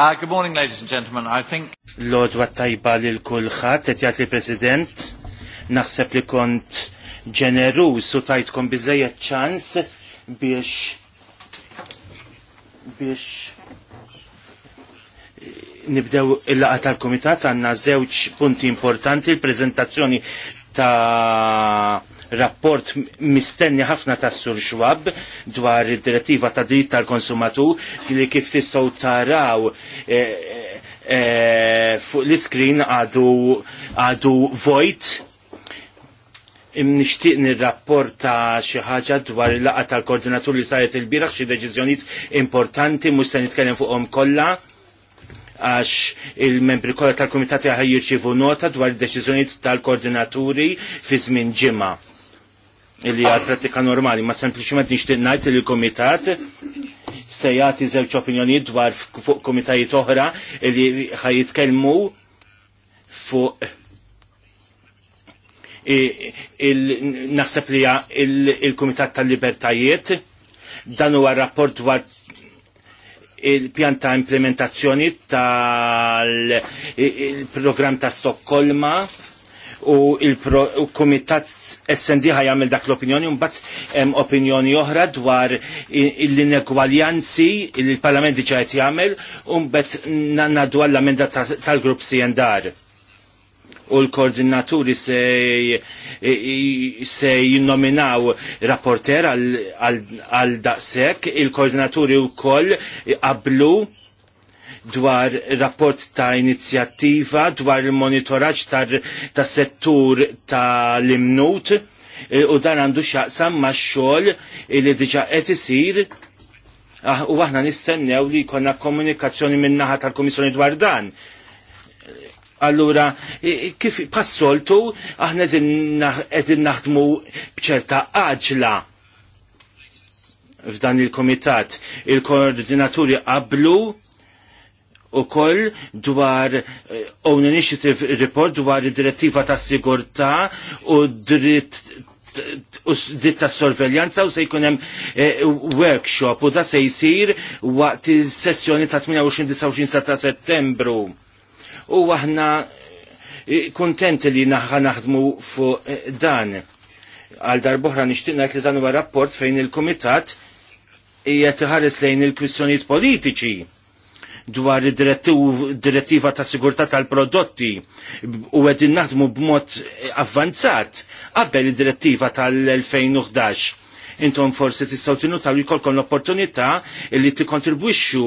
Uh, good morning, ladies and gentlemen. I think... Lord tajba lil l-kulħat, et president naħseb li kont ġenerus u tajtkom bizzejja ċans biex biex nibdew il-laqa tal-komitat għanna zewċ punti importanti l-prezentazzjoni ta' rapport mistenni ħafna ta' Sur Schwab dwar id-direttiva ta' dritt tal-konsumatur li kif tistgħu taraw eh, eh, eh, fuq l-iskrin għadu għadu vojt nishtiq nir ta' xi ħaġa dwar il-laqa tal-koordinatur li sajet il-biraħ xi deċiżjonijiet importanti mhux se nitkellem fuqhom kollha għax il-membri kollha tal-kumitati ħaj jirċievu nota dwar id-deċiżjonijiet tal-koordinaturi fi żmien ġimgħa Illi għad pratika normali, ma sempliciment nixtieq ngħid li l-kumitat se jagħti żewġ opinjoni dwar fuq kumitajiet oħra li ħajitkellmu fuq naħseb li il-Kumitat tal-Libertajiet dan huwa rapport dwar il-pjan ta' implementazzjoni tal-programm ta' Stokkolma u il-Kumitat SND għamil dak l-opinjoni, mbagħad opinjoni oħra dwar l-inegwaljanzi l-Parlament diġà qed jagħmel u mbagħad dwar l amenda tal-grupp CNDR u l-koordinaturi se jinnominaw rapporter għal daqsek, il-koordinaturi u koll qablu dwar rapport ta' inizjattiva dwar il-monitoraġġ ta' settur ta' l-imnut eh, u dan għandu xaqsam ma' xogħol li diġa qed isir ah, u aħna nistennew li jkollna komunikazzjoni min-naħa tal-Komissjoni dwar dan. Allura, kif passoltu, aħna qegħdin naħdmu bċerta għaġla f'dan il-komitat. Il-koordinaturi qablu u koll dwar eh, Own Initiative Report dwar id-direttiva ta' sigurta u dritt u dritt ta' sorveljanza u se jkun hemm eh, workshop u da se jsir waqt is-sessjoni ta' 28-29 ta' Settembru. U aħna eh, kuntenti li naħħa naħdmu fuq dan. Għal darbohra nixtieq li dan huwa rapport fejn il-Kumitat hija tħares lejn il-kwistjonijiet politiċi dwar id-direttiva ta' sigurtà tal-prodotti u għedin naħdmu b'mod avvanzat qabel id-direttiva tal-2011. Intom forse tistaw tinu tal jkolkom l-opportunità li tikkontribwixxu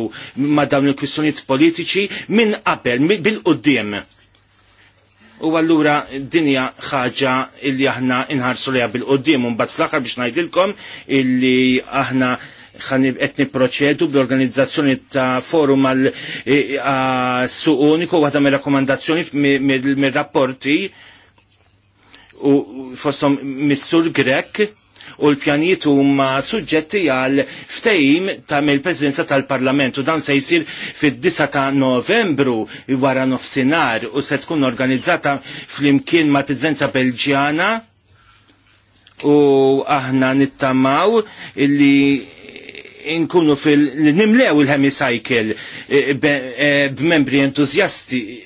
ma' dawn il-kwistjonijiet politiċi minn qabel, bil-qudiem. U għallura dinja ħaġa illi aħna inħarsu liha bil-qoddim un mbagħad fl-aħħar biex ngħidilkom illi aħna qed nipproċedu bl-organizzazzjoni ta' forum għal e, su uniku waħda me rakkomandazzjoni mir-rapporti u fossom Missur Grek u l-pjanijiet huma suġġetti għal ftehim ta' mill-Presidenza tal-Parlament u dan se jsir fid-9 ta' Novembru wara nofsinhar u se tkun organizzata flimkien mal-Presidenza Belġjana u aħna nittamaw illi Inkunu fil-nimlew il-hemicycle e, e, b'membri entuzjasti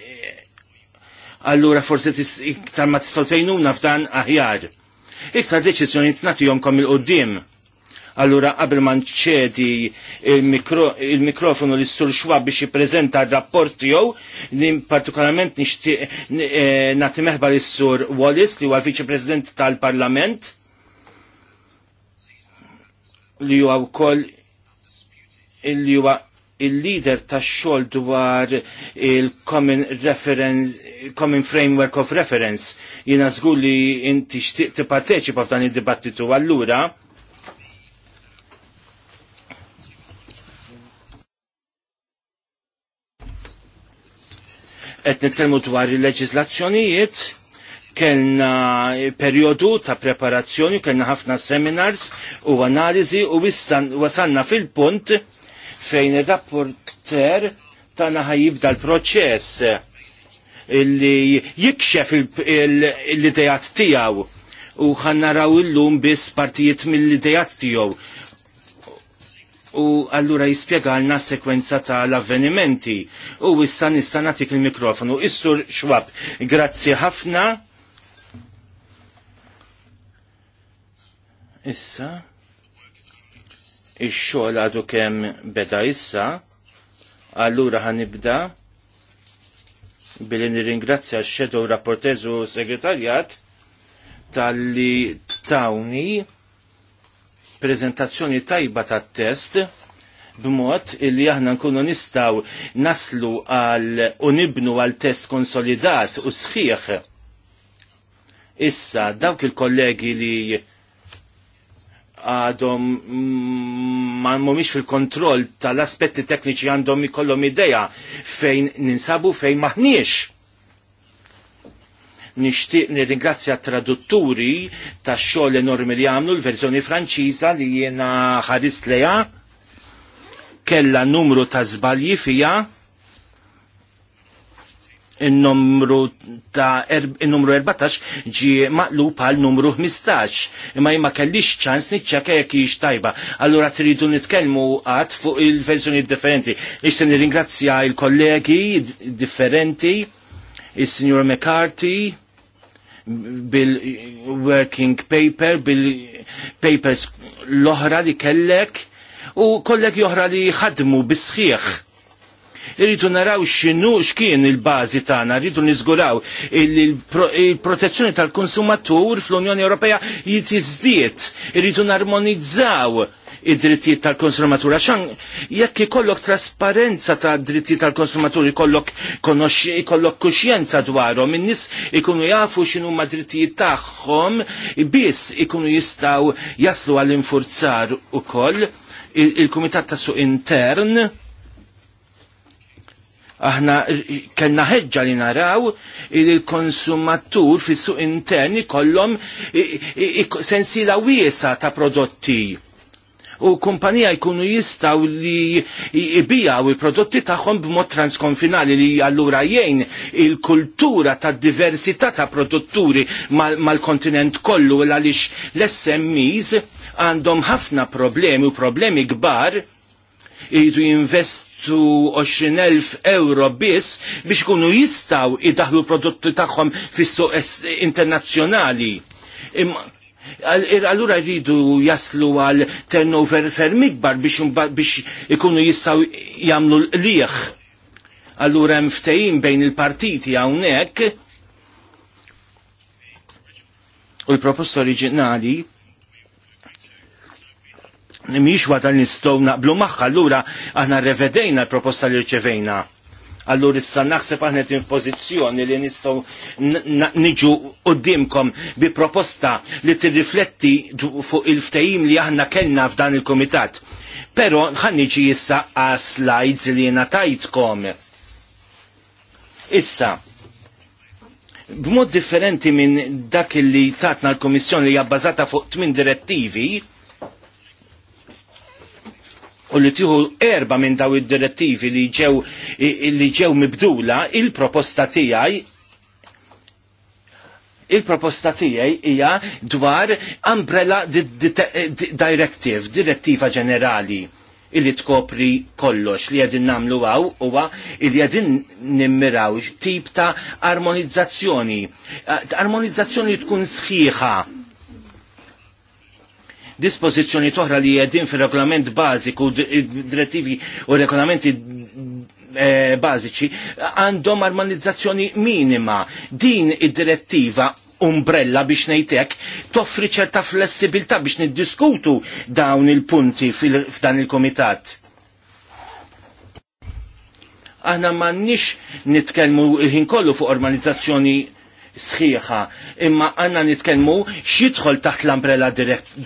allura forse iktar ma tistaw f'dan aħjar. Iktar deċizjoni t-natijomkom il-qoddim. Allura qabel ma nċedi il-mikrofonu li sur xwab biex jippreżenta r-rapport tiegħu, partikolarment nixtieq e, nagħti meħba lis sur Wallis li huwa viċi President tal-Parlament li huwa wkoll illi huwa il-leader tax xogħol dwar il-Common Reference, Common Framework of Reference. Jiena żgur li inti xtieq tipparteċipa f'dan id-dibattitu allura. Qed nitkellmu dwar il-leġiżlazzjonijiet kellna periodu ta' preparazzjoni, kellna ħafna seminars u analizi u wissan wasanna fil-punt fejn ir-rapporter tagħna jibda l-proċess illi jikxef l-idejat tijaw u il illum biss partijiet mill-idejat tijaw. U allura jispiegalna sekwenza tal-avvenimenti. U issa nissa natik il-mikrofonu. Issur xwab, grazzi ħafna. Issa ix-xogħol għadu kemm beda issa, allura ħanibda billi nirringrazzja x-xedow rapportez u segretarjat tal-li tawni prezentazzjoni tajba tat test b'mod illi aħna nkunu nistaw naslu għal u nibnu għal test konsolidat u sħiħ. Issa, dawk il-kollegi li għadhom mm, ma mhumiex fil-kontroll tal-aspetti tekniċi għandhom ikollhom idea fejn ninsabu fejn maħniex. Nixtieq nirringrazzja tradutturi tax xogħol enormi li għamlu l-verżjoni Franċiża li jiena ħaris leja kella numru ta' żbalji fija il-numru ta' er-, il-numru 14 ġi maqlub għal numru 15 imma jma kellix ċans nitċaka jekk hix tajba. Allura tridu nitkellmu għat fuq il-verżjoni differenti. Nixtieq nirringrazzja il-kollegi differenti, il-Sinjur McCarthy, bil-working paper, bil-papers l-oħra li kellek u kollegi oħra li ħadmu bisħiħ irridu naraw xinu x'kien il-bażi tagħna, rritu niżguraw il-protezzjoni tal-konsumatur fl-Unjoni Ewropea jitizdiet, rritu narmonizzaw id-drittijiet tal-konsumatur. Għaxan, jekk ikollok trasparenza ta' drittijiet tal-konsumatur, ikollok ikollok kuxjenza dwarhom, in-nies ikunu jafu xinu ma' drittijiet tagħhom, biss ikunu jistaw jaslu għall-infurzar ukoll il-Kumitat il ta' Suq Intern Aħna kellna ħeġġa li naraw il-konsumatur fis-suq interni kollhom sensiela wiesa ta' prodotti u kumpanija jkunu jistaw li jibijaw il-prodotti tagħhom b'mod transkonfinali li allura jgħin il-kultura ta' diversità ta' produtturi mal-kontinent kollu l għaliex l-SMEs għandhom ħafna problemi u problemi kbar jridu jinvestu 20.000 euro biss biex kunu jistaw idaħlu prodotti tagħhom fis internazjonali. internazzjonali. Allura jridu jaslu għal turnover ferm ikbar biex ikunu jistaw jamlu liħ. Allura hemm bejn il-partiti hawnhekk u l-proposta oriġinali miex wata li nistgħu naqblu magħha, allura aħna revedejna l-proposta li rċevejna. Allura issa naħseb aħna qed pożizzjoni li nistgħu niġu qudiemkom bi proposta li tirrifletti fuq il-ftehim li aħna kellna f'dan il-kumitat. Però ħanniġi issa għas slides li jiena tajtkom. Issa, b'mod differenti minn dak li tatna l-Komissjoni li hija bbażata fuq tmien direttivi, u li tieħu erba minn daw id-direttivi li ġew li ġew mibdula il-proposta tiegħi il-proposta tiegħi hija dwar umbrella directive, direttiva ġenerali illi tkopri kollox li għedin namlu għaw huwa illi għedin nimmiraw tip ta' armonizzazzjoni. Armonizzazzjoni tkun sħiħa dispożizzjoni toħra li jedin fil-regolament bażiku, direttivi u regolamenti eh, bażiċi għandhom armonizzazzjoni minima. Din id-direttiva umbrella biex nejtek toffri ċerta flessibilità biex niddiskutu dawn il-punti f'dan il-komitat aħna nix nitkelmu il-ħin kollu fuq organizzazzjoni sħiħa, imma għanna nitkenmu xitħol taħt l-Umbrella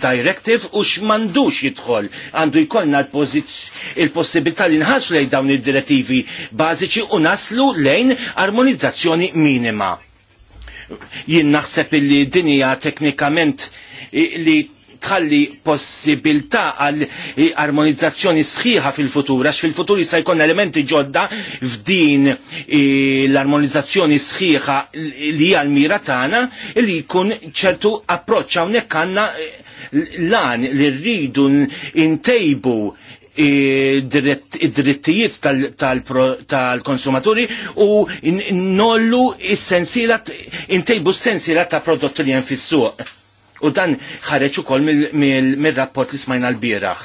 Directive u x'mandux jidħol. Għandu jkollna il-possibilità li nħassu lejn dawn id-direttivi bażiċi u naslu lejn armonizzazzjoni minima. Jien naħseb illi dinija teknikament li tħalli possibilità għal armonizzazzjoni sħiħa fil-futur, għax fil-futur jista' jkun elementi ġodda f'din e, l-armonizzazzjoni sħiħa li hija l-mira tagħna li jkun ċertu approċċ hawnhekk għandna e, lan li rridu ntejbu e, id-drittijiet tal-konsumaturi u nollu s-sensila, intejbu s sensilat ta' prodotti li jen fissuq U dan ħareġ ukoll mir-rapport li smajna l-bieraħ.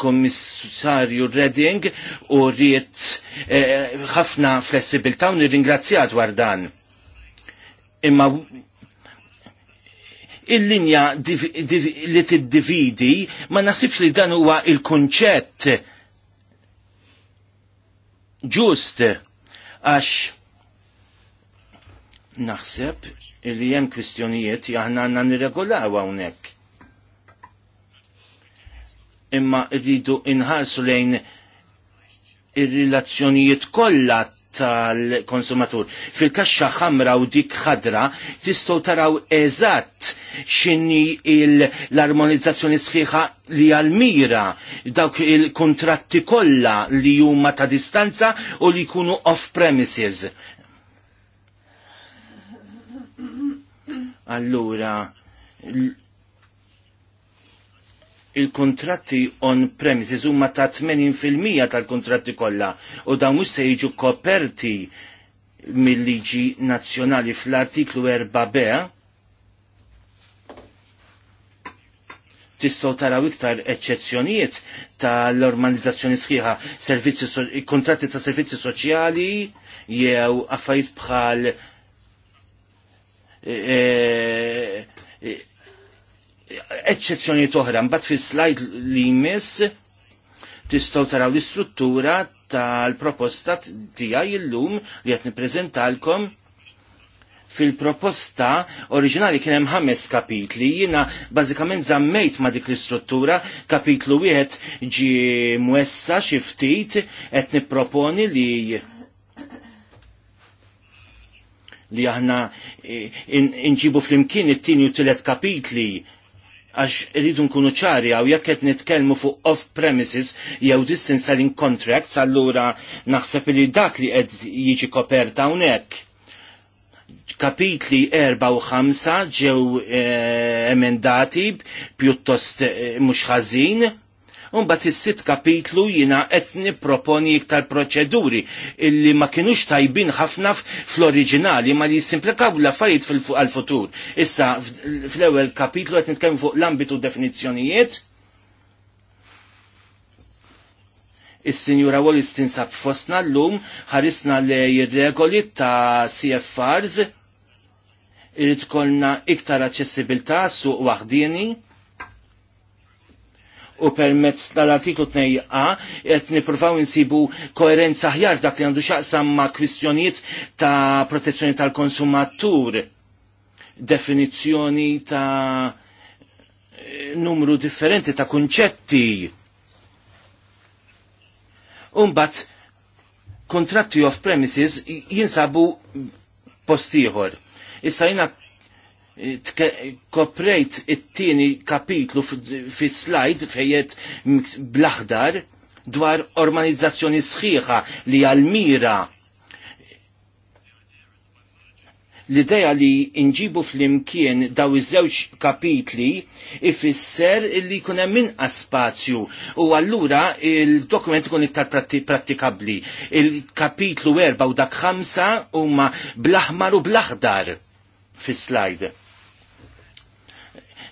Kommissarju Redding u rrit eh, ħafna flessibilta' u nirringrazzjat dwar dan. Imma il-linja li tiddividi ma nasibx li dan huwa il-kunċett ġust għax naħseb li hemm kwistjonijiet aħna għandna nirregolaw hawnhekk. Imma rridu inħarsu lejn ir-relazzjonijiet kollha tal-konsumatur. Fil-kaxxa ħamra u dik ħadra tistgħu taraw eżatt x'inhi l-armonizzazzjoni sħiħa li għal-mira dawk il-kontratti kollha li huma ta' distanza u li jkunu off-premises. Allura il-kontratti on-premises huma ta' 80% tal-kontratti kollha u dawn mhux se jiġu koperti mill-liġi nazzjonali fl-artiklu 4b tistgħu taraw iktar eċċezzjonijiet tal-normalizzazzjoni sħiħa, servizzi kontratti ta' servizzi soċjali jew affarijiet bħal E, e, e, eccezzjoni toħra, mbagħad fi slide li jmiss tistgħu taraw l-istruttura tal-proposta tija illum li qed prezentalkom fil-proposta oriġinali kien hemm ħames kapitli, jiena bażikament żammejt ma' dik l-istruttura, kapitlu wieħed ġi mwessa xi ftit qed nipproponi li li aħna e, inġibu fl-imkien it-tieni u tielet kapitli għax rridu nkunu ċari għaw jekk qed nitkellmu fuq off-premises jew distance selling contracts, allura naħseb li dak li qed jiġi koperta hawnhekk. Kapitli 4 u 5 ġew e, emendati pjuttost e, mhux ħażin Unbat is-sitt kapitlu jina qed nipproponi iktar proċeduri illi ma kinux tajbin ħafna fl-oriġinali ma li jisimplikaw l-affarijiet fil-futur. Issa fl-ewwel kapitlu qed nitkellmu fuq l-ambitu definizzjonijiet. Is-Sinjura Wallis tinsab fostna l-lum ħarisna li regoli ta' CFRs irrid kolna iktar aċċessibilta suq waħdieni u permezz tal-artiklu 2a qed nippruvaw insibu koerenza ħjar dak li għandu xaqsam ma' kwistjonijiet ta' protezzjoni tal-konsumatur, definizzjoni ta' numru differenti ta' kunċetti. Umbat, kontratti off premises jinsabu postiħor. Issa jina koprejt it-tieni kapitlu fis slide fejjed blaħdar dwar organizzazzjoni sħiħa li għal-mira l-ideja li nġibu fl-imkien daw iż-żewġ kapitli ifisser li jkun hemm inqas spazju u allura il-dokument ikun iktar prattikabbli. Il-kapitlu erba' u dak ħamsa huma ma blaħmar u blaħdar fis-slide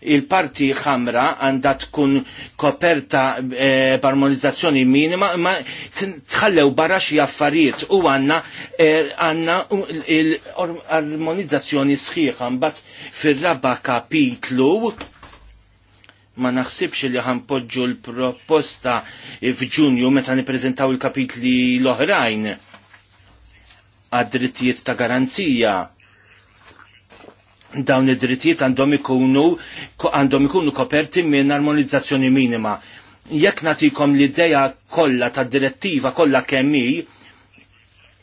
il-parti ħamra għandha tkun koperta eh, barmonizzazzjoni minima, ma tħallew barra xi affarijiet u għandna eh, għandna l-armonizzazzjoni sħiħa mbagħad fir-raba kapitlu ma naħsibx li ħanpoġġu l-proposta f'Ġunju meta nippreżentaw il-kapitli l-oħrajn għad-drittijiet ta' garanzija dawn id-drittijiet għandhom ikunu għandhom ikunu koperti minn armonizzazzjoni minima. Jekk natikom l-idea kollha tad-direttiva kollha kemm hi,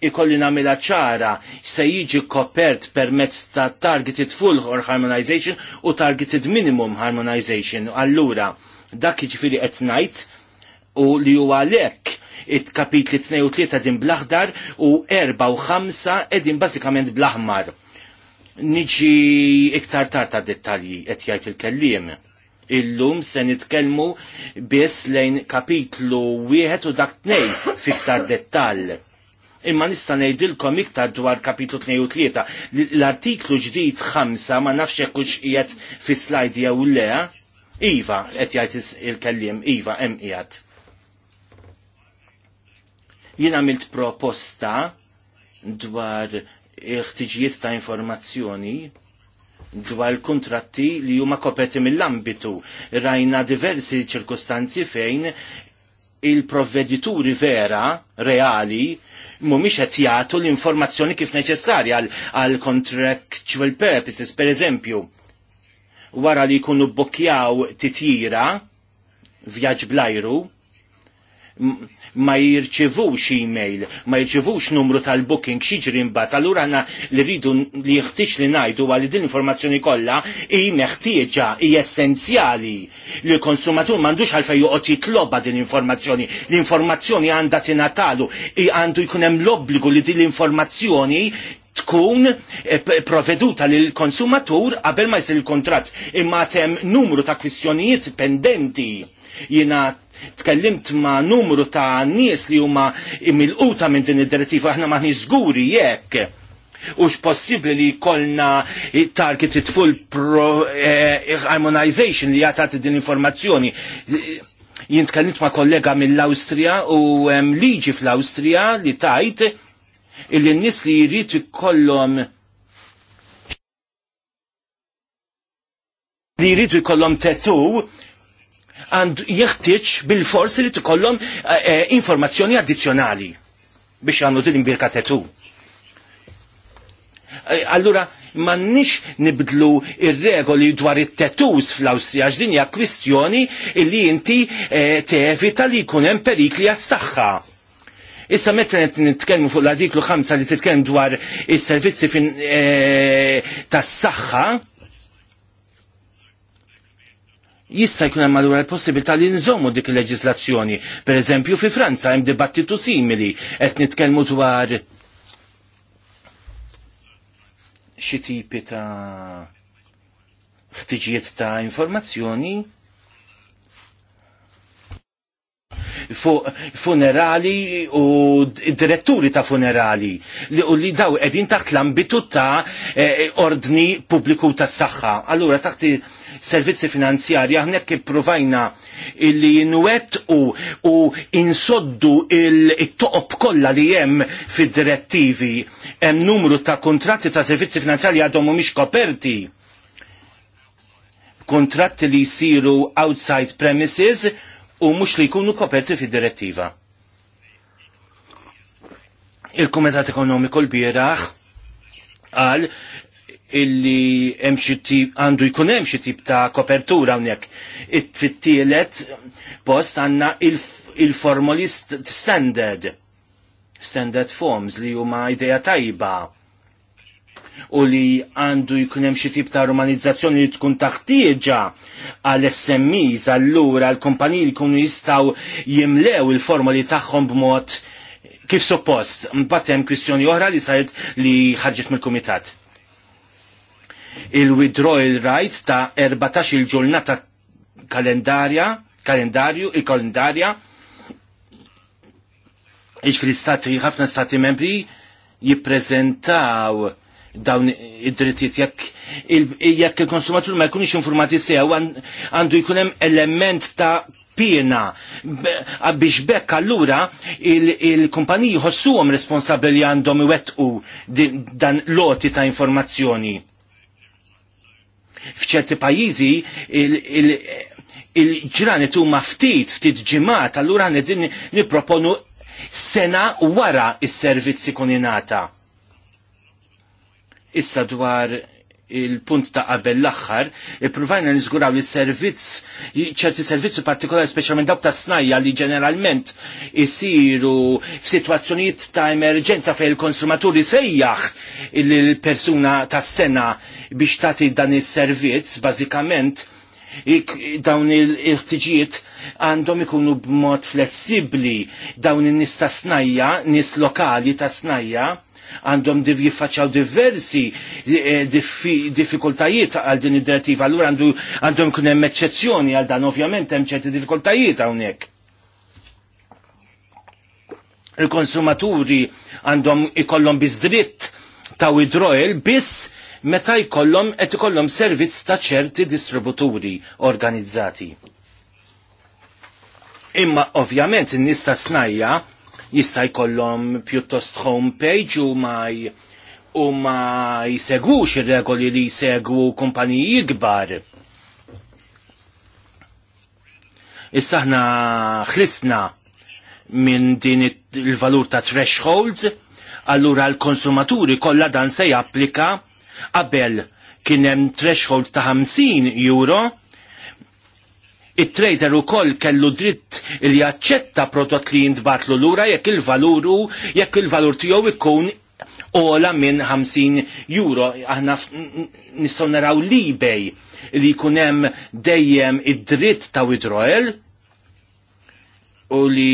ikolli nagħmilha ċara se jiġi kopert permezz ta' targeted full harmonization u targeted minimum harmonization. Allura, dak jiġifieri qed ngħid u li huwa għalhekk it-kapitli 2 u 3 din blaħdar u 4 u 5 edin bażikament blaħmar niġi iktar tarta dettalji qed jgħid il-kelliem. Illum se nitkellmu biss lejn kapitlu wieħed u dak tnej fiktar dettal. Imma nista' ngħidilkom iktar dwar kapitlu 2 u tlieta. L-artiklu ġdid 5 ma nafx hekk hux qiegħed fis slajdi jew le. Iva qed jgħid il-kelliem, iva hemm qiegħed. Jien għamilt proposta dwar ħtiġijiet ta' informazzjoni dwar kontratti kuntratti li huma koperti mill-ambitu. Rajna diversi ċirkustanzi fejn il-provvedituri vera, reali, mumiex qed jagħtu l-informazzjoni kif neċessarja għal contractual purposes, per eżempju, wara li jkunu bokkjaw titjira vjaġġ blajru, ma e email, ma jirċivux numru tal-booking xiġri mbagħad. Allura għana li rridu li jeħtieġ li ngħidu għal din informazzjoni kollha i meħtieġa i essenzjali li l-konsumatur m'għandux għalfejn joqgħod jitloba din l-informazzjoni. L-informazzjoni għandha tingħatalu, għandu jkun hemm l-obbligu li din l-informazzjoni tkun eh, proveduta lil konsumatur qabel ma jsir il kontrat imma tem numru ta' kwistjonijiet pendenti Jina tkellimt ma' numru ta' nies li huma imilquta minn din id-direttiva aħna ma żguri jekk. Ux possibli li kolna targeted full pro, eh, harmonization li jgħatat din informazzjoni tkellimt ma' kollega mill-Austria u um, liġi fl-Austria li tajt illi n-nis li jrid ikollhom li jrid ikollhom tetu għand jeħtieġ bil-forsi li tkollhom eh, eh, informazzjoni addizzjonali biex għandu din imbirkatetu. Eh, allura, m'għandniex nibdlu ir-regoli dwar it-tetus fl-Awstrija din hija kwistjoni li inti tevita li jkun hemm perikli għas-saħħa. Issa meta nitkellmu fuq l-artiklu 5 li titkellem dwar is-servizzi tas-saħħa, jista' jkun hemm allura l-possibilità li nżommu dik il-leġislazzjoni. Per eżempju fi Franza hemm dibattitu simili qed nitkellmu dwar xi tipi ta' ħtiġijiet ta' informazzjoni fuq funerali u diretturi ta' funerali li, u li daw edin taħt l-ambitu ta' eh, ordni pubbliku ta' s-saxħa. Allura taħt servizzi finanzjarji hnek ipprovajna illi jinwet u, u insoddu il-toqob kollha li hemm fid-direttivi hemm numru ta' kontratti ta' servizzi finanzjarja għadhom mhumiex koperti kontratti li jisiru outside premises u mux li jkunu koperti fi direttiva. Il-Kumitat Ekonomiku l-Bieraħ għal illi għandu jkun hemm xi tip ta' kopertura hawnhekk. It-tielet post għandna il-formoli standard, standard forms li huma idea tajba u li għandu jkun hemm xi tip ta' romanizzazzjoni li tkun taħtieġa għal SMEs allura għal kumpaniji li jkunu jistgħu jimlew il-formoli tagħhom b'mod kif suppost. Mbagħad hemm kwistjoni oħra li saret li ħarġet mill-kumitat il-withdrawal rights ta' 14 il-ġurnata kalendarja, kalendarju, il-kalendarja, iġ fil istati ħafna stati membri jiprezentaw dawn id-drittijiet jekk jekk il-konsumatur ma jkunx informati sew għandu jkun hemm element ta' pina biex bekk allura il-kumpaniji il ħossuhom responsabbli għandhom iwettqu dan loti ta' informazzjoni f'ċerti pajjiżi il-ġranet huma ftit ftit ġimat, allura din nipproponu sena wara is-servizzi koninata. Issa dwar il-punt ta' qabel l-axħar, ippruvajna nisguraw il servizz, ċerti servizzu partikolari specialment dawk ta' snajja li ġeneralment isiru f'sitwazzjonijiet ta' emerġenza fejn il-konsumaturi sejjaħ il-persuna tas sena biex tagħti dan is-servizz bażikament dawn il-ħtiġijiet għandhom ikunu b'mod flessibli dawn in-nies ta' snajja, nies lokali ta' snajja għandhom div jiffaċċaw diversi eh, diffikultajiet għal din id-direttiva, allura għandhom kun hemm eċċezzjoni għal dan ovvjament hemm ċerti diffikultajiet hawnhekk. Il-konsumaturi għandhom ikollhom biss dritt ta' withdrawal biss meta jkollhom qed ikollhom servizz ta' ċerti distributuri organizzati. Imma ovvjament in-nies snajja jista' jkollhom pjuttost homepage u ma u ma jsegwux ir-regoli li jisegwu kumpaniji kbar. Issa ħna ħlisna minn din il-valur ta' thresholds, allura l-konsumaturi kollha dan se japplika qabel kien hemm threshold ta' 50 euro it-trader u koll kellu dritt li jaċċetta prodott li jindbatlu l-ura jekk il-valuru, jekk il-valur tiegħu ikkun ola minn 50 euro. Aħna nistgħu naraw li bej li jkun hemm dejjem id-dritt ta' withdrawal u li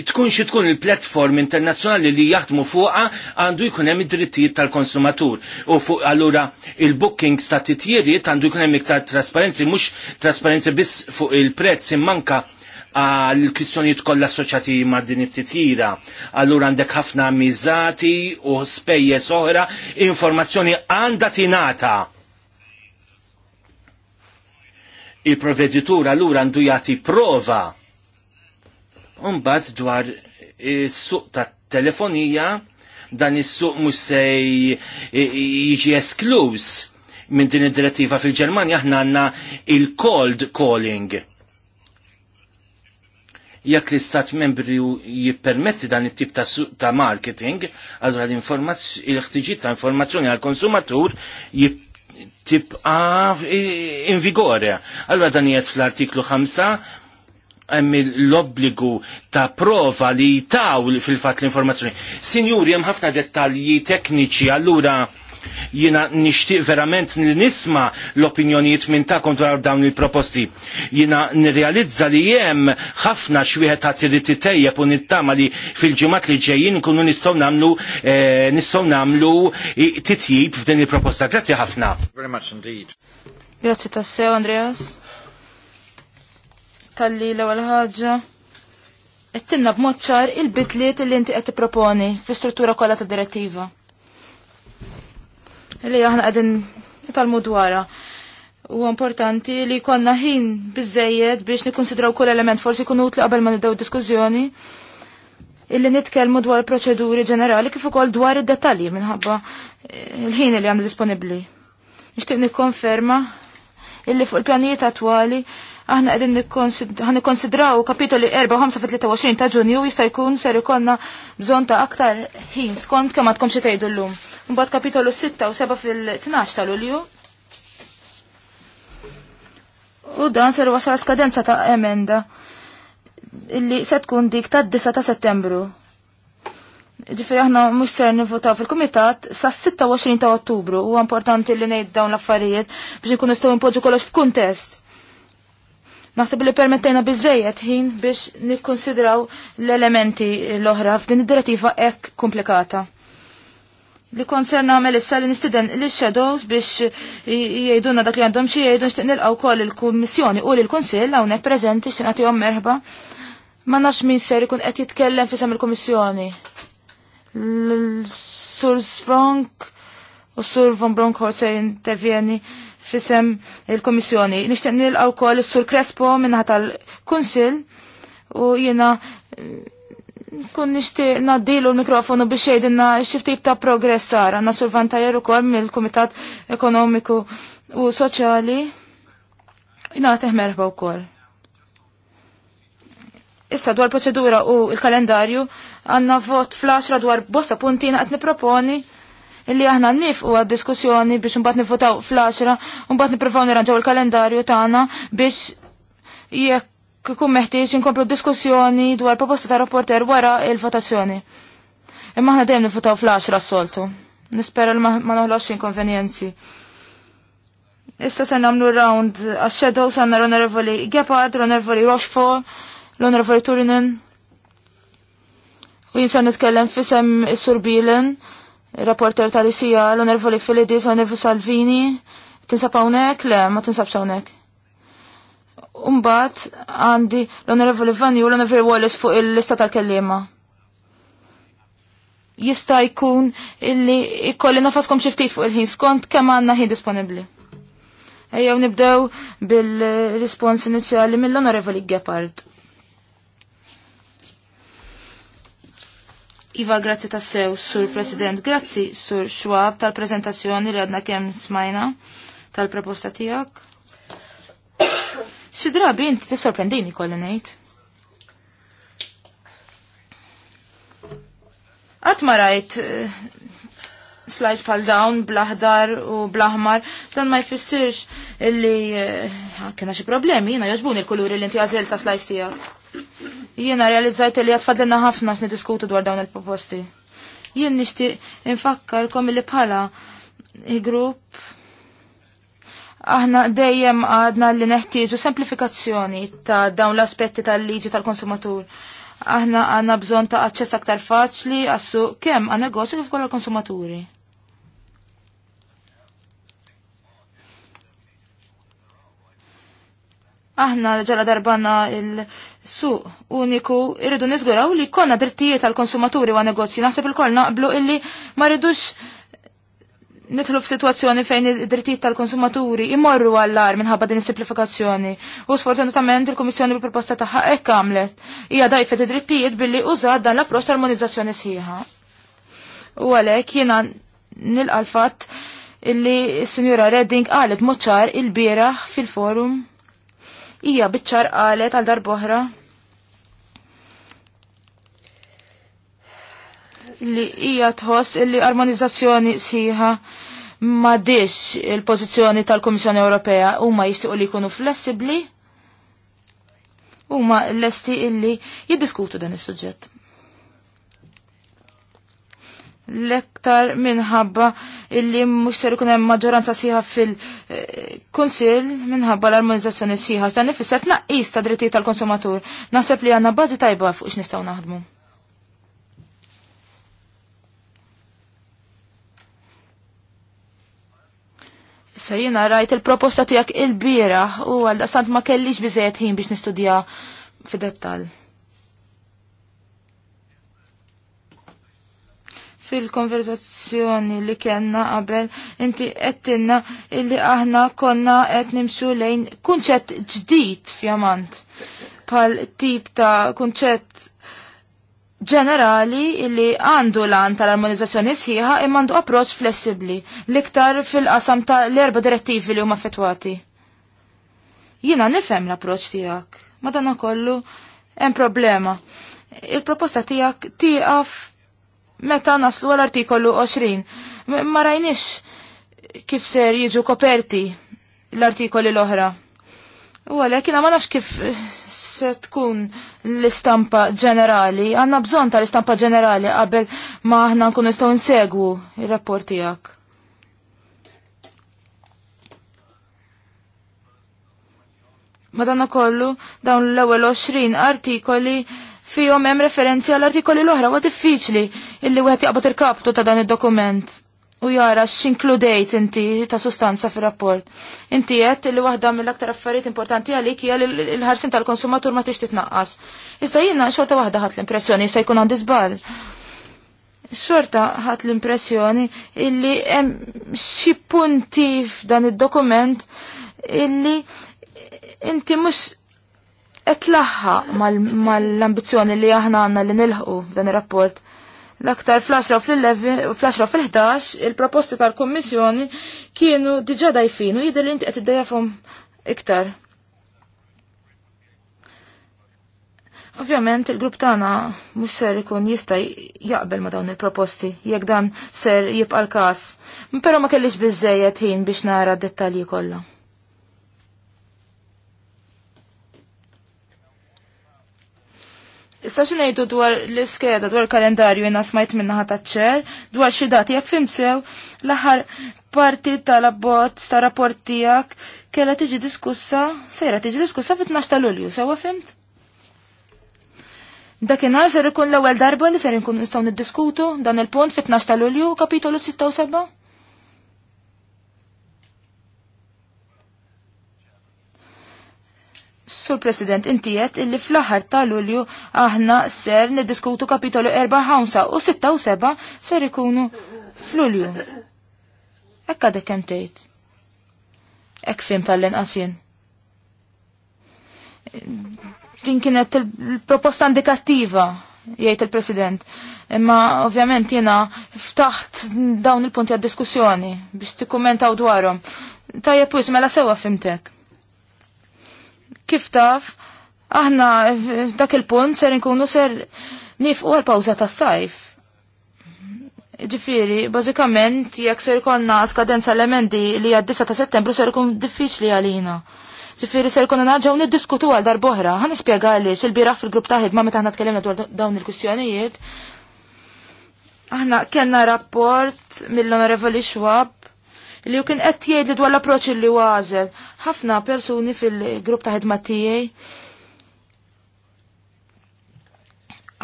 tkun xi tkun il-platform internazzjonali li jaħdmu fuqha għandu jkun hemm id-drittijiet tal-konsumatur. U fuq allura il-bookings ta' titjiriet għandu jkun hemm iktar trasparenzi, mhux trasparenzi biss fuq il-prezz manka għal kwistjonijiet kollha assoċjati ma' din it-titjira. Allura għandek ħafna miżati u spejjeż oħra, informazzjoni għandha tingħata il-proveditur allura għandu jagħti prova Unbat dwar is-suq ta' telefonija dan is-suq mhux se jiġi esklus minn din id-direttiva fil-Ġermanja aħna għandna il-cold calling. Jekk l-istat membri jippermetti dan it-tip ta', ta marketing, għadra l-ħtiġiet ta' informazzjoni għall konsumatur tibqa in vigore. Allora dan jgħet fl-artiklu 5 l-obbligu ta' prova li taw fil-fat l-informazzjoni. Sinjuri, hemm ħafna dettalji tekniċi, allura jina nishtiq verament nisma l-opinjonijiet minn ta' kontra dawn il-proposti. Jina nirrealizza li jem ħafna xwieħed ta' tirriti tejjeb u nittama li fil-ġimat li ġejjin kunu nistaw namlu eh, namlu titjib f'din il-proposta. Grazzi ħafna. Very much indeed. Grazzi tassew, Andreas tal-li l-ewwel ħaġa qed b'mod ċar il bitliet li inti qed tipproponi fl-istruttura kollha ta' direttiva. Li aħna qegħdin nitalmu dwarha. U importanti li konna ħin biżejjed biex nikkonsidraw kull element forsi kun utli qabel ma nibdew diskussjoni illi nitkellmu dwar proċeduri ġenerali kif ukoll dwar id-dettalji minħabba eh, il-ħin li għandna disponibbli. Nixtieq nikkonferma illi fuq il-pjanijiet attwali Aħna qegħdin nikkonsidraw kapitoli 4 5 23 ta' Ġunju jista' jkun ser ikollna bżonn ta' aktar ħin skont kemm għadkom xi tgħidu llum. Mbagħad kapitolu 6 u 7 fil-12 ta' Lulju. U dan ser wasal skadenza ta' emenda illi se tkun dik ta' 9 ta' Settembru. Ġifiri aħna mux ser nivvotaw fil-komitat sa' 26 ta' ottubru u importanti li nejt dawn l-affarijiet biex nkunu nipoġu kollox f'kuntest. Naħseb li permettejna bizzejet ħin biex nikkonsidraw l-elementi l-oħra f'din id-direttiva hekk komplikata. Li konser għamel issa li nistiden li shadows biex jgħidulna dak li għandhom xi jgħidu nixtieq nilqgħu kol il-Kummissjoni u l-Kunsill hawnhekk preżenti xtieq nagħtihom merħba. Ma nafx min ser ikun qed jitkellem fisem il-Kummissjoni. Sur Frank u Sur von Bronkholzer intervjeni. intervjeni fisem il-Komissjoni. Nixtieq nilqgħu wkoll is-Sur Crespo minnaħa tal-Kunsill u jiena eh, kun nixtieq naddilu l-mikrofonu biex jgħidilna x'tip ta' progress sar. Għandna Sur Vantajer ukoll mill-Kumitat Ekonomiku u Soċjali. Jiena teħmerba wkoll. Issa dwar proċedura u l-kalendarju għandna vot flash dwar bosta punti qed proponi illi aħna u għad-diskussjoni biex mbatt nifutaw fl axra u mbagħad nirranġaw il-kalendarju tagħna biex jekk ikun meħtieġ inkomplu diskussjoni dwar proposta ta' rapporter wara il-votazzjoni. Imma aħna dejjem nifutaw fl axra s-soltu. Nispera li ma noħloġx inkonvenienzi. Issa se nagħmlu round għax-shadow sanna l-Onorevoli Gepard, l-Onorevoli Rochefort, l-Onorevoli Turinen. U jinsan nitkellem fisem is-Sur Bilen Rapporter tal-isija l-onervoli Filidis, onervu Salvini, tinsab hawnhekk? Le, ma tinsabx hawnhekk. Umbat għandi l li Vanju l li Wallis fuq il-lista tal-kellima. Jista' jkun illi ikolli nafaskom xi ftit fuq il-ħin skont kemm għanna ħin disponibbli. Ejjew nibdew bil-rispons inizjali mill-onorevoli Gepard. Iva, grazzi sew, sur President, grazzi sur Schwab tal-prezentazzjoni li għadna kem smajna tal-proposta tijak. Sidra, bint, t-sorprendini kolli nejt. Għatmarajt eh, slides pal dawn blaħdar u blaħmar dan ma jfissirx illi eh, kena xi problemi jiena jaġbuni l-kuluri li inti għażel ta' slides tiegħek. Jiena realizzajt li għatfadlina ħafna x'nidiskutu dwar dawn il-proposti. Jien nixtieq infakkarkom li bħala grupp aħna dejjem għadna li neħtieġu semplifikazzjoni ta' dawn l-aspetti tal-liġi tal-konsumatur. tal liġi tal konsumatur aħna għanna bżon ta' aċċess aktar faċli għassu kemm għan negozju kif kollha konsumaturi. Aħna ġara darbana il-suq uniku irridu nizguraw li konna drittijiet tal-konsumaturi għan negozju. Naħseb il kol naqblu illi ma rridux nitlu f'sitwazzjoni fejn id-drittijiet tal-konsumaturi imorru għallar minħabba din is-simplifikazzjoni. U sfortunatament il-Kummissjoni bil-proposta tagħha hekk għamlet. Hija dajfet id-drittijiet billi użat dan l-approċċ tal-armonizzazzjoni sħiħa. U għalhekk jiena nilqa l-fatt illi s-Sinjura Redding qalet moċar il-bieraħ fil-forum. Ija bitċar qalet għal darboħra. Li ija tħoss illi armonizzazzjoni sħiħa ma dis il-pozizjoni tal-Komissjoni Ewropea huma jixtiequ li jkunu flessibbli huma lesti illi jiddiskutu dan is-suġġett. L-ektar minħabba illi mhux ser ikun hemm maġġoranza sieħa fil-Kunsill minħabba l-armonizzazzjoni sieħa dan ifisser tnaqqis ta' drittijiet tal-konsumatur. Naħseb li għandna bażi tajba fuq x'nistgħu naħdmu. Se jina rajt il-proposta tijak il-bira u għal sant ma kellix bizajet ħin biex nistudja fidettal. Fil-konverzazzjoni li kienna qabel, inti għettinna illi aħna konna qed nimxu lejn kunċett ġdid fjamant. Pal tip ta' kunċett ġenerali illi għandu lan tal-armonizzazzjoni sħiħa imma għandu approċ flessibli liktar fil-qasam tal-erba direttivi li huma fetwati. Jina nifhem l-approċ tiegħek, ma dan kollu hemm problema. Il-proposta tiegħek tieqaf meta naslu għall-artikolu 20. Ma rajnix kif ser jiġu koperti l-artikoli l-oħra. U għalek, ma nafx kif se tkun l-istampa ġenerali, għanna bżon ta' l-istampa ġenerali qabel ma aħna nkun nistgħu nsegwu ir-rapport tiegħek. Madanna kollu dawn l-ewwel 20 artikoli fihom hemm referenzi għall artikoli l-oħra, huwa diffiċli illi wieħed jaqbad il-kaptu ta' dan id-dokument u jara x'inkludejt inti ta' sustanza fir-rapport. Inti jett li waħda mill-aktar affarijiet importanti għalik hija l-ħarsin tal-konsumatur ma tix titnaqqas. Iżda jiena xorta waħda ħadd l-impressjoni jista' jkun għandi żball. Xorta ħadd l-impressjoni illi hemm xi punti f'dan id-dokument illi inti mhux qed mal-ambizzjoni li aħna għandna li nilħqu f'dan ir-rapport l-aktar fl-10 fl-11 fil-11 il-proposti tal-Kommissjoni kienu diġa dajfinu jidher li inti qed iddejjafhom iktar. Ovvjament il-grupp tagħna mhux ser ikun jista' jaqbel ma dawn il-proposti jekk dan ser jibqa' l-każ, però ma kellix biżejjed ħin biex nara d-dettalji kollha. Issa xinejdu dwar l-iskeda, dwar kalendarju jena smajt minnaħat ċer dwar xi jek jekk fimsew l-aħħar parti tal-abbot sta rapportijak kella tiġi diskussa, sejra tiġi diskussa fit nax ta' Lulju, sewa fimt? Dakin ser ikun l-ewwel darba li ser ikun nistgħu niddiskutu dan il-punt fit-12 ta' Lulju, kapitolu 6 u 7? Sur President, intijet illi fl-aħħar ta' Lulju aħna ser niddiskutu kapitolu 4 u 6 u 7 ser ikunu fl-Lulju. Ekka dek kem tgħid. Ek fim tal asin. Din kienet il-proposta indikattiva jgħid il-President. Imma ovvjament jiena ftaħt dawn il-punti għad-diskussjoni biex tikkumentaw dwarhom. Tajjeb wis mela sewa fimtek. Kif taf, aħna dak il-punt ser nkunu ser nifqu għal-pawza tas sajf Ġifiri, bażikament jekk ser konna skadenza tal-emendi li għad 9 ta' settembru ser ikun diffiċli għalina. Ġifiri ser konna narġaw niddiskutu għal darboħra, ħan nispjega għaliex il-biraħ fil-grupp ta' ma' meta ħna tkellimna dwar dawn il-kustjonijiet. Aħna kellna rapport mill-Onorevoli Schwab li u kien qed jgħid li dwar l-approċċ li għażel. Ħafna persuni fil-grupp ta' ħidma tiegħi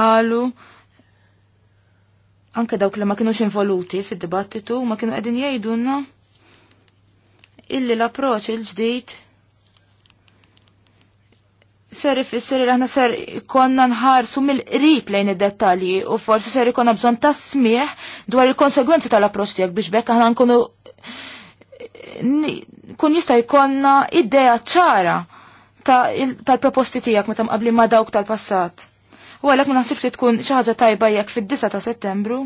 qalu anke dawk li ma kienux involuti fid-dibattitu ma kienu qegħdin jgħidulna illi l-approċċ il-ġdid ser ifisser li aħna ser ikonna nħarsu mill-qrib lejn id-dettalji u forsi ser ikonna bżonn ta' smieħ dwar il-konsegwenzi tal-approċċ tiegħek biex bekk aħna nkunu kun jista' jkollna idea ċara tal-proposti tijak tiegħek meta qabli ma' dawk tal-passat. U għalhekk ma naħsibx li tkun xi ħaġa tajba jekk fid-9 ta' Settembru.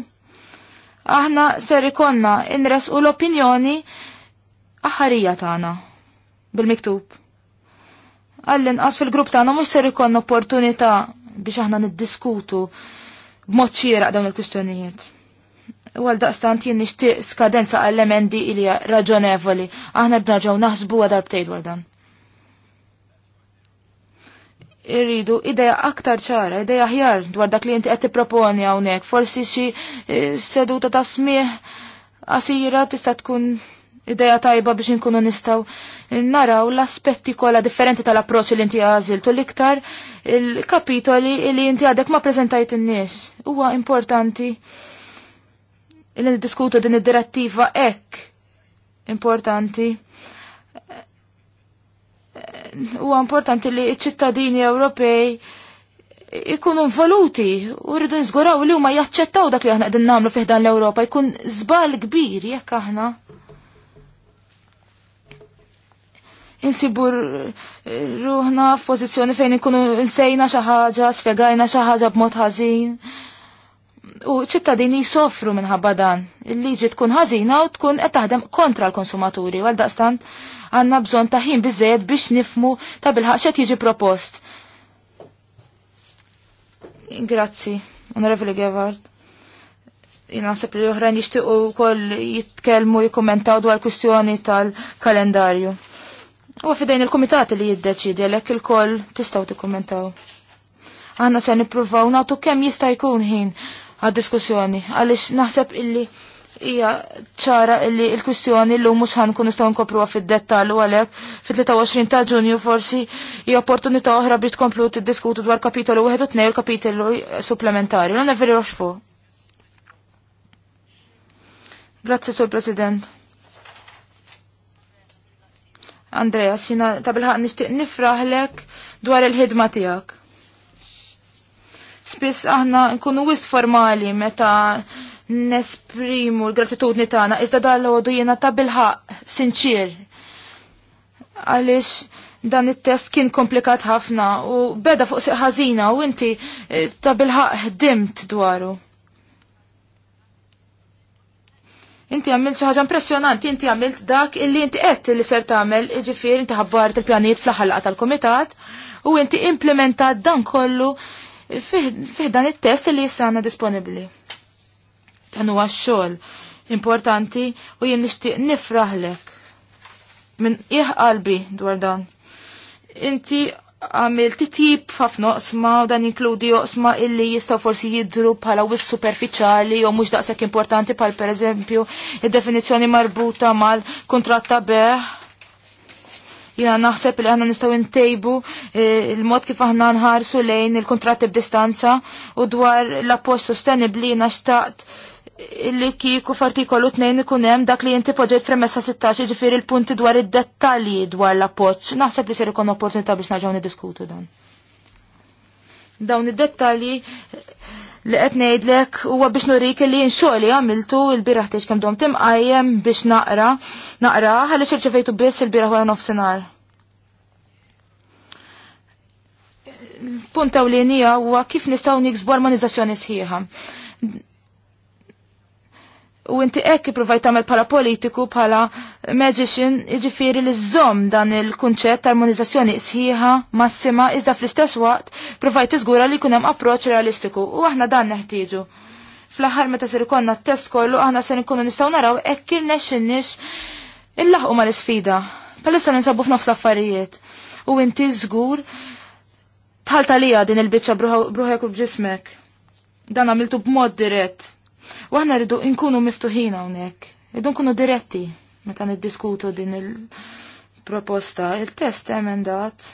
Aħna ser ikonna inres u l-opinjoni aħħarija tagħna bil-miktub. Għallin inqas fil-grupp tagħna mhux ser ikonna opportunità biex aħna niddiskutu b'mod xieraq dawn il-kwistjonijiet. U għal daqstant jien nixtieq skadenza għall emendi ilja raġonevoli. Aħna b'nerġgħu naħsbu għadar btejd dwar dan. Irridu ideja aktar ċara, ideja ħjar dwar dak li inti qed tipproponi hawnhekk. Forsi xi eh, seduta ta' smih qasira tista' tkun ideja tajba biex inkunu nistaw naraw l-aspetti kolla differenti tal-approċ li inti għaziltu l-iktar il-kapitoli li inti għadek ma prezentajt n-nies. Huwa importanti il diskutu din id-direttiva ek importanti. Huwa importanti li ċittadini Ewropej ikunu valuti u rridu nżguraw li huma jaċċettaw dak li aħna qegħdin nagħmlu fih dan l-Ewropa jkun żbal kbir jekk aħna. Insibu ruħna f'pożizzjoni fejn ikunu nsejna xi ħaġa, spjegajna xi ħaġa b'mod ħażin u ċittadini jsofru minħabba dan. Il-liġi tkun ħażina u tkun qed taħdem kontra l-konsumaturi għal daqstant għandna bżonn ta' ħin biżejjed biex nifmu ta' bilħaq xed jiġi propost. Grazzi, Onorevoli Gevard. naħseb li l-oħrajn jixtiequ wkoll jitkellmu jikkumentaw dwar kwistjoni tal-kalendarju. U fidejn il-komitat li jiddeċidi għalhekk il-koll tistgħu tikkummentaw. Għanna se nippruvaw nagħtu kemm jista' jkun ħin għad-diskussjoni, għalix naħseb illi hija ċara illi il-kwistjoni l mhux ħankun nistgħu nkopruha fid-dettall u għalhekk fit-23 ta' Ġunju forsi hija opportunità oħra biex tkomplu tiddiskutu dwar kapitolu wieħed u tnejn u kapitolu supplementari. Non neveri fuq. Grazzi Sur President. Andrea, sina ta' bilħaq nixtieq nifraħlek dwar il-ħidma tiegħek. Spiss aħna nkunu wis formali meta nesprimu l-gratitudni tagħna iżda dal-għodu jiena ta' bilħaq sinċir. Għaliex dan it-test kien komplikat ħafna u beda fuq ħażina u inti eh, ta' bilħaq ħdimt dwaru. Inti għamilt xi ħaġa impressjonanti, inti għamilt dak illi inti qed li ser tagħmel, iġifier inti ħabbart il-pjanijiet fl-ħallaqa tal-kumitat u inti implementat dan kollu Fih dan il-test li jissana disponibli. Dan huwa xogħol importanti u jien nixtieq nifraħlek minn iħ qalbi dwar dan. Inti għamil titib ħafna oqsma u dan inkludi oqsma illi jistaw forsi jidru bħala wis superficiali u mhux daqshekk importanti bħal pereżempju id-definizzjoni marbuta mal-kuntratt ta' beħ Jina naħseb li għanna nistaw intejbu eh, il-mod kif aħna nħarsu lejn il-kontratti b'distanza u dwar l-appoġġ sostenibli jina xtaqt li kiku f'artikolu 2 ikun hemm dak li jinti poġġejt fremessa 16 ġifieri il-punti dwar id-dettalji dwar l-appoġġ. Naħseb li ser ikun opportunità biex naġgħu niddiskutu dan. Dawn id-dettalji li qed ngħidlek huwa biex nurik li xogħol li għamiltu l-biraħ tgħix kemm dom timqajjem biex naqra naqra għaliex irċevejtu biss il-biraħ wara nofsinhar. Punt ewlieni huwa kif nistgħu niksbu armonizzazzjoni sħiħa u inti ekki provaj tamel pala politiku, pala magician, iġifiri li zom dan il-kunċett armonizzazzjoni sħiħa, massima, iżda fl-istess waqt provaj tiżgura li kunem approċ realistiku u aħna dan neħtieġu. Fl-aħħar meta ser ikonna t-test kollu aħna ser nkunu nistgħu naraw hekk irnexxinniex il ma mal-isfida. Palissa ninsabu f'nofs affarijiet. U inti żgur tħalta lija din il-biċċa bruħek u bġismek. Dan għamiltu b'mod dirett U aħna rridu nkunu miftuħin hawnhekk, rridu nkunu diretti meta niddiskutu din il-proposta. Il-test emendat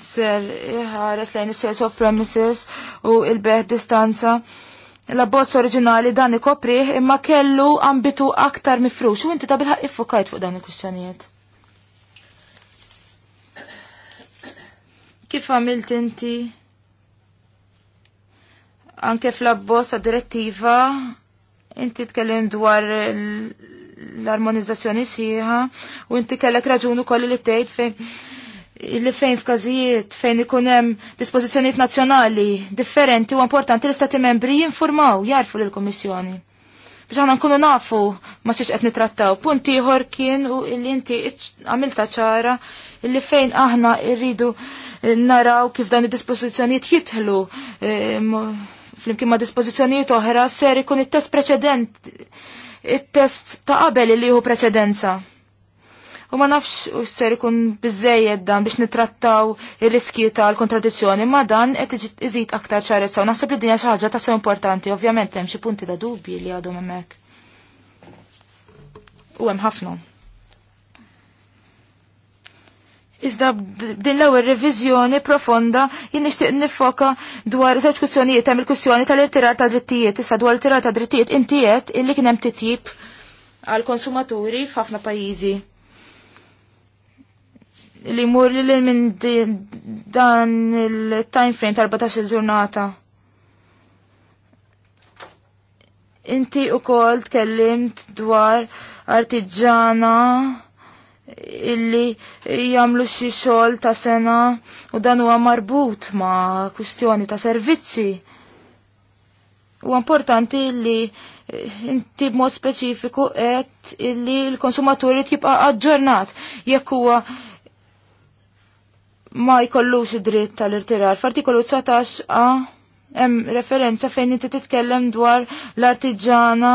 ser iħares lejn is-sales of premises u il-beħ distanza. L-abbozz oriġinali dan ikoprih imma kellu ambitu aktar mifrux u inti ta' bilħaq iffokajt fuq dan il-kwistjonijiet. Kif għamilt inti? Anke fl-abbozz direttiva inti tkellim dwar l-armonizzazzjoni sħiħa u inti kellek raġunu kolli li tgħid fejn li fejn f'każijiet fejn ikun hemm dispożizzjonijiet nazzjonali differenti u importanti li stati membri jinformaw jarfu lil kummissjoni biex aħna nkunu nafu ma xiex qed nitrattaw. Punt ieħor kien u illi inti għamilta ċara li fejn aħna rridu naraw kif dan id-dispożizzjonijiet jitħlu eh, flimkien ma' dispożizzjonijiet oħra ser ikun it-test preċedent it-test ta' qabel li hu preċedenza. U ma nafx u ser ikun bizzejed dan biex nitrattaw il-riski tal-kontradizzjoni, ma dan qed iżid aktar ċarezza u naħseb li dinja xi ħaġa sew importanti, ovvjament hemm xi punti da dubji li għadhom hemmhekk. U hemm ħafna. Iżda din l-ewwel reviżjoni profonda jien nixtieq nifoka dwar żewġ kwistjonijiet hemm il-kwistjoni tal-irtirar ta' drittijiet. Issa dwar l-irtirar ta' drittijiet inti qed illi kien hemm titjib għal konsumaturi f'ħafna pajjiżi. Li mur li minn dan il-time frame tal 14 il-ġurnata. Inti wkoll tkellimt dwar artiġana illi jamlu xi xogħol ta' sena u dan huwa marbut ma' kwistjoni ta' servizzi. U importanti li eh, inti b'mod speċifiku qed illi l-konsumaturi tibqa' aġġornat jekk huwa ma jkollux id-dritt tal-irtirar. F'artikolu 19 a hemm referenza fejn inti titkellem dwar l-artiġana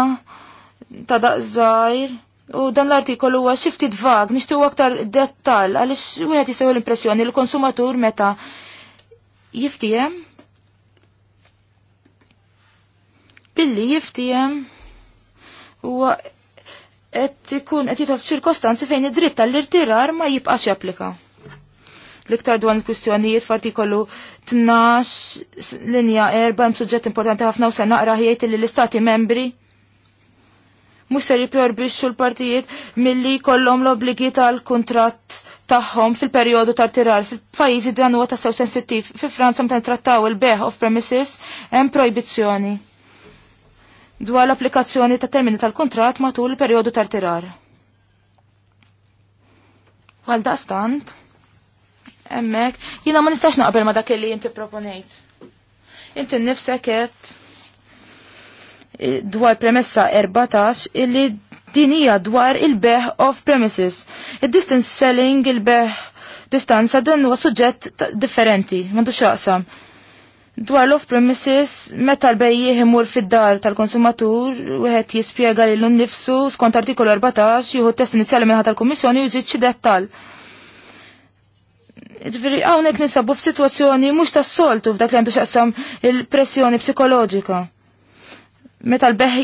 ta' daqżajr U dan l-artikolu huwa shifted vag, nixtu aktar dettal, għalix wieħed jistaw l-impressjoni li l-konsumatur meta jiftijem. Billi jiftijem huwa qed ikun qed jitħol f'ċirkostanzi fejn id-dritt tal-irtirar ma jibqax japplika. L-iktar dwan il-kwistjonijiet f'artikolu 12 linja erba' hemm suġġett importanti ħafna u se naqra ħiejt li l-istati membri Musser ser jipjorbixxu l-partijiet milli kollom l-obligi tal-kuntratt tagħhom fil-perjodu tar-tirar fil-pajjiżi dan huwa tassew sensittiv. Fi Franza meta trattaw il-beħ off premises hemm proibizzjoni. dwar l-applikazzjoni ta' termini tal-kuntratt matul il-perjodu tar-tirar. Għal stant, emmek, jina ma nistax naqbel ma dak li jinti proponejt. Inti nifsek qed Eh, dwar premessa 14 illi dinija dwar il-beħ of premises. Il-distance selling, il-beħ distanza, dan huwa suġġett differenti, mandu xaqsam. Dwar l-off premises, meta l-bejjieħ imur fid-dar tal-konsumatur, wieħed jispjega lil nnifsu skont artikolu 14 jieħu test inizjali minħata tal-Kummissjoni jużid xi dettal. Ġifieri hawnhekk ninsabu f'sitwazzjoni mhux tas-soltu f'dak li għandu xaqsam il-pressjoni psikoloġika meta l-beħ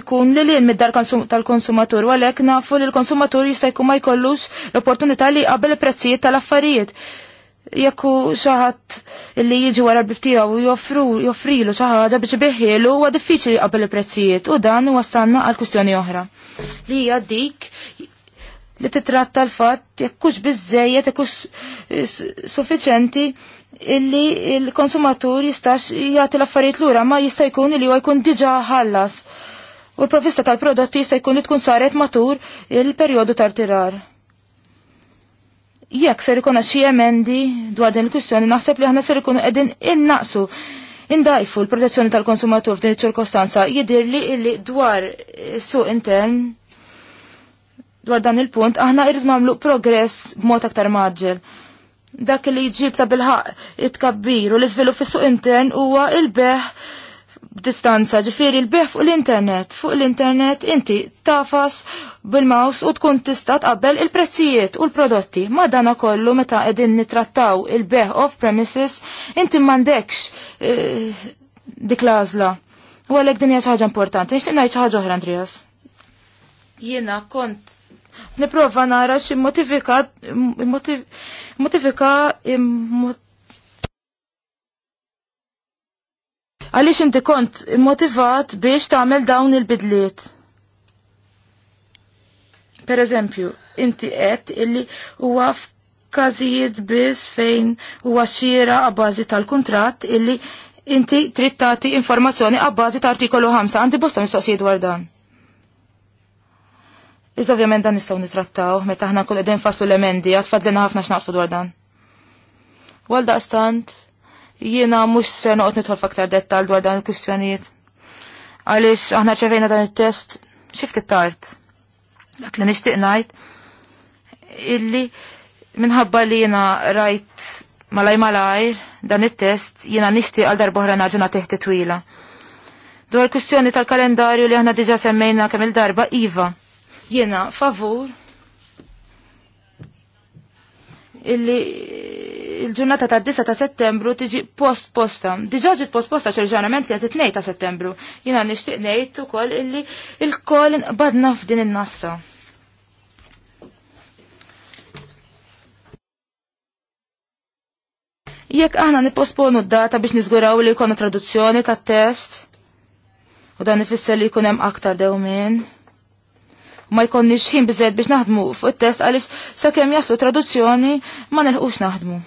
ikun li lin mid-dar tal-konsumatur, u għalek nafu li l-konsumatur jista' jkun ma jkollux l-opportunità li qabel prezzijiet tal-affarijiet. Jekku xaħat li jiġi wara l-biftija u joffrilu xaħġa biex biħilu huwa diffiċli qabel il-prezzijiet u dan għastanna għal kwistjoni oħra. Li hija dik li titratta l-fatt jekkux bizzejiet, jekkux suffiċenti illi il-konsumatur jistax jagħti l-affarijiet lura ma jista' jkun li huwa jkun diġà ħallas. U l-provista tal-prodotti jista' jkun li tkun saret matur il-perjodu tal tirar Jekk ser ikun xi emendi dwar din il-kwistjoni naħseb li aħna ser ikunu qegħdin innaqsu indajfu l-protezzjoni tal-konsumatur f'din iċ-ċirkostanza li illi dwar suq intern dwar dan il-punt aħna irridu nagħmlu progress b'mod aktar maġġel dak li jġib ta' bilħaq it-kabbir u l-izvilu fis-suq intern huwa il-beħ b'distanza, ġifiri l-beħ fuq l-internet. Fuq l-internet inti tafas bil-maus u tkun tista' tqabbel il-prezzijiet u l-prodotti. Ma dana kollu meta qegħdin nitrattaw il-beħ off-premises, inti m'għandekx eh, dik l-għażla. U għalhekk din hija xi ħaġa importanti. Nixtieq ngħid xi ħaġa oħra, Andreas. Jiena kont niprofa nara xi modifika modifika għaliex inti kont motivat biex tagħmel dawn il-bidliet. Per eżempju, inti qed illi huwa f'każijiet biss fejn huwa xira għabbażi tal-kuntratt illi inti trittati tagħti informazzjoni għabbażi ta' artikolu 5 għandi bosta mistoqsijiet dwar dan. Iżda ovvjament dan nistgħu nitrattaw meta aħna nkun qegħdin fassu l-emendi għad ħafna x'naqsu dwar dan. Għal daqstant, jiena mhux se noqgħod nidħol f'aktar dettall dwar dan il-kwistjonijiet. Għaliex aħna ċevejna dan it-test xi ftit tard. Dak li nixtieq ngħid illi minħabba li jiena rajt malaj malajr dan it-test jiena nixtieq għal darba oħra naġuna teħti twila. Dwar kwistjoni tal-kalendarju li aħna diġa semmejna kemm il-darba iva Jiena favur illi il-ġurnata ta' 10 ta' settembru tiġi post posta. Diġa ġit post posta ċerġanament kienet 2 ta' settembru. Jena nishtiq nejt u koll illi il-koll badna f'din il-nassa. Jekk aħna nipposponu d-data biex nizguraw li jkunu traduzzjoni ta' test, u dan ifisser li jkun hemm aktar dewmien ma jkonniex ħin bizzed biex naħdmu fuq it-test għaliex sakemm jaslu traduzzjoni ma nilħux naħdmu.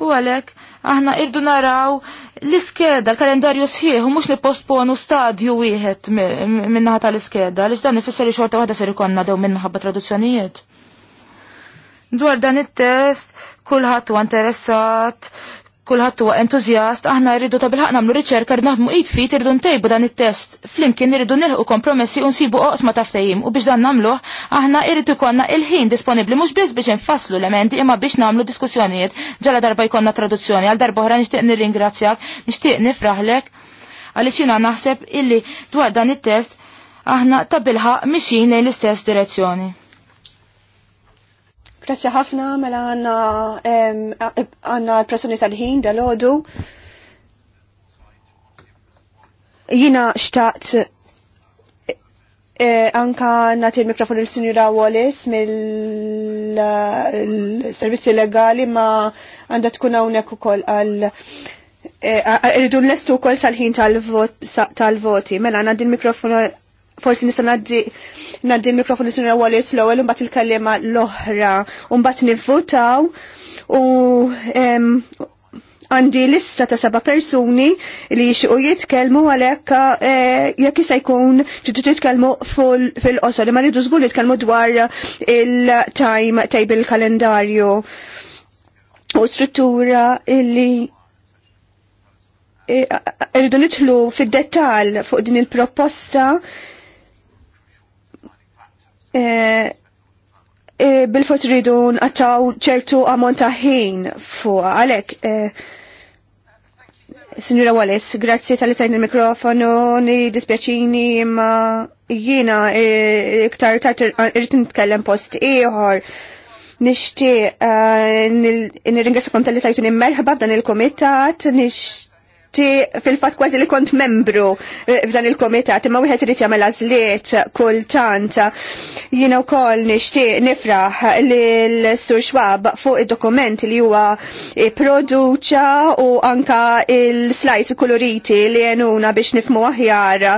U għalhekk aħna irdu naraw l-iskeda, l-kalendarju sħiħ, u mhux postponu stadju wieħed minnaħat tal-iskeda, għaliex dan ifisser li xorta waħda seri konna dew minnaħabba traduzzjonijiet. Dwar dan it-test, kulħadd huwa interessat kulħadd huwa entużjast, aħna rridu ta' bilħaq nagħmlu riċerka rridu naħdmu id fit irridu ntejbu dan it-test. Flimkien irridu nilħu kompromessi u nsibu oqsma ma taftajim u biex dan nagħmluh aħna irrid ikollna il-ħin disponibbli mhux biss biex infasslu l-emendi imma biex nagħmlu diskussjonijiet ġala darba jkollna traduzzjoni għal darba oħra nixtieq nirringrazzjak, nixtieq nifraħlek għaliex jiena naħseb illi dwar dan it-test aħna ta' bilħaq mixin lejn l-istess direzzjoni. Grazzi ħafna mela għanna għanna l-personi tal-ħin dal-ħodu. Jina xtaqt eh, anka nati l mikrofon il-Sinjura Wallis mill-servizzi legali ma għanda tkun hawnhekk ukoll għal eh, irridu lestu wkoll sal-ħin tal-voti. Mela għandna din mikrofonu forsi nisa naddi mikrofonu sunra Wallis l-ewwel u il kallima l-oħra u mbagħad nivvutaw u għandi lista ta' seba' persuni li jixqu jitkellmu għalhekk eh, jekk jista' jkun ġiġu jitkellmu fil-qosor ma rridu żgur jitkellmu dwar il-time il kalendarju u struttura illi eh, rridu nidħlu fid-dettall fuq din il-proposta Eh, eh, bil-fors ridu nqattaw ċertu ammont ta' ħin fuq għalhekk. Eh, Signora Wallace, grazzi tal tajn il-mikrofonu, ni dispjaċini imma jiena iktar tart irrit nitkellem post ieħor. Nixtieq nirringrazzakom tal-li tajtuni merħba f'dan il-komitat, nixtieq ti fil-fat kważi li kont membru eh, f'dan il-komitat, imma wieħed irid jagħmel għażliet kultant. Jiena wkoll nixtieq nifraħ l Sur Schwab fuq id-dokument li huwa produċa u anka il slajs koloriti li jenuna biex nifmu aħjar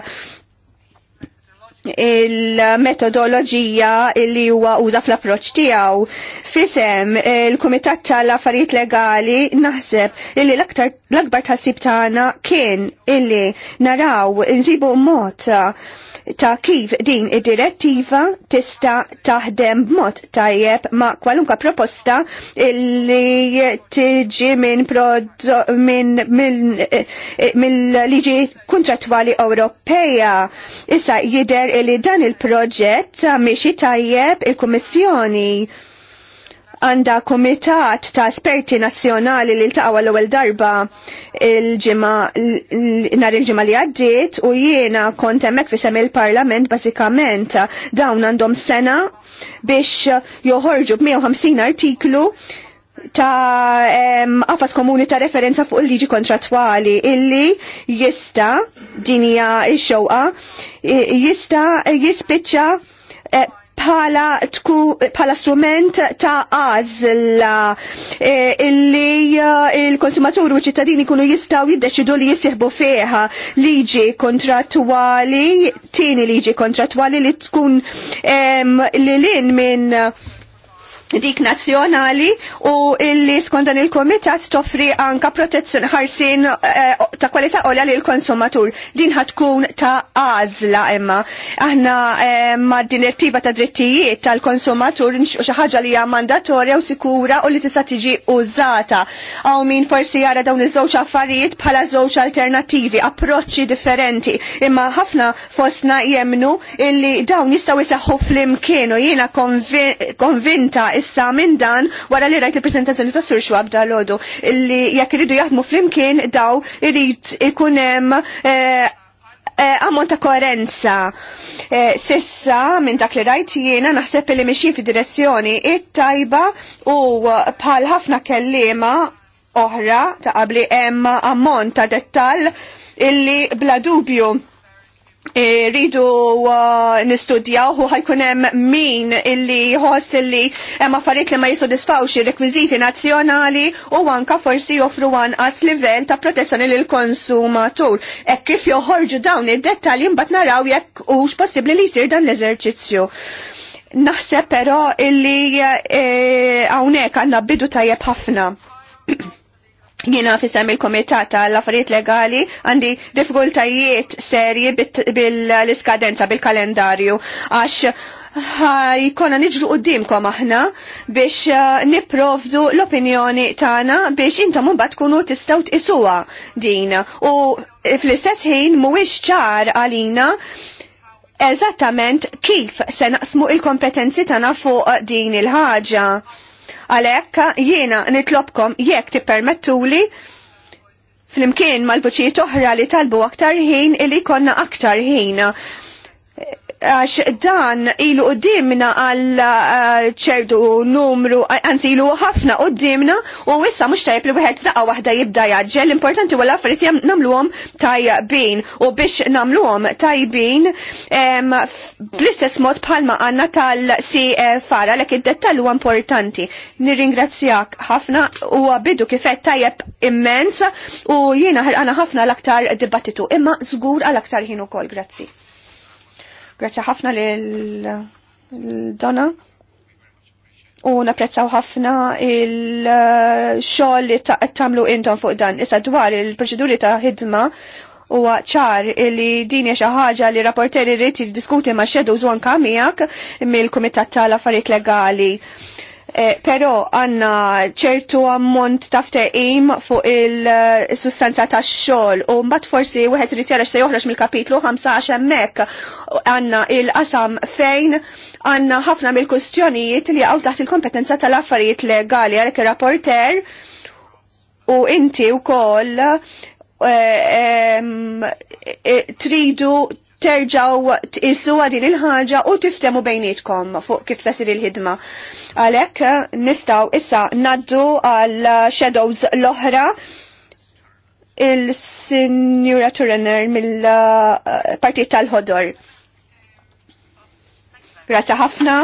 il-metodoloġija li huwa uża fl-approċċ tiegħu. Fisem il-Kumitat tal-Affarijiet Legali naħseb illi l-aktar l-akbar tħassib tagħna kien illi naraw nsibu mod ta' kif din id-direttiva tista' taħdem b'mod tajjeb ma' kwalunka proposta li tiġi minn min, min eh, liġi kontrattwali Ewropeja. Issa jider li dan il-proġett miexi tajjeb il-Kummissjoni. il kummissjoni għanda komitat ta' esperti nazzjonali li l-taqaw l-ewwel darba il nhar il-ġimgħa li għaddiet u jiena kont hemmhekk fisem il-Parlament bażikament dawn għandhom sena biex joħorġu b-150 artiklu ta' għafas komuni ta' referenza fuq il-liġi kontratwali illi jista dinja il-xoqa jista jispiċċa eh, pala, tku, pala strument ta' għazla eh, illi eh, il konsumatur u ċittadini kunu jistaw jiddeċidu li jistihbu feħa liġi kontratwali, tini liġi kontratwali li tkun li lin minn dik nazzjonali u illi skontan il-komitat toffri anka protezzjoni ħarsin eh, ta' kwalità olja lil konsumatur. Din ħatkun ta' għażla imma. Aħna eh, ma' direttiva ta' drittijiet tal-konsumatur xi ħaġa li hija mandatorja u sikura u li tista' tiġi użata. Aw min forsi jara dawn iż-żewġ affarijiet bħala żewġ alternattivi, approċċi differenti. Imma ħafna fosna jemnu illi dawn jistgħu jseħħu flimkien u jiena konvinta issa minn dan wara li rajt il-prezentazzjoni ta' Sur Schwab dal-ħodu illi jekk iridu jaħdmu flimkien daw irid ikun hemm eh, eh, ammont ta' koerenza. Eh, sissa minn dak li rajt jiena naħseb li mixin fid-direzzjoni it-tajba u bħal ħafna kellima oħra ta' qabli hemm ammont ta' dettall illi bla dubju E, rridu uh, nistudjaw hu hemm min illi ħoss illi hemm affarijiet li ma jisodisfawx ir-rekwiżiti nazzjonali u anka forsi joffru anqas livell ta' protezzjoni lil konsumatur. Hekk kif joħorġu dawn id-dettalji mbagħad naraw jekk hux possibbli li jsir dan l-eżerċizzju. Naħseb però illi e, hawnhekk għandna bidu tajjeb ħafna jina fissam il-komitat tal-affarijiet legali għandi diffikultajiet serji bil-iskadenza, bil-kalendarju, għax ħajkonna niġru qoddimkom aħna biex eh, niprovdu l-opinjoni tagħna biex intom mbagħad tkunu tistgħu tqisuha din. U fl-istess ħin mhuwiex ċar għalina eżattament kif se naqsmu il-kompetenzi tagħna fuq din il-ħaġa. Għalhekk jiena nitlobkom jekk tippermettuli fl-imkien mal-vuċijiet oħra li talbu aktar ħin illi konna aktar ħin għax dan ilu qoddimna għal eh, ċertu numru, eh, anzi ilu ħafna qoddimna u issa mux tajb li wieħed f'daqqa waħda jibda jaġġel, l-importanti wala affarijiet jam għom tajbin u biex għom tajbin bl-istess mod bħalma għanna tal-CFR għalhekk id dettallu importanti. Nirringrazzjak ħafna u bidu kifet tajjeb immens u jiena ħana ħafna l-aktar dibattitu imma żgur għal aktar ħin ukoll grazzi. Grazie ħafna l-dona u napprezzaw ħafna il-xogħol li ta' tagħmlu intom fuq dan. Issa dwar il-proċeduri ta' ħidma huwa ċar li din xi ħaġa li rapporteri rrid jiddiskuti ma' xedu żwan miegħek mill-Kumitat tal-Affarijiet Legali Eh, pero għanna ċertu ammont ta' im fuq il-sustanza ta' xol u mbagħad forsi wieħed irid rritjara se joħroġ mill-kapitlu 15 hemmhekk għandna il-qasam fejn għandna ħafna mill-kustjonijiet li għaw taħt il-kompetenza tal-affarijiet legali għalhekk ir-rapporter u inti wkoll eh, eh, tridu terġaw t-issu għadin il-ħaġa u tiftemu bejnietkom fuq kif se sir il-ħidma. Għalhekk nistgħu issa naddu għal shadows l-oħra il-Sinjura Turner mill partiet tal-Ħodor. Grazzi ħafna.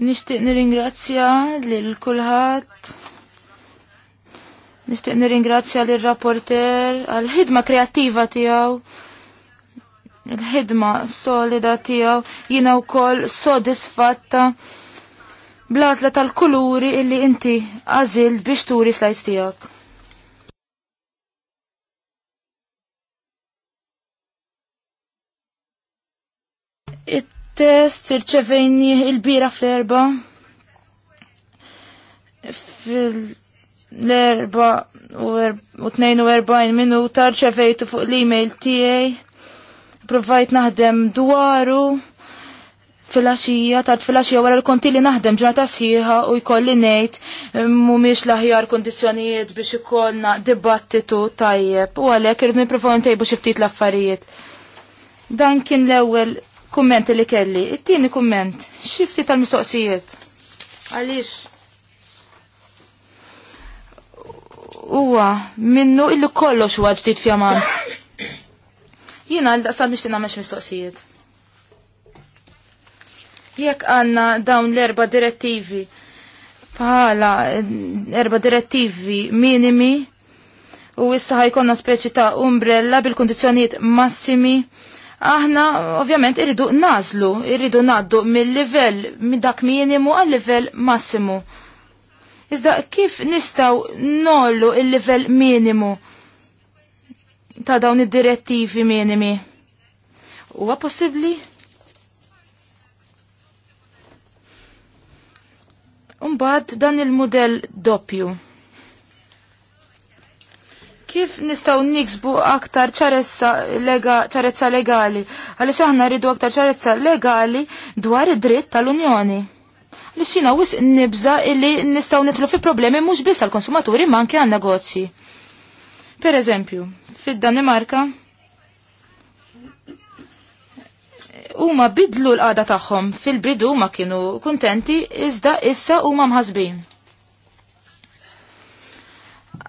Nishtiq nirringrazzja lil kulħadd Nishtiq nirringrazzja lir rapporter għal-ħidma kreattiva tiegħu il-ħidma solida tiegħu jiena wkoll sodisfatta blazla tal-kuluri illi inti għażilt biex turi slajs tiegħek. It-test irċevejni il-bira fl-erba fil l-42 er- minuta rċevejtu fuq l-email tiegħi. Provajt naħdem dwaru fil-axija, tart fil-axija wara l-konti li naħdem ġurnata sħiħa u jkolli ngħid eh, mhumiex l-aħjar kundizzjonijiet biex ikollna dibattitu tajjeb u għalhekk irridu niprofaw ntejbu xi ftit l-affarijiet. Dan kien l-ewwel kumment li kelli. It-tieni kumment, xi ftit tal-mistoqsijiet. Għaliex? huwa minnu illi kollox huwa ġdid fjaman. Jina, l-daqsad nishtina meċ mistoqsijiet. Jekk għandna dawn l-erba direttivi bħala eh, erba direttivi minimi u issa ħajkonna speċi ta' umbrella bil kondizjoniet massimi aħna ovvjament irridu nażlu, irridu naddu mill-livell mid dak minimu għal livell massimu. Iżda kif nistaw nollu il-livell minimu ta' dawn id-direttivi minimi? Huwa possibbli? Umbad dan il-modell doppju. Kif nistaw niksbu aktar ċarezza lega, legali? Għaliex aħna rridu aktar ċarezza legali dwar id-dritt tal-Unjoni li xina wis nibza illi nistaw nitlu fi problemi mux biss għal konsumaturi ma anke għal negozji. Per eżempju, fid-Danimarka huma bidlu l għada tagħhom fil-bidu ma kienu kuntenti iżda issa huma mħasbin.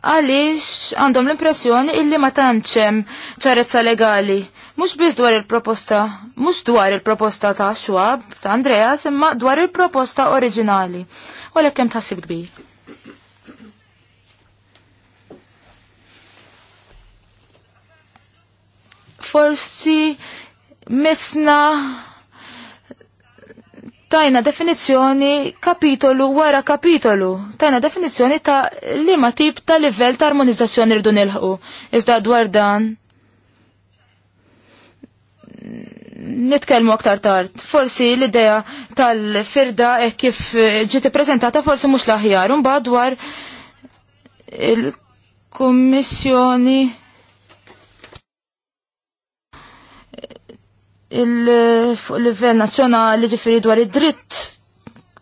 Għaliex għandhom l-impressjoni illi ma hemm ċarezza legali Mux biz dwar il-proposta, mux dwar il-proposta ta' Schwab, ta' Andreas, imma dwar il-proposta oriġinali. U l kem tasib kbir. Forsi misna tajna definizjoni kapitolu wara kapitolu. Tajna definizjoni ta' li ma tip ta' livell ta' armonizzazzjoni rridu nilħu. Iżda dwar dan nitkellmu aktar tard. Forsi l-idea tal-firda e kif ġiti prezentata forsi mhux l-aħjar. Mbagħad dwar il-kummissjoni il-fuq livell nazzjonali ġifieri dwar id-dritt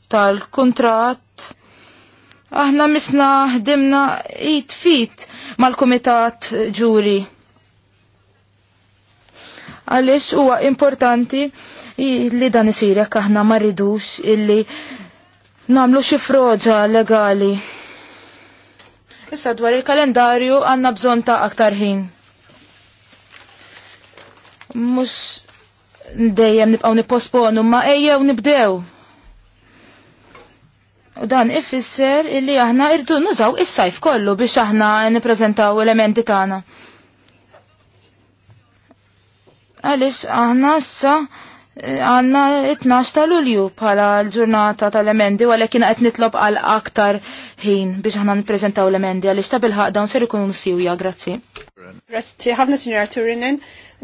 tal-kuntratt aħna misna ħdimna it fit mal-kumitat ġuri għaliex huwa importanti li dan isir jekk aħna ma rridux illi nagħmlu xi froġa legali. Issa dwar il-kalendarju għandna bżonn ta' aktar ħin. Mhux dejjem nibqgħu nipposponu ma ejjew nibdew. U dan ifisser illi aħna irdu nużaw is-sajf kollu biex aħna nippreżentaw elementi tagħna. Għalix aħna sa eh, għanna 12 ta' lulju bħala l-ġurnata tal-emendi, għalekin għet nitlob għal aktar ħin biex ħana niprezentaw l-emendi, għalix ta' bil-ħaq dawn ser ikun siwja, grazzi. Grazzi, ħafna signora Turinen,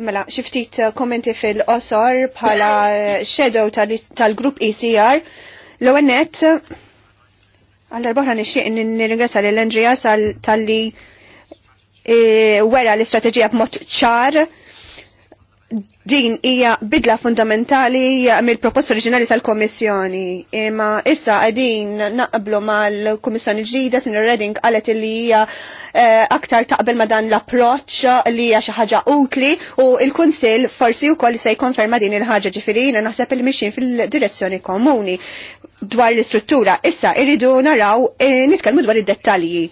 mela, xiftit eh, kommenti fil-qosor bħala eh, shadow tal-grupp ECR, l-għennet, għall-arbaħra nixxieq nirringrazzja l-Andrea tal-li wera l-istrateġija b'mod ċar, din hija bidla fundamentali mill-proposta oriġinali tal-Komissjoni. Imma issa qegħdin naqblu mal-Kummissjoni ġdida Sinur Redding qalet li hija eh, aktar taqbel ma dan l-approċċ li hija xi ħaġa utli u l-Kunsill forsi wkoll se jkonferma din il-ħaġa ġifieri jiena naħseb il mixin fil-direzzjoni komuni dwar l-istruttura. Issa irridu naraw eh, nitkellmu dwar id-dettalji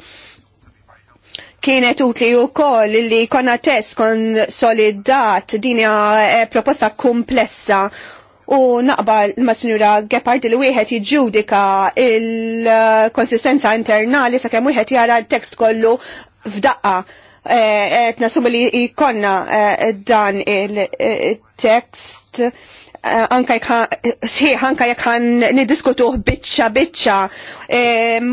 kienet utli u koll li konna test konsolidat dinja eh, proposta komplessa u naqbal ma' sinjura Gepard li wieħed jiġġudika il-konsistenza internali sakemm wieħed jara l-tekst kollu f'daqqa. et eh, eh, nasum li jkollna dan il-tekst. Eh, anka sħiħ anka jekk ħan niddiskutuh biċċa biċċa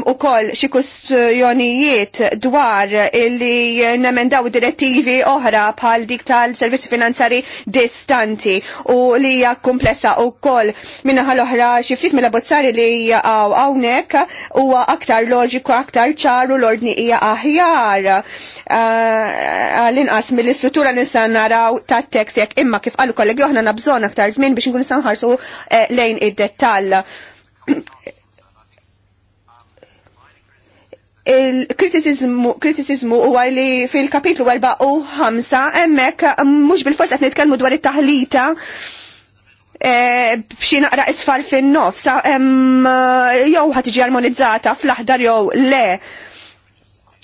u koll xi kustjonijiet dwar li nemendaw direttivi oħra bħal dik tal-servizzi finanzari distanti u li hija komplessa wkoll koll minnaħa l-oħra xi ftit mill-abbozzari li għaw hawnhekk huwa aktar loġiku aktar ċaru l-ordni hija aħjar eh, għall-inqas mill-istruttura nista' naraw tat-tekst jekk imma kif ukoll kollegi oħna nabżon aktar żmien biex nkun nistgħu eh, lejn id-dettall. il kritizizmu huwa li fil-kapitlu 4 u 5 hemmhekk mhux bil-forsa qed nitkellmu dwar it-taħlita eh, b'xi naqra isfar fin-nofs jew ħad tiġi armonizzata fl-aħdar jew le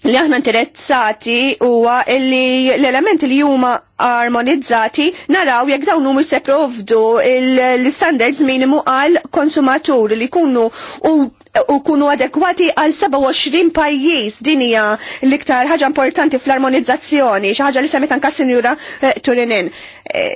li aħna interessati huwa li l-elementi li huma armonizzati naraw jekk dawn huma se provdu l-standards minimu għal konsumatur li kunu u u kunu adekwati għal 27 pajjiż din hija l-iktar ħaġa importanti fl-armonizzazzjoni, xi ħaġa li semmet anka Sinjura eh, Turinin. Eh,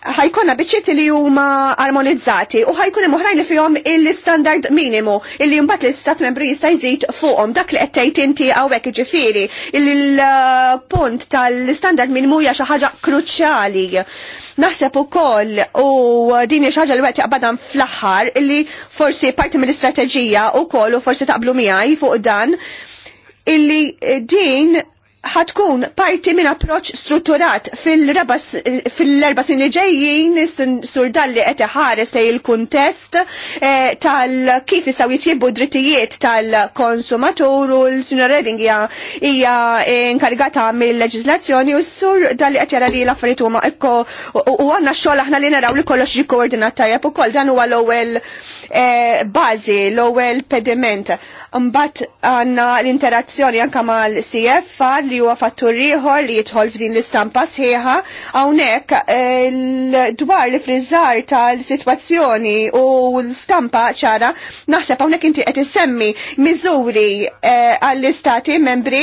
ħajkuna biċċiet li huma armonizzati u ħajkun hemm oħrajn li fihom il-standard minimu illi mbagħad l-istat membru jista' jżid fuqhom dak li qed tgħid inti hawnhekk jiġifieri il-punt tal-standard minimu hija xi ħaġa kruċjali. Naħseb ukoll u din hija xi ħaġa li wieħed jaqbadan fl-aħħar illi forsi parti mill-istrateġija wkoll u forsi taqblu miegħi fuq dan illi din ħatkun parti minn approċ strutturat fil-erba fil sin ġejjin sur dalli qed iħares li il-kuntest eh, tal kif jistgħu jitjibbu drittijiet tal-konsumatur u l-Sinjor Reding hija inkarigata mill leġizlazzjoni u sur dalli qed jara li l-affarijiet huma ekko u għandna xogħol aħna li naraw li kollox jikkoordinat tajjeb ukoll dan huwa l-ewwel bazi, eh, bażi, l-ewwel pediment. Mbagħad għandna l-interazzjoni anke mal-CF li huwa fattur ieħor li jidħol f'din l-istampa sħiħa hawnhekk eh, dwar li friżar tal-sitwazzjoni u l-stampa ċara naħseb hawnhekk inti qed issemmi miżuri eh, għall-istati membri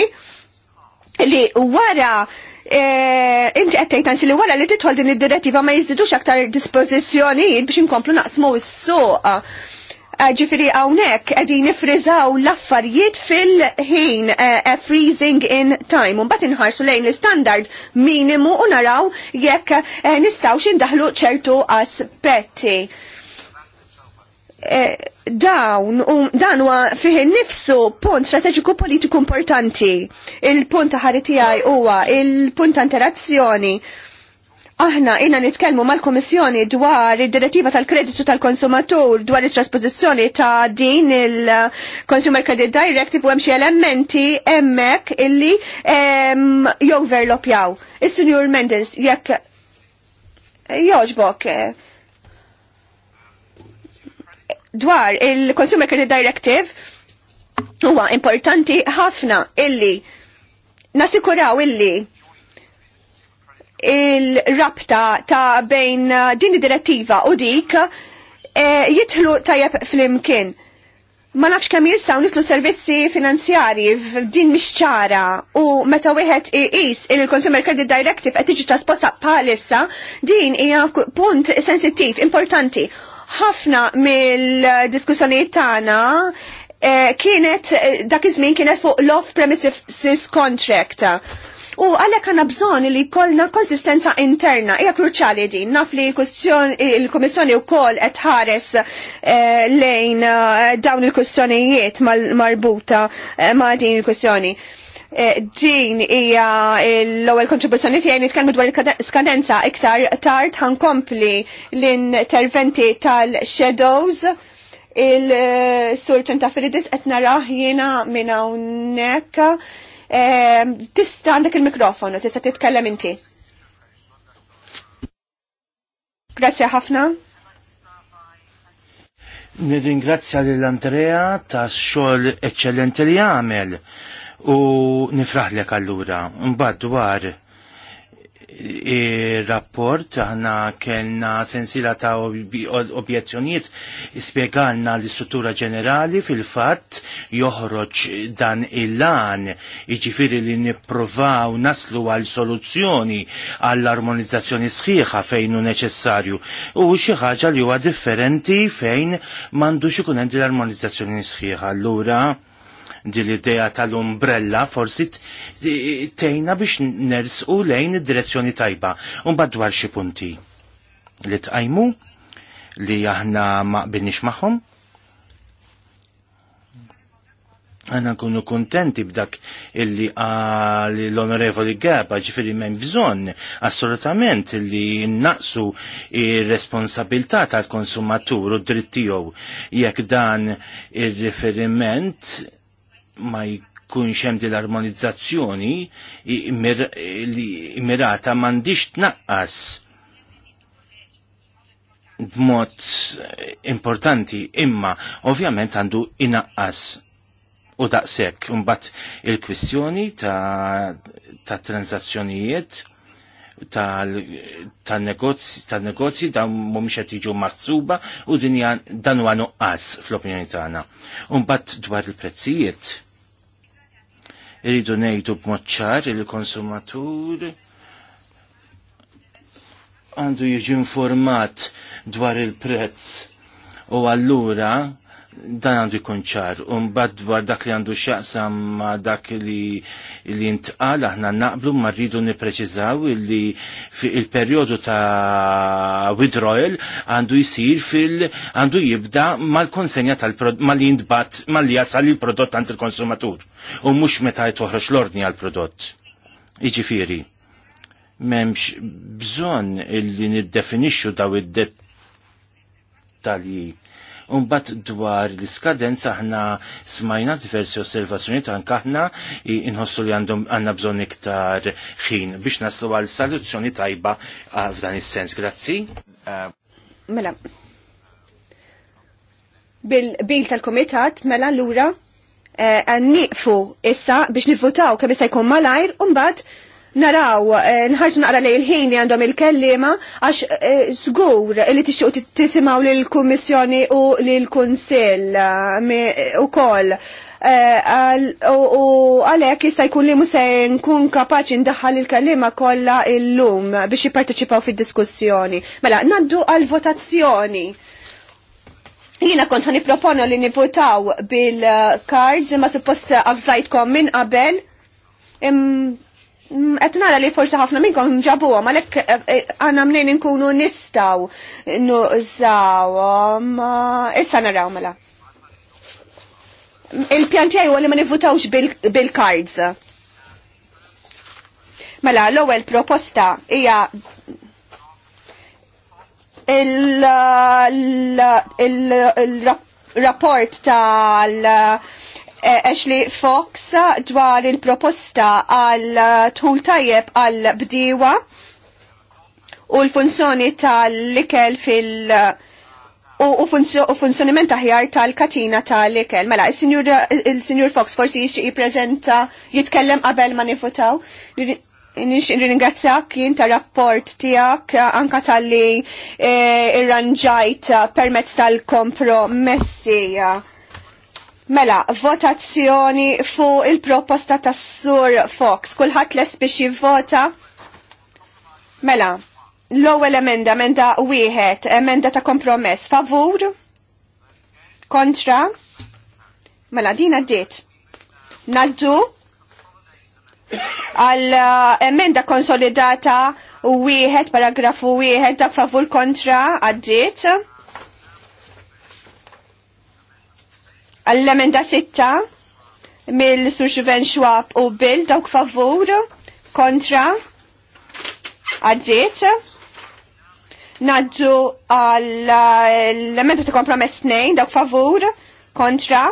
li wara eh, inti qed tgħid li wara li tidħol din id-direttiva ma jiżidux aktar dispożizzjonijiet biex inkomplu naqsmu s-suq Eh, ġifiri għawnek għedi nifrizaw l-affarijiet fil-ħin, uh, freezing in time, un bat inħarsu lejn l-standard minimu u naraw jekk uh, nistaw xindaħlu ċertu aspetti. dawn, um, dan huwa fih nifsu punt strateġiku politiku importanti. Il-punt ħariti għaj huwa il-punt ta' interazzjoni Aħna jina nitkellmu mal-Komissjoni dwar id-direttiva tal-kreditu tal-konsumatur dwar it-trasposizzjoni ta' din il-Consumer Credit Directive u hemm xi elementi hemmhekk illi joverlopjaw. Is-Sinjur Mendes jekk joġbok dwar il-Consumer Credit Directive huwa importanti ħafna illi nasikuraw illi il-rabta ta' bejn uh, din id-direttiva u dik uh, jitħlu tajab fl-imkien. Ma nafx kemm jistgħu nitlu servizzi finanzjari f'din mhix ċara u meta wieħed iqis il-Consumer Credit Directive qed tiġi trasposta bħalissa din hija punt sensittiv importanti. Ħafna mill-diskussjonijiet tagħna eh, kienet eh, dak iż-żmien kienet fuq l-off premises contract U għalhekk għandna bżon li jkollna konsistenza interna, hija kruċali din. Naf li il-Kummissjoni wkoll qed ħares eh, lejn eh, dawn il-kwistjonijiet marbuta eh, ma' din il kustjoni din hija l-ewwel kontribuzzjoni tiegħi nitkellmu dwar skadenza iktar tard ħankompli l-interventi tal-shadows il-sur Tentafiridis qed naraħ jiena minn hawnhekk Ehm, tista għandek il-mikrofonu, tista titkellem inti. Grazie ħafna. Nirringrazzja lil Andrea ta' xogħol eċċellenti li għamel u nifraħlek allura. Mbagħad dwar rapport aħna kellna sensila ta' objezzjonijiet spiegalna l-istruttura ġenerali fil-fatt joħroġ dan il-lan iġifiri li nipprovaw naslu għal soluzzjoni għall armonizzazzjoni sħiħa fejn hu neċessarju u xi ħaġa li huwa differenti fejn m'għandux ikun hemm l-armonizzazzjoni sħiħa. Allura Di l-idea tal-umbrella forsi tejna biex nersqu lejn id-direzzjoni tajba. Un dwar xi punti li tqajmu li aħna ma qbilniex magħhom. Għana nkunu kontenti b'dak illi għal l-onorevoli Gaba ġifiri men bżon assolutament illi naqsu il-responsabilta tal-konsumatur u drittiju jekk dan il-referiment ma jkunx hemm din l-armonizzazzjoni immirata m'għandix tnaqqas b'mod importanti imma ovvjament għandu inaqqas u daqshekk imbagħad il-kwistjoni ta', ta transazzjonijiet tal-negozji ta ta dan mhumiex qed jiġu maħsuba u dinja dan huwa nuqqas fl-opinjoni tagħna. Imbagħad dwar il-prezzijiet rridu ngħidu b'moċċar il-konsumatur għandu jiġi informat dwar il-prezz u allura dan għandu jkun ċar. bad dwar dak li għandu xaqsam ma dak li li intqal aħna naqblu ma rridu nipreċizaw li fi il-perjodu ta' withdrawal għandu jisir fil għandu jibda mal-konsenja tal-prodott ma li jintbat mal jasal il-prodott għand il-konsumatur u mhux meta jtoħroġ l-ordni għal-prodott. Iġifieri, m'hemmx bżonn li niddefinixxu daw id-dettalji Umbat dwar l-iskadenza ħna smajna diversi osservazzjoni ta' nkaħna inħossu li għandhom għanna bżon iktar ħin biex naslu għal saluzzjoni tajba f'dan is-sens. Grazzi. Eh, mela. Bil-bil tal-komitat, mela l-ura eh, niqfu issa biex nivvotaw kemm jkun malajr, umbat naraw, eh, nħarġu naqra li l ħin li għandhom il-kellima, għax eh, zgur li t tisimaw l-Kummissjoni u l-Kunsill eh, u kol. U għalek jista' jkun li musa nkun kapaċi ndaħħal il-kellima kollha illum biex jipparteċipaw fid-diskussjoni. Mela, naddu għal-votazzjoni. Jina kont għani proponu li nivotaw bil kards imma suppost kom minn qabel. Mm, qed nara li forsi ħafna ġabu ġabuhom għalhekk eh, eh, għandna mnejn inkunu nistgħu nużawhom eh, issa naraw mela. Mm, il-pjan tiegħi għalli li ma nivvutawx bil-cards. Mela l-ewwel proposta hija il-rapport tal Eh, Ashley Fox dwar il-proposta għal eh, tħul tajjeb għal bdiewa u l-funzjoni tal-likel fil- eh, u funzjoniment aħjar tal-katina tal-ikel. Mela, il-Sinjur Fox forsi jixi jiprezenta jitkellem qabel ma nifutaw. Nix ringrazzjak jien ta' rapport tijak anka tal-li irranġajt permezz tal-kompromessi. Mela, votazzjoni fuq il-proposta tas Sur Fox. Kulħadd les biex jivvota? Mela, l-ewwel emenda, emenda wieħed, emenda ta' kompromess. Favur? Kontra? Mela, din għaddiet. Naddu għal eh, emenda konsolidata wieħed, paragrafu wieħed, ta' favur kontra għaddiet l emenda sitta mill-Sur Juven u bil dawk favur kontra għadżiet. Nadġu għall-emenda ta' kompromess nejn dawk favur kontra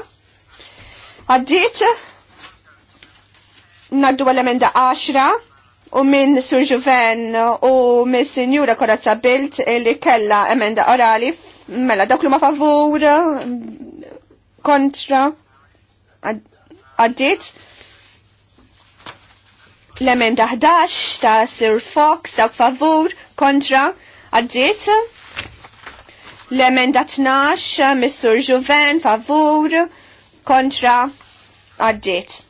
għadżiet. Naddu għall-emenda 10 u minn Sur Juven u minn Sinjura Korazza Bilt li kella emenda orali mela dawk l ma favur kontra għaddit l-emenda 11 ta' Sir Fox ta' favur kontra għaddit l-emenda 12 Missur Juven favur kontra għaddit.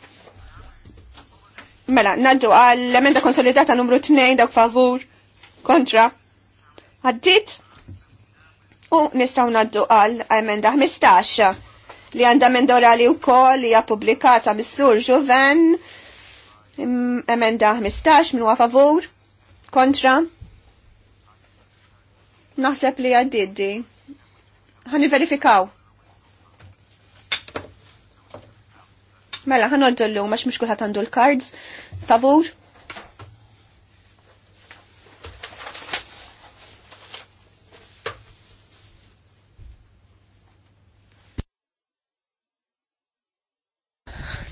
Mela, naddu għall-emenda konsolidata numru 2 dak favur kontra għaddit u nistaw naddu għal emenda 15 li għandha minn wkoll li hija pubblikata mis-sur Juven emenda 15 minn huwa favur kontra naħseb li għaddiddi. għani verifikaw. Mela, ħanoddu l-lum, għax mux kullħat għandu l kards Favur?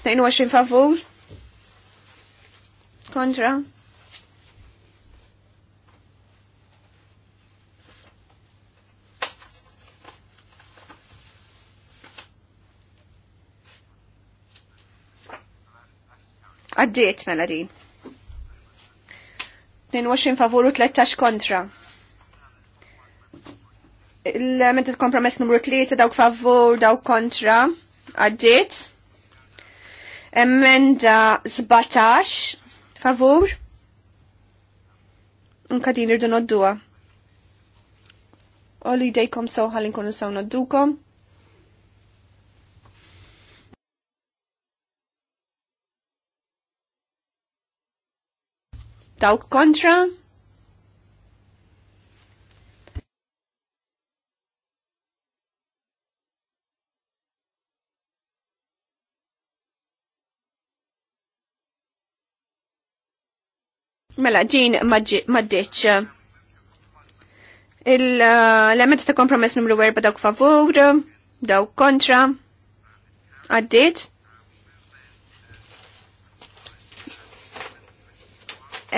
22 favur. Kontra. Għaddiet mela din. 22 favur u 13 kontra. Il-mentet kompromess numru 3 dawk favur, dawk kontra. Għaddiet. Emenda 17, favur. Unka din irdu noddua. Oli dejkom soħa li nkunu saw noddukom. Dawk kontra. Mela, din maddiċ. L-element ta' kompromess numru 4 dawk favur, dawk kontra, għaddit.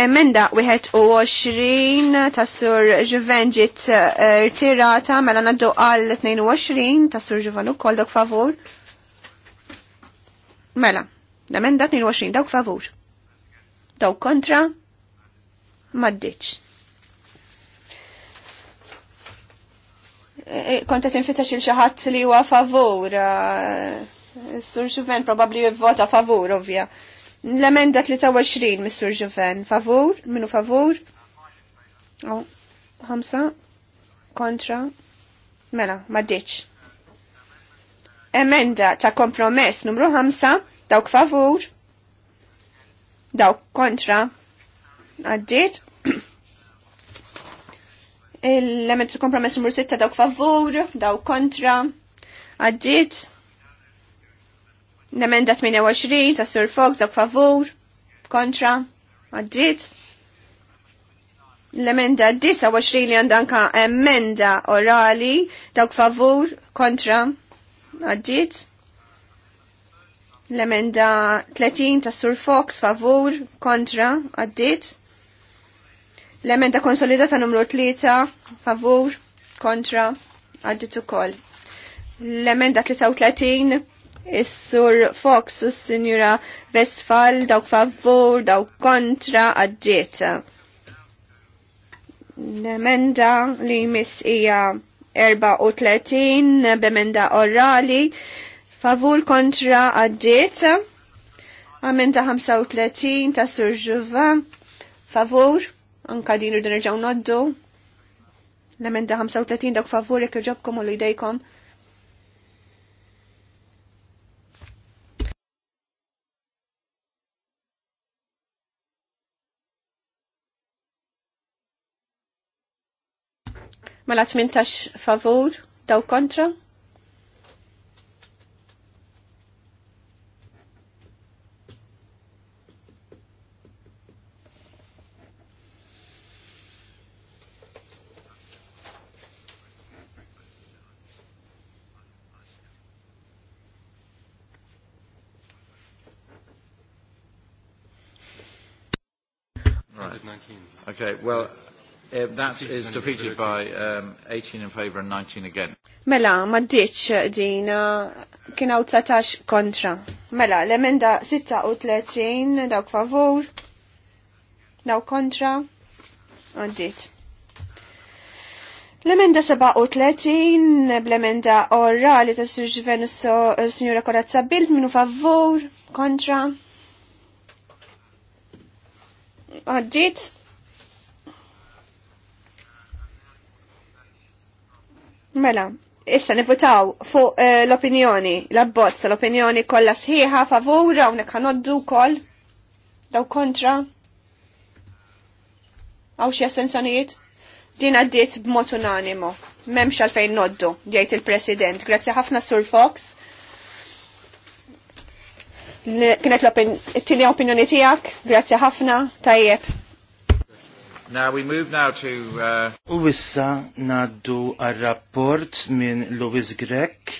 Emenda 21 ta' sur ġuvenġit uh, irtirata, mela naddu għal 22 ta' sur ġuvenu kol dawk favur. Mela, l-emenda 22 dawk favur. Dawk kontra, maddiċ. E, e, Konta tinfitax il-xaħat li huwa favur. Sur Juven probabli jivvota favur, ovvja. L-emenda 23, Mr. Juven. Favur? Minu favur? Hamsa? Kontra? Mela, maddiċ. Emenda ta' kompromess numru 5, dawk favur, dawk kontra, għaddit. l lament il-kompromess numru 6 dawk favur, dawk kontra, għaddit. L-emenda 28 ta' Sir Fox dawk favur, kontra, għaddit. L-emenda 29 li għandanka emenda orali, dawk favur, kontra, għaddit l-emenda 30 ta' Sur Fox favur kontra għaddit. L-emenda konsolidata numru 3, favur, kontra, għaddit ukoll. L-emenda 33, Is-sur Fox, s-sinjura Westfall, dawk favur, dawk kontra, għaddiet. L-emenda li mis ija 34 b'emenda orali, favur kontra għaddiet. Amenda 35 ta' Sur Juva, favur Anka din irdu nerġaw noddu. L-emenda 35 dak favur jekk u l-idejkom. Mela 18 favur, daw kontra. Okay, well, uh, that is defeated by um, 18 in favour and 19 again. Mela, ma ditx din uh, kienaw 19 kontra. Mela, l-emenda 36 dawk favur, dawk kontra, għaddit. L-emenda 37, bl-emenda orali ta' Sir Ġvenu so, eh, Signora Korazza Bild, minu favur, kontra, għadġiet. Mela, issa nivutaw fuq eh, l-opinjoni, l-abbozz, l-opinjoni kollha sħiħa, favura, unek ħanoddu kol, daw kontra. Għaw xie astensjonijiet? Din għaddiet b'mod unanimo. Memx għalfejn noddu, jgħid il-President. Grazzi ħafna Sur Fox. Kienet l-tini opinjoni tijak, grazie ħafna, tajjeb. Now we move now to... Uh, u wissa naddu għal-rapport minn Louis Grek,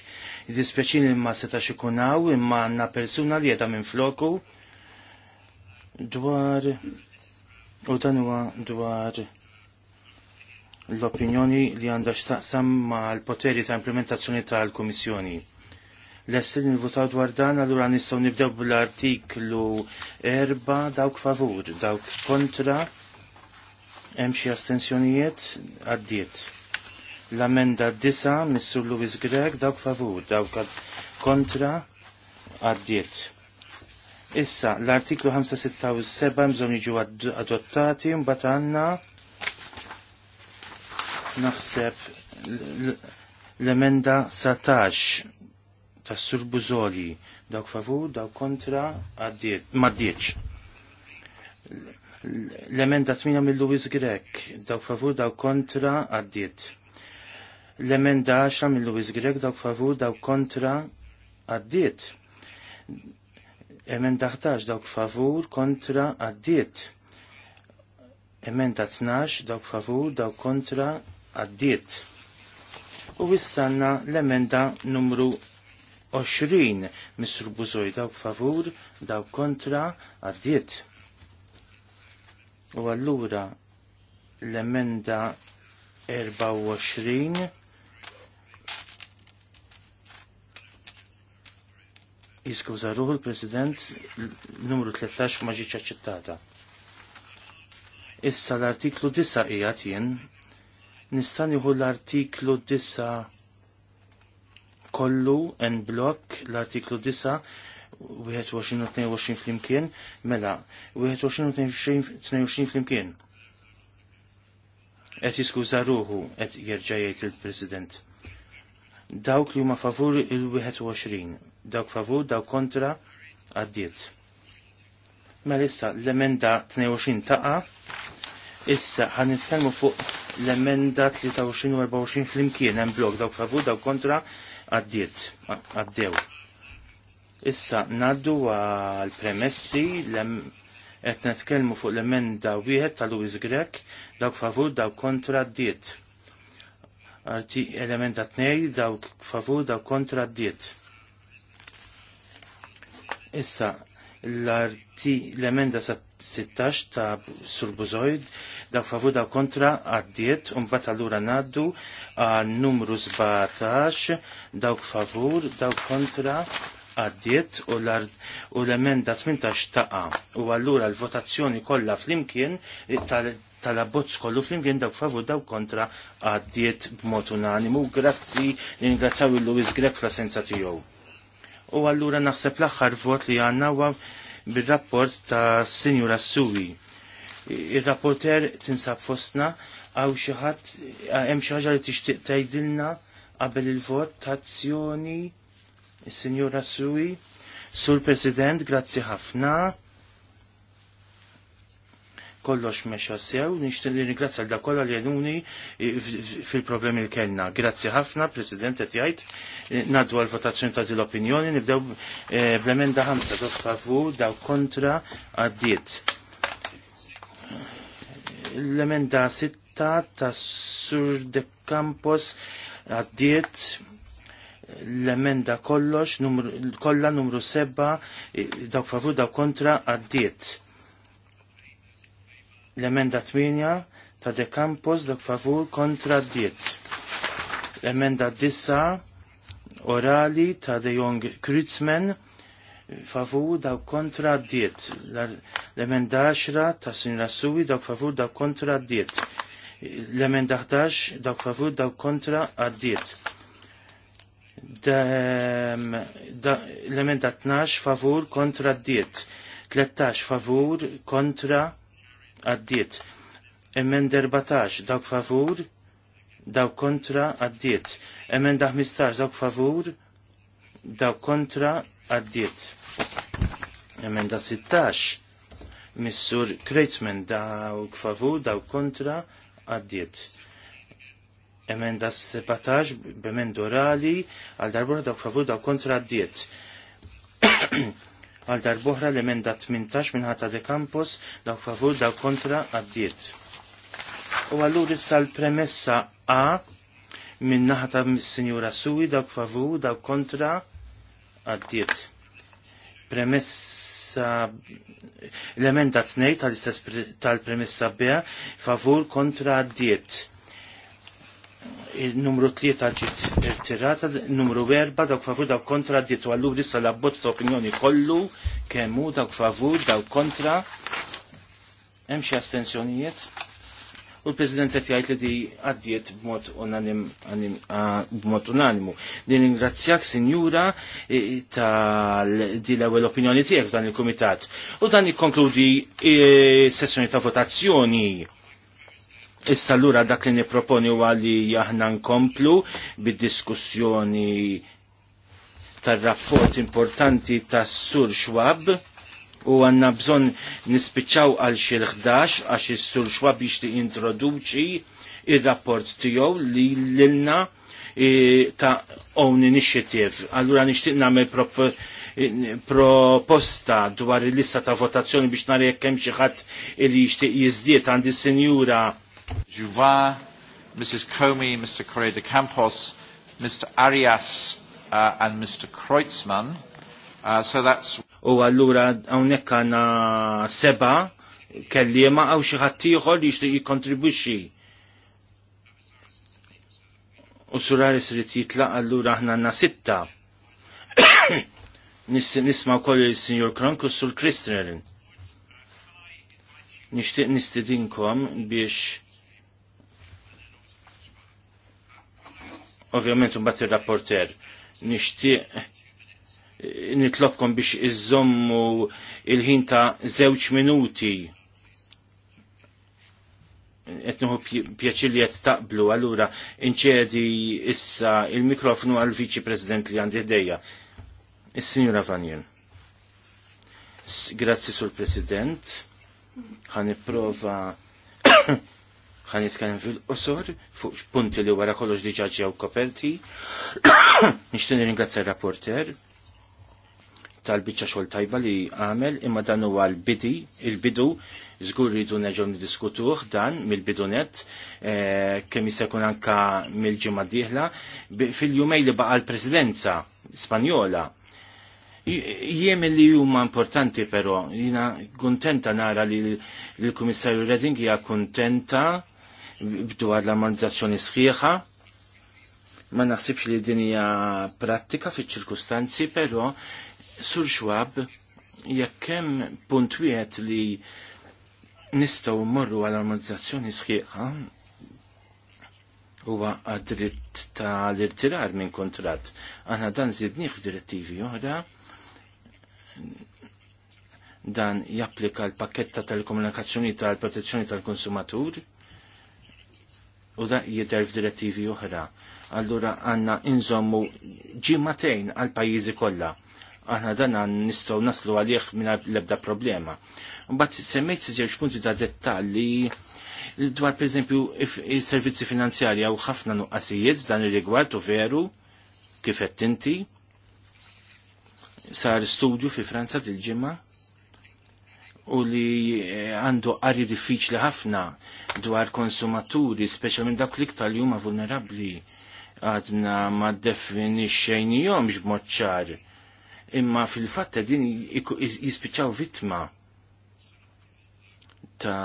dispeċini imma seta xikunaw, imma għanna persuna li jeda minn floku dwar u dan huwa dwar l-opinjoni li għandha xtaqsam ma l-poteri ta' implementazzjoni tal-Komissjoni L-essin votaw dwar dan, allura nistgħu nibdew bl-artiklu 4 dawk favur, dawk kontra, hemm xi astensjonijiet għaddiet. L-amenda disa' Missur Louis Gregg, dawk favur, dawk kontra għaddiet. Issa, l-artiklu 567 mżon iġu adottati, mbat għanna naħseb l-emenda 17 tas Sur Buzoli. Dawk favur, dawk kontra, maddieċ. L-emenda 8 mill lewis Grek, dawk favur, dawk kontra, għaddiet. L-emenda 10 mill lewis Grek, dawk favur, dawk kontra, għaddiet. Emenda 11, dawk favur, kontra, għaddiet. Emenda 12, dawk favur, dawk kontra, għaddiet. U wissanna l-emenda numru 20 Mr. Buzoj daw favur, daw kontra, għaddiet. U allura l-emenda 24 jiskuża ruħu l-President numru 13 ma ċittata. aċċettata. Issa l-artiklu 9 qiegħed jien nistaniħu l-artiklu 9 kollu en blok l-artiklu 9 21-22 flimkien, mela, 21-22 flimkien. Et jiskuza ruħu, et jirġajajt il-President. Dawk li huma favur il-21, dawk favur, dawk kontra, għaddiet. Mela issa, l-emenda 22 taqa, issa ħan fuq l-emenda 23 u 24 flimkien, En blok, dawk favur, dawk kontra, għaddiet, għaddew. Issa naddu għal premessi lem qed netkelmu fuq l-emenda wieħed ta' Lewis Grek dawk favur daw kontra d-diet. Arti elementa tnej dawk favur daw kontra d-diet. Issa l-arti l-emenda sa' 16 ta' Surbuzoid, dak favu daw kontra għaddiet, unbat allura naddu għal numru 17, dawk favur, dawk kontra għaddiet u l-emenda 18 taqa. U allura l-votazzjoni kollha flimkien tal-abbozz kollu flimkien dawk favur dawk kontra għaddiet b'mod unanimu. Grazzi, ringrazzaw il-Lewis Grek fl-assenza tiegħu. U allura naħseb l-aħħar vot li għandna bil-rapport ta' Sinjura Suwi. Il-rapporter tinsab fostna għaw xaħat hemm xi ħaġa li tixtieq tgħidilna qabel il-votazzjoni sinjura Suwi. Sur President, grazzi ħafna kollox meċa sew, nishtin li nigrazzja l kolla li jenuni fil-problemi l-kenna. Grazzi ħafna, President, et jajt, eh, naddu għal-votazzjoni ta' dil-opinjoni, nibdew eh, blemenda ħamsa, do favu daw kontra, għaddiet. L-emenda sitta ta' Sur de Campos għaddiet l-emenda kollox, kolla numru seba, eh, daw favu daw kontra, għaddiet L-emenda 8 ta' De Campos dak favur kontra diet L-emenda 9 orali ta' De Jong Kritzmen favur daw kontra diet L-emenda 10 ta' Sinra Suwi dak favur daw kontra d-diet. L-emenda 11 dak favur daw kontra d-diet. L-emenda 12 favur kontra d-diet. 13 favur kontra d għaddiet. Emenda derbatax, dawk favur, dawk kontra għaddiet. Emenda daħmistax, dawk favur, dawk kontra għaddiet. Emenda 16 Missur Kreitzman dawk favur, dawk kontra għaddiet. Emenda 17 b'emenda dorali, għal darbura dawk favur, dawk kontra għaddiet għal darbohra l-emenda 18 ħata de Campos daw favur daw kontra għaddiet. U għallur issa l-premessa A naħata s sinjura Suwi daw favur daw kontra għaddiet. Premessa l-emenda t-nejt tal-premessa B favur kontra għaddiet numru 3 ġiet irtirata, numru 4 dawk favur dawk kontra dietu għallu issa l-abbozz ta' opinjoni kollu, kemmu dawk favur dawk kontra, hemm xi astensjonijiet. U l-President qed jgħid li di għaddiet b'mod unanim b'mod unanimu. Din ingrazzjak sinjura e, tal di l-ewwel opinjoni tiegħek f'dan il-kumitat. U dan ikkonkludi e, sessjoni ta' votazzjoni. Issa l-ura dak li niproponi u għalli aħna nkomplu bid-diskussjoni tar-rapport importanti tas Sur Schwab u għanna bżon nispiċċaw għal xil 11 għax is-Sur Schwab jixtieq introduċi il rapport tiegħu li lilna e, ta' own initiative. Allura nixtieq nagħmel proposta dwar il-lista ta' votazzjoni biex nara jekk hemm xi ħadd li jixtieq jiżdied għandi sinjura Juva, Mrs. Comey, Mr. Correa de Campos, Mr. Arias uh, and Mr. Kreutzmann. Uh, so that's... U għallura għonek għana seba kelli kellima għaw xieħattijħor li jishtu jikontribuċi. U suraris li jitla għallura għana għana sitta. Nisma u koll il-Signor Kronkus sul Kristnerin. Nishtiq nistidinkom biex Ovvjament mbagħad ir-rapporter nixtieq eh, nitlobkom biex iżommu il-ħin ta' żewġ minuti. Qed nieħu pjaċir li taqblu, allura inċedi issa il-mikrofonu għal viċi President li għandi dejja. is signora Vanjen. Grazzi sul President. Ħan prova ħan nitkellem fil-qosor fuq punti li wara kollox diġà ġew koperti. Nixtieq nirringrazzja rapporter tal-biċċa xogħol tajba li għamel imma dan huwa l-bidi, il-bidu żgur ridu neġgħu niddiskutuh dan mill-bidunet eh, kemm jista' jkun anke mill-ġimgħa dieħla fil-jumej li baqa' l-Presidenza Spanjola. Jiem li huma importanti però, jina kontenta nara li l-Kummissarju Reding hija kuntenta dwar l-armonizzazzjoni sħiħa. Ma naħsibx li din hija prattika fiċ-ċirkustanzi, però sur xwab jekk hemm punt wieħed li nistgħu mmorru għal armonizzazzjoni sħiħa huwa għad-dritt tal-irtirar minn kontrat. Aħna dan zidnieh f'direttivi oħra dan japplika l-pakketta tal-komunikazzjoni tal-protezzjoni tal-konsumatur u da jidher f'direttivi oħra. Allura għanna inżommu ġimatejn għal pajjiżi kollha. Aħna dan nistgħu naslu għalih minn l-ebda problema. Mbagħad semmejt żewġ punti ta' dettalli dwar pereżempju s servizzi finanzjarji u ħafna nuqqasijiet f'dan ir-rigward u veru kif qed inti sar studju fi Franza til-ġimgħa u li eh, għandu qari diffiċli ħafna dwar konsumaturi, minn dak li iktar li huma vulnerabbli għadna ma definixxejn jom ġmoċċar. ċar. Imma fil-fatta din jispiċċaw vittma ta'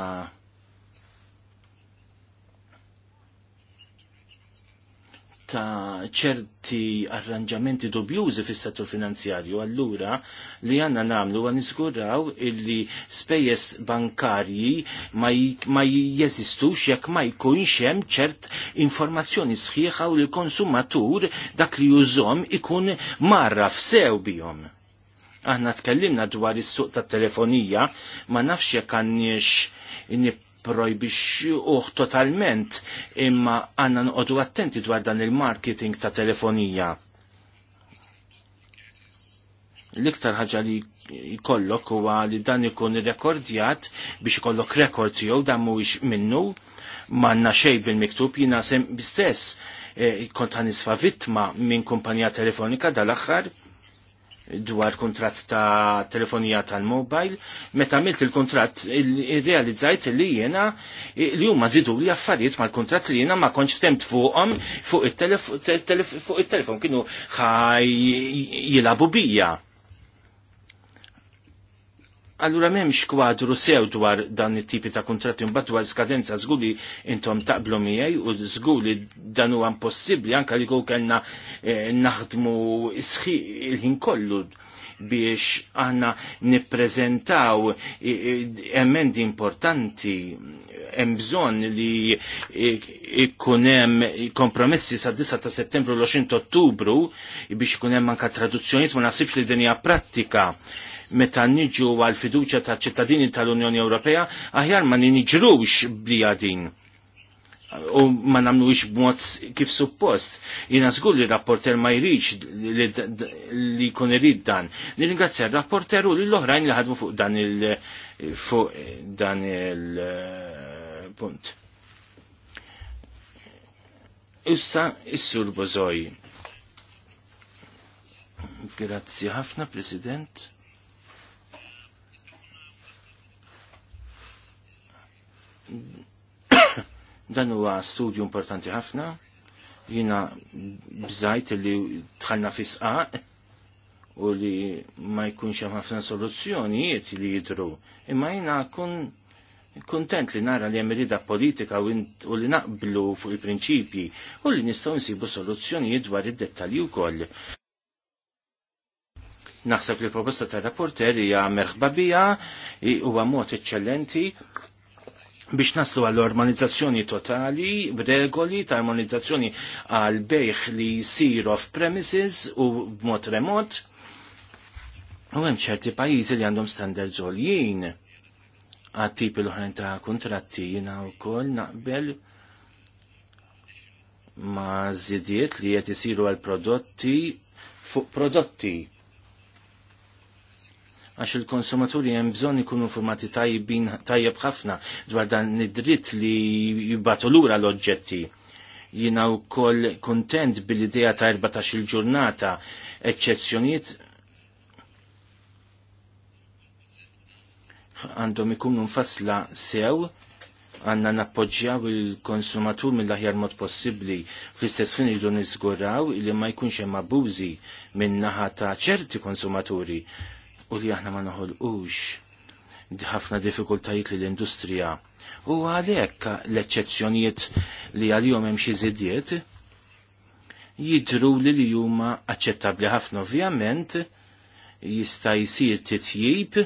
ta' ċerti arranġamenti dubjużi fis-settur finanzjarju, allura li għanna namlu għan nisguraw illi spejjes bankarji ma jeżistux jekk ma jkunx hemm ċert informazzjoni sħiħa u l-konsumatur dak li jużom ikun marra f'sew bihom. Aħna tkellimna dwar is-suq tat-telefonija, ma nafx jekk għandniex niprojbix uħ totalment imma għanna nqodu attenti dwar dan il-marketing ta' telefonija. L-iktar ħaġa li jkollok huwa li dan ikun rekordjat biex ikollok rekord tiegħu dan mhuwiex minnu manna xej bil-miktub jina sem bistess eh, kont nisfa vittma minn kumpanija telefonika dal-axħar dwar kontrat ta' telefonija tal-mobile, meta għamilt il-kontrat il-realizzajt li jena li huma zidu li affarijiet mal kontrat li jena ma konċ temt fuqhom fuq il-telefon kienu ħaj jilabu bija. Allura memx kwadru sew dwar dan it-tipi ta' kontratti mbagħad batwa skadenza zguli intom taqblu miegħi u zguli dan huwa impossibbli anke li kieku kellna eh, naħdmu naħdmu il-ħin kollu biex aħna nippreżentaw eh, eh, emendi importanti hemm bżonn li ikun hemm kompromessi sa' 9 ta' Settembru l-20 Ottubru biex ikun hemm anke traduzzjonijiet ma nasibx li din hija prattika meta niġu għal fiduċja ta' ċittadini tal-Unjoni Ewropea aħjar ma niġrux bija din u ma namluix b'mod kif suppost. Jina zgur li rapporter ma jriċ li kun irrid dan. Nirringrazzja rapporter u l-oħrajn li ħadmu fuq dan il- fuq dan il- punt Issa is-sur Bozoj. Grazzi ħafna, President. Dan huwa studju importanti ħafna. Jina bżajt li tħalna fisqa u li ma jkunx hemm ħafna soluzzjonijiet li jidru. Imma jina kun Kuntent li nara li hemm politika u li naqblu fuq il-prinċipji u li nistgħu nsibu soluzzjonijiet dwar id-dettalji wkoll. Naħseb li l-proposta tar rapporter hija merħbabija u huwa mod eċċellenti biex naslu għall-ormonizzazzjoni totali, regoli ta' armonizzazzjoni għal bejħ li jisir off-premises u b'mod remot. U hemm ċerti pajjiżi li għandhom standards għoljien għat il l ta' kontratti jina u koll naqbel ma' zidiet li jett isiru għal prodotti fuq prodotti. Għax il-konsumaturi hemm bżonn ikunu informati tajbin tajjeb ħafna dwar dan id-dritt li jibbatu lura l-oġġetti. Jina u koll kontent bil-idea ta' 14 il-ġurnata, eccezzjoniet għandhom ikunu nfasla sew għanna nappoġġjaw il-konsumatur mill-aħjar mod possibbli fl-istess ħin irridu niżguraw li ma jkunx hemm abbużi minn naħa ta' ċerti konsumaturi u li aħna ma noħolqux ħafna diffikultajiet li l-industrija. U għalhekk l-eċċezzjonijiet li għalihom hemm xi żidiet jidru li li huma aċċettabbli ħafna ovvjament jista' jsir titjib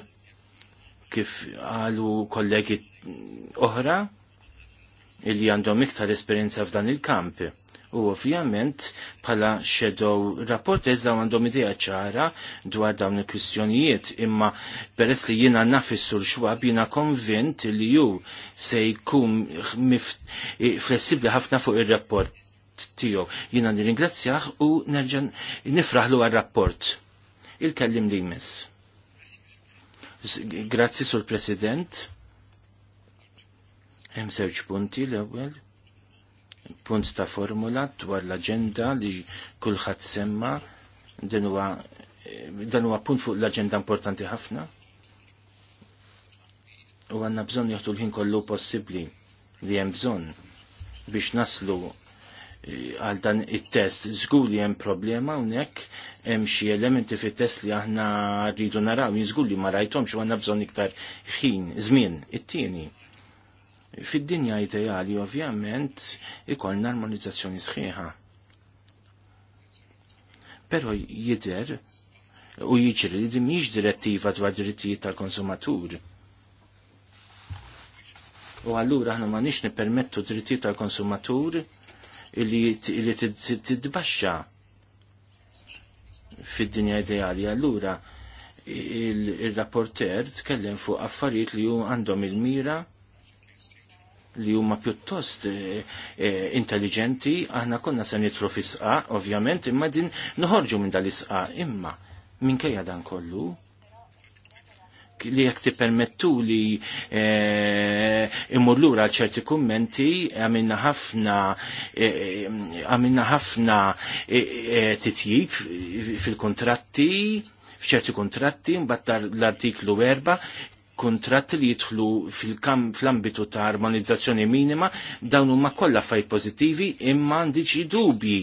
kif għalu kollegi oħra illi għandhom iktar esperienza f'dan il-kamp. U ovvjament pala shadow rapport eżda għandhom ideja ċara dwar dawn il-kwistjonijiet imma peress li jiena nafissur xwab jiena konvint li ju se jkun flessibli ħafna fuq il-rapport tiegħu. Jiena nirringrazzjah u nerġa' nifraħlu għar-rapport. Il-kellim li jmiss. Grazzi sul President. Hemm żewġ punti l-ewwel. Punt ta' formula dwar l-aġenda li kulħadd semma din huwa eh, dan huwa punt fuq l-aġenda importanti ħafna. U għandna bżonn jaħdu l-ħin kollu possibbli li hemm bżonn biex naslu għal dan it-test. Żgur li hemm problema hawnhekk hemm xi elementi fit-test li aħna rridu naraw, jien li ma rajthomx u għandna bżonn iktar ħin, żmien, it-tieni. Fid-dinja ideali ovvjament ikollna armonizzazzjoni sħiħa. Però jidher u jiġri li din mhix direttiva dwar drittijiet tal-konsumatur. U allura aħna ma nix permettu drittijiet tal-konsumatur li tidbaxxa fid-dinja ideali. Allura, il-rapporter tkellem fuq affarijiet li għandhom il-mira li huma pjuttost eh, eh, intelligenti, aħna konna se nitru fisqa, ovvjament, imma din noħorġu minn dal-isqa, imma minkejja dan kollu, li jek permettu li eh, imur lura ċerti kummenti għamilna ħafna eh, eh, għamilna ħafna titjib fil-kontratti fċerti kontratti, mbattar l-artiklu 4, kontrat li jidħlu fl-ambitu ta' armonizzazzjoni minima, dawn huma kollha fajt pozitivi imma għandi xi dubji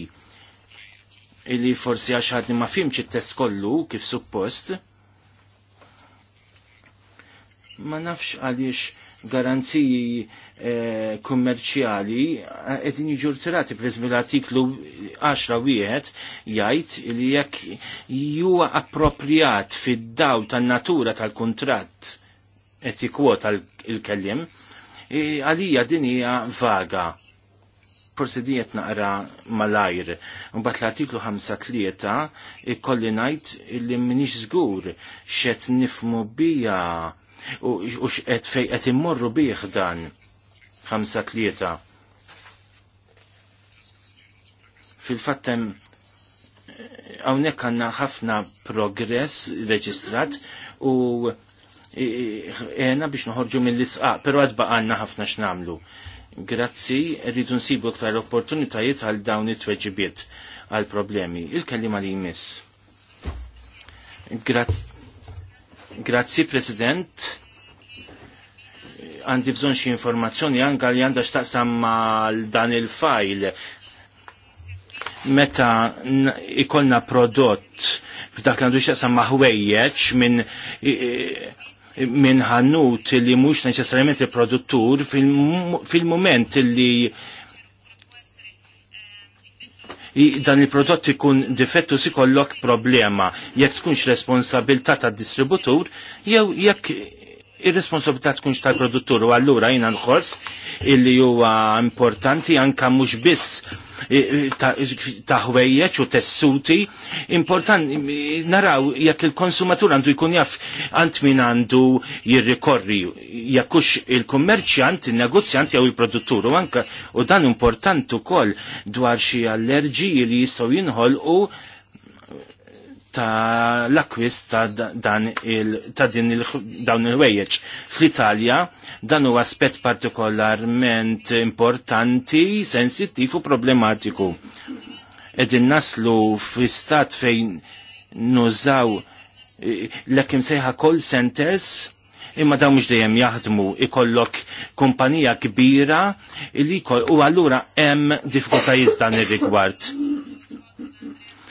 illi forsi għax ma fimċi test kollu kif suppost ma nafx għaliex garanziji e, kummerċjali qed eh, jiġu rtirati preżmi l-artiklu 10 wieħed jgħid li jekk huwa appropriat fid-daw tan-natura tal-kuntratt qed jikwota l kellim għalija din hija vaga forsi dijet naqra malajr. Mbatt l-artiklu 5-3 ikkolli najt illi minix zgur xet nifmu bija u x'qed fej qed immorru bih dan ħamsa tlieta. Fil-fattem eh, hawnhekk għandna ħafna progress reġistrat u għena biex noħorġu mill-isqaq, però għadba għanna ħafna x'namlu. Grazzi, rridu nsibu iktar opportunitajiet għal dawn it-tweġibiet għal problemi. Il-kellima li jmiss. Grazzi Grazzi, President. Għandi bżon xie informazzjoni anka li għandha xtaqsam dan il-fajl. Meta ikolna prodott f'dak l għandu xtaqsam maħwejjeċ minn minn ħannut li mhux neċessarjament il-produttur fil-moment fil li dan il-prodott ikun difettu si kollok problema jekk tkunx responsabilta ta' distributur jew jekk ir-responsabilità tkunx tal-produttur u allura jiena nħoss illi huwa importanti anka mhux biss ta' ħwejjeġ u tessuti importanti naraw jekk il-konsumatur għandu jkun jaf għant min għandu jirrikorri jekkux il-kummerċjant, il-negozjant jew il-produttur u anka u dan importanti kol dwar xi allerġiji li jistgħu jinħolqu ta' l-akwist ta' dan il ta' din il dawn il-wejjeġ. Fl-Italja dan huwa aspett partikolarment importanti, sensittiv u problematiku. Edin naslu fl-istat fejn nużaw eh, l-ekim sejħa call centers imma dawn mhux dejjem jaħdmu ikollok kumpanija kbira li u allura hemm diffikultajiet dan ir-rigward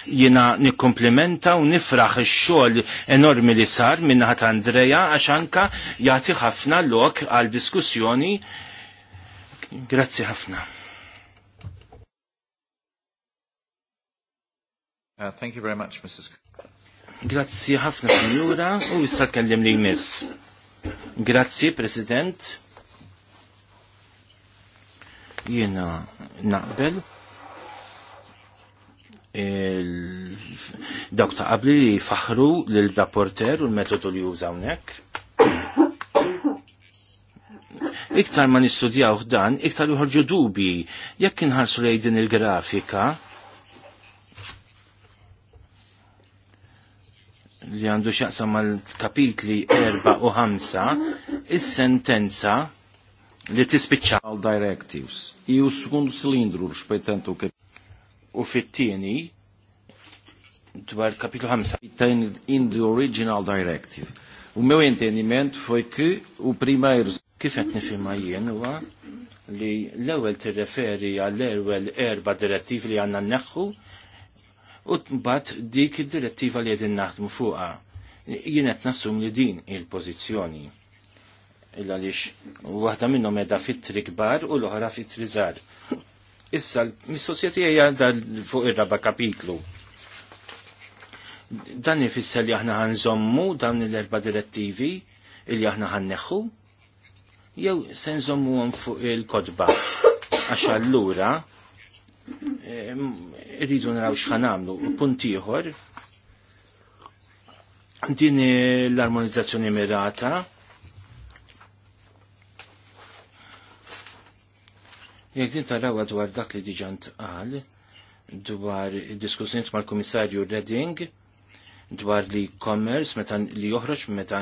jina nikkomplimenta u nifraħ ix-xogħol enormi li sar minna ħat Andreja għax anka jagħti ħafna lok għal diskussjoni. Grazzi ħafna. Uh, thank you very much, Mrs. Grazzi ħafna, Signora, u issa kellim li jmiss. Grazzi, President. Jena naqbel dawk ta' qabli li faħru l-rapporter u l-metodu li jużawnek. Iktar ma nistudjaw dan, iktar uħorġu dubi, jekk inħarsu lej din il-grafika li għandu xaqsa mal-kapitli 4 u 5, is-sentenza li tispiċċa. Directives. E s segundo cilindro, respeitando kapitli u fit-tieni dwar kapitlu 5. In the original directive. U meu intendiment foi u prima primeiro kif qed nifhimha jien huwa li l-ewwel tirreferi għall-ewwel erba' direttivi li għandna nneħħu u mbagħad dik id-direttiva li qegħdin naħdmu fuqha. Jien qed nassum li din il-pożizzjoni illa lix waħda minnhom qiegħda fit-tri kbar u l-oħra fit-tri żgħar Issa, mis-sosjeti għajja fuq ir-raba kapitlu. Dan ifisser li aħna ħanżommu dawn l-erba direttivi il-li aħna ħanneħħu, jew se nżommuhom fuq il-kodba. Għax allura e, rridu naraw x'ħan nagħmlu. Punt ieħor din l-armonizzazzjoni mirata Jek din taraw dwar dak li diġant għal dwar diskussjoniet mal-Komissarju Redding dwar li commerce meta li joħroġ meta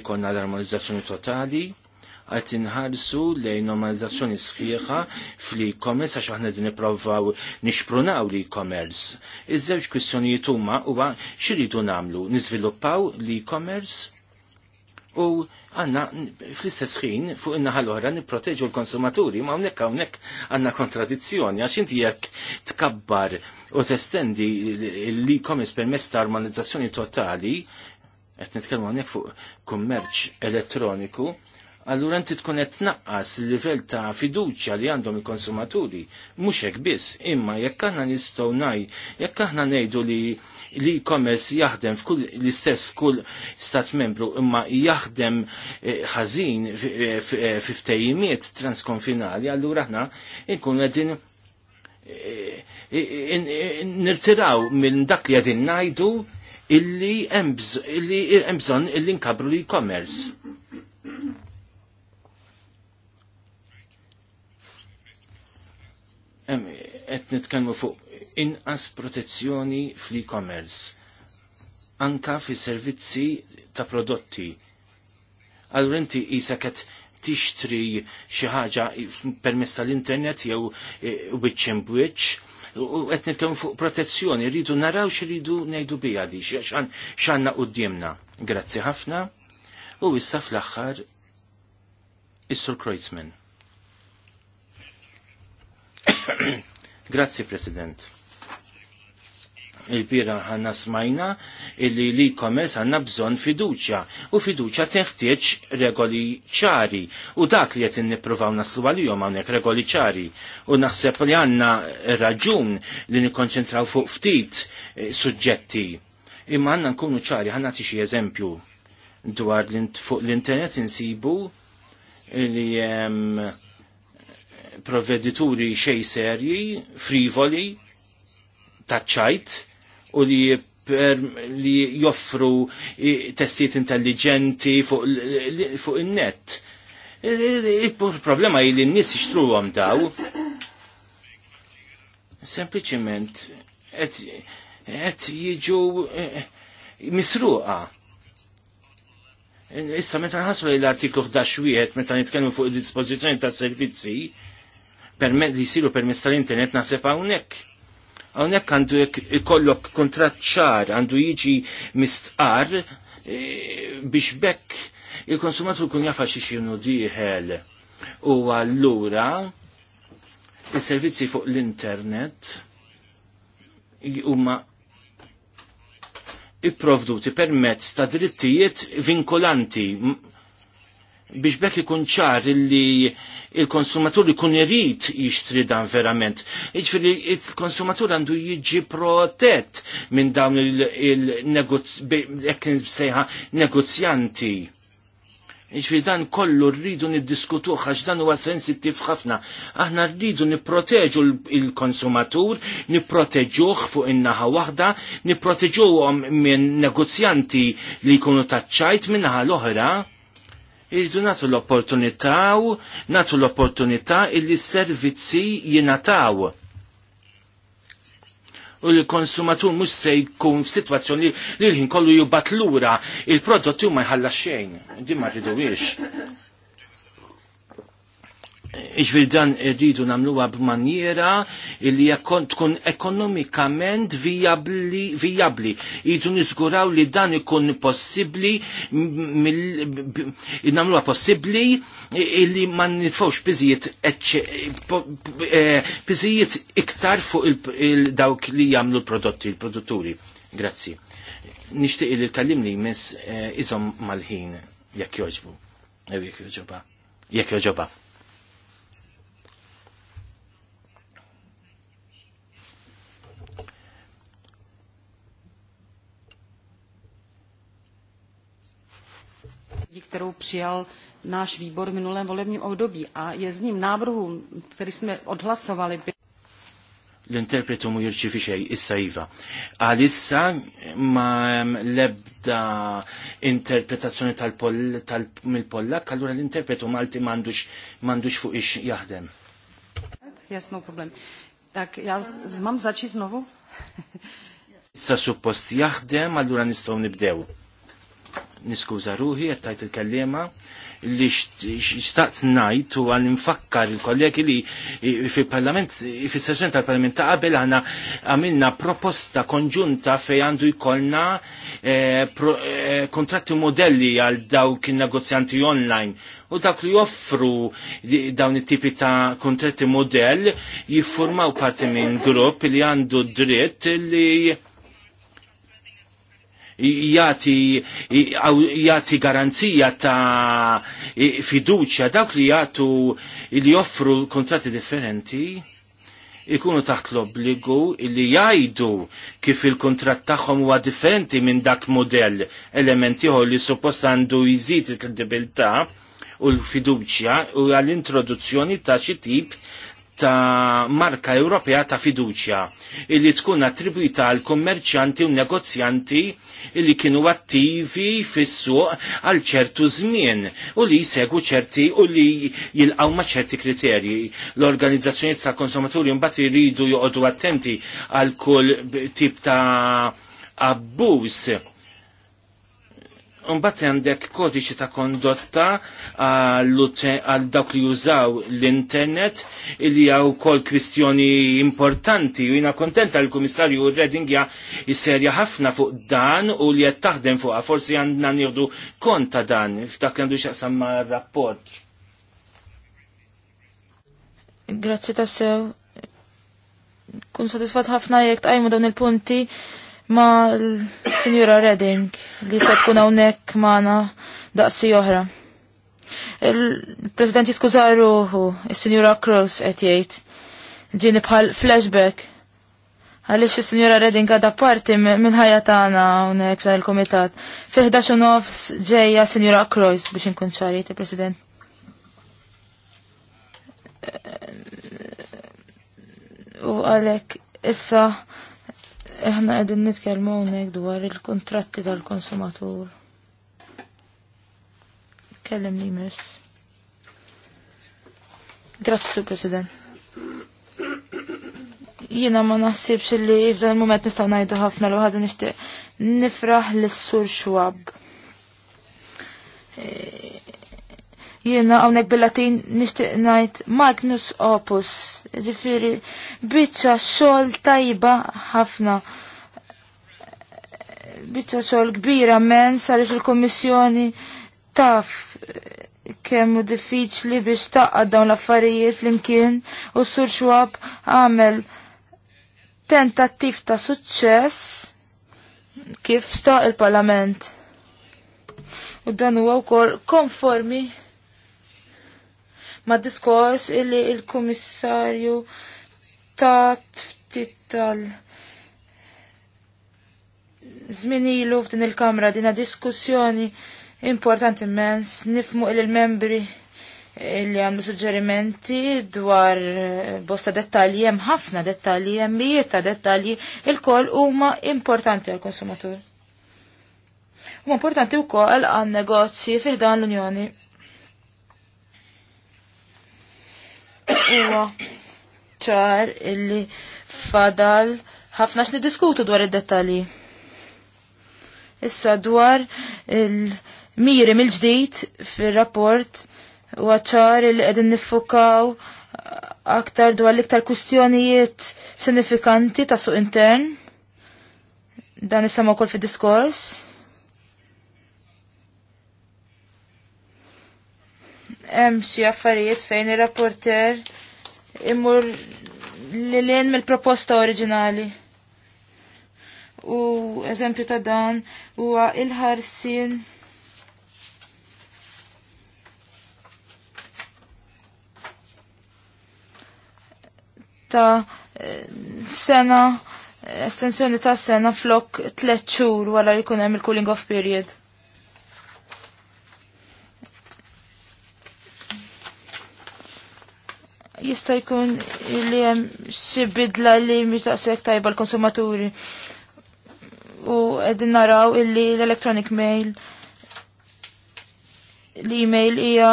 ikonna l-armonizzazzjoni totali għat inħarsu lejn normalizzazzjoni sħiħa fl-e-commerce għax aħna din nipprovvaw nixprunaw l-e-commerce. Iż-żewġ kwistjonijiet huma huwa x'iridu nagħmlu, niżviluppaw l-e-commerce u għanna fl-istess ħin fuq in-naħa l-oħra nipproteġu l-konsumaturi, ma hawnhekk hawnhekk għandna kontradizzjoni għax inti jekk tkabbar u testendi l komis commerce permezz ta' armonizzazzjoni totali, qed nitkellmu hawnhekk fuq kummerċ elettroniku, allura inti tkun qed tnaqqas il-livell ta' fiduċja li għandhom il-konsumaturi, mhux hekk biss, imma jekk aħna nistgħu ngħid, jekk aħna ngħidu li li e-commerce jaħdem f'kull l-istess f'kull stat membru imma jaħdem eh, ħażin f'ftejjimiet eh, eh, transkonfinali, allura ħna nkun qegħdin nirtiraw minn dak li għadin najdu illi bżonn illi nkabru li commerce Et nitkelmu fuq inqas protezzjoni fl-e-commerce anka fi servizzi ta' prodotti. Allura inti isa qed tixtri xi ħaġa permezz tal-internet jew e, witch and witch u qed nitkellmu fuq protezzjoni, rridu naraw x'ridu ngħidu biha di x'għandna qudiemna. Grazzi ħafna. U issa fl-aħħar is-Sur Kreutzmann. Grazzi President il-bira ħanna smajna illi li komers għanna bżon fiduċja u fiduċja teħtieġ regoli ċari u dak li jettin niprufaw naslu għalijom għonek regoli ċari u naħseb li għanna raġun li nikonċentraw fuq ftit eh, suġġetti imma għanna nkunu ċari għanna tixi eżempju dwar fuq l-internet insibu li jem provvedituri xej serji, frivoli, taċċajt, u li li joffru testijiet intelligenti fuq, il-net. Il-problema il, il, il, il n-nis jixtru għom daw. Sempliciment, et jiġu eh, misruqa. Issa meta nħasru li l-artiklu 11 meta nitkellmu fuq il-dispożizzjoni ta' servizzi permezz li jsiru permezz tal-internet naħseb hawnhekk Għonek għandu ikollok kontrat ċar, għandu jiġi mistqar e, biex bekk il-konsumatur kun jafa xie xinu diħel. U għallura, il-servizzi fuq l-internet huma ipprovduti permezz ta' drittijiet vinkolanti biex bekk ikun ċar li il-konsumatur ikun irid jixtri dan verament. Iġfiri, il-konsumatur għandu jiġi protett minn dawn il-sejħa negozjanti. Iġfiri, dan kollu rridu niddiskutuh għax dan huwa sensittiv ħafna. Aħna rridu nipproteġu il-konsumatur, nipproteġuh fuq in-naħa waħda, nipproteġuhom minn negozjanti li jkunu taċċajt minnaħa naħa l-oħra Irridu natu l-opportunità u natu l-opportunità illi s-servizzi jinataw. U l-konsumatur mux se jkun f-situazzjoni li l-ħin kollu jubat l-ura il-prodotti u ma jħalla xejn. Dimma rridu biex. Iġvil dan irridu namluwa b'manjera illi tkun ekonomikament vijabli, vijabli. Idu nizguraw li dan ikun possibli, namluwa possibli illi ma nitfawx biżijiet eh, biżijiet iktar fuq il-dawk li jamlu l-prodotti, l-produtturi. Grazzi. Nishtiq li li jmiss eh, izom mal-ħin, jekk joġbu. Jekk joġoba. Jekk joġoba. kterou přijal náš výbor v minulém volebním období a je z ním návrhu, který jsme odhlasovali. L-interpretu mu jirċifi xej, issa jiva. Għalissa ma lebda interpretazzjoni tal pollak għallura l-interpretu Malti mandux fuq ix jahdem. Yes, no problem. Tak, ja zmam zaċi znovu? Issa suppost jahdem, għallura nistaw nibdew niskuża ruħi qed tajt il-kellima li xtaqt ngħid u għan nfakkar il-kollegi li fil-Parlament fis sessjon tal-Parlament ta' qabel għana għamilna proposta konġunta fejn għandu jkollna eh, eh, kontratti modelli għal dawk in-negozjanti online u dak li joffru dawn it-tipi ta' kontratti modell jiffurmaw parti minn grupp li għandu dritt li jati garanzija ta' fiduċja dawk li jagħtu li joffru kontratti differenti ikunu taħt l-obbligu li jgħidu kif il kontrat tagħhom huwa differenti minn dak modell elementi li suppost għandu jżid il kredibilta u l-fiduċja u għall-introduzzjoni ta' xi tip ta' marka Ewropea ta' fiduċja illi tkun attribuita għal kummerċanti u negozjanti illi kienu attivi fis-suq għal ċertu żmien u li jsegwu ċerti u li jilqaw ma' ċerti kriterji. L-organizzazzjonijiet ta' konsumaturi mbagħad iridu joqogħdu attenti għal kull tip ta' abbuż Unbat għandek kodiċi ta' kondotta għal dawk li jużaw l-internet li għaw kol kwistjoni importanti u jina kontenta l-komissarju Redding ja jisserja ħafna fuq dan u li jett taħdem fuqa forsi għandna nirdu konta dan f'dak li għandu xaqsam ma' rapport. Grazzi ta' sew. Kun sodisfat ħafna jek tajmu dawn il-punti ma l-Sinjura Redding li se tkun hawnhekk magħna daqsi oħra. Il-President jiskuża ruħu, is-Sinjura Cross qed jgħid ġieni bħal flashback. Għaliex is-Sinjura Redding għadha parti minn ħajja tagħna hawnhekk f'dan il-kumitat. Fil-11 nofs ġejja Sinjura Cross biex inkun il president U għalek issa Aħna qegħdin nitkellmu hawnhekk dwar il-kuntratti tal-konsumatur. Kellem li miss. Grazzi, President. Jiena ma naħsibx li f'dan il-moment nistgħu ngħidu ħafna l għad nixtieq nifraħ lis sur xwab. Jiena hawnhekk bil-Latin nixtieq ngħid Magnus Opus, ġifiri biċċa xogħol tajba ħafna. Biċċa xogħol kbira men sarix il komissjoni taf kemm hu diffiċli biex taqqa' dawn l-affarijiet flimkien u Sur għamel tentattiv ta' suċċess kif sta il-Parlament. U dan huwa wkoll konformi ma' diskors illi il-Kummissarju ta' ftit tal- Zminilu f'din il-kamra dina diskussjoni importanti immens, nifmu il-membri li għamlu suġġerimenti dwar eh, bosta dettalji, jem ħafna dettalji, jem mijiet ta' dettalji, il-koll huma importanti għal konsumatur. Huma importanti wkoll għal negozji fih dan l-Unjoni huwa ċar illi fadal ħafna x diskutu dwar id-dettalji. Issa dwar il-miri mill-ġdid fir-rapport huwa ċar illi qegħdin niffukaw aktar dwar l-iktar kustjonijiet sinifikanti ta' suq intern. Dan isama wkoll fid-diskors hemm xi affarijiet fejn ir-rapporter imur li lin mill-proposta oriġinali. U eżempju ta' dan huwa il-ħarsin ta' sena estensjoni ta' sena flok tlet xhur wara jkun hemm il-cooling off period. jista' jkun li hemm xi bidla li mhix daqsek tajba l-konsumaturi. U qegħdin naraw illi l-electronic mail l-email hija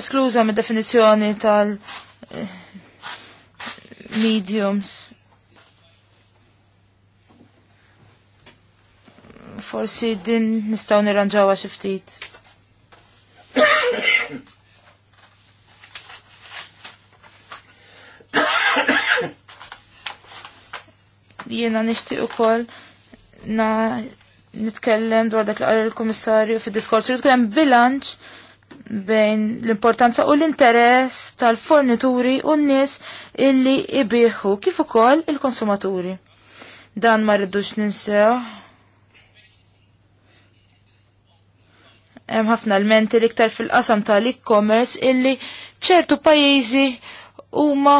eskluża mid-definizzjoni tal- eh, mediums. Forsi din nistaw nirranġawa xiftit. Jiena nixtieq ukoll na nitkellem dwar dak li qal il-Kummissarju fid-diskors irid bilanċ bejn l-importanza u l-interess tal-fornituri u n-nies illi ibiħu kif ukoll il-konsumaturi. Dan ma rridux ninsew. Hemm ħafna menti l-iktar fil-qasam tal-e-commerce illi ċertu pajjiżi huma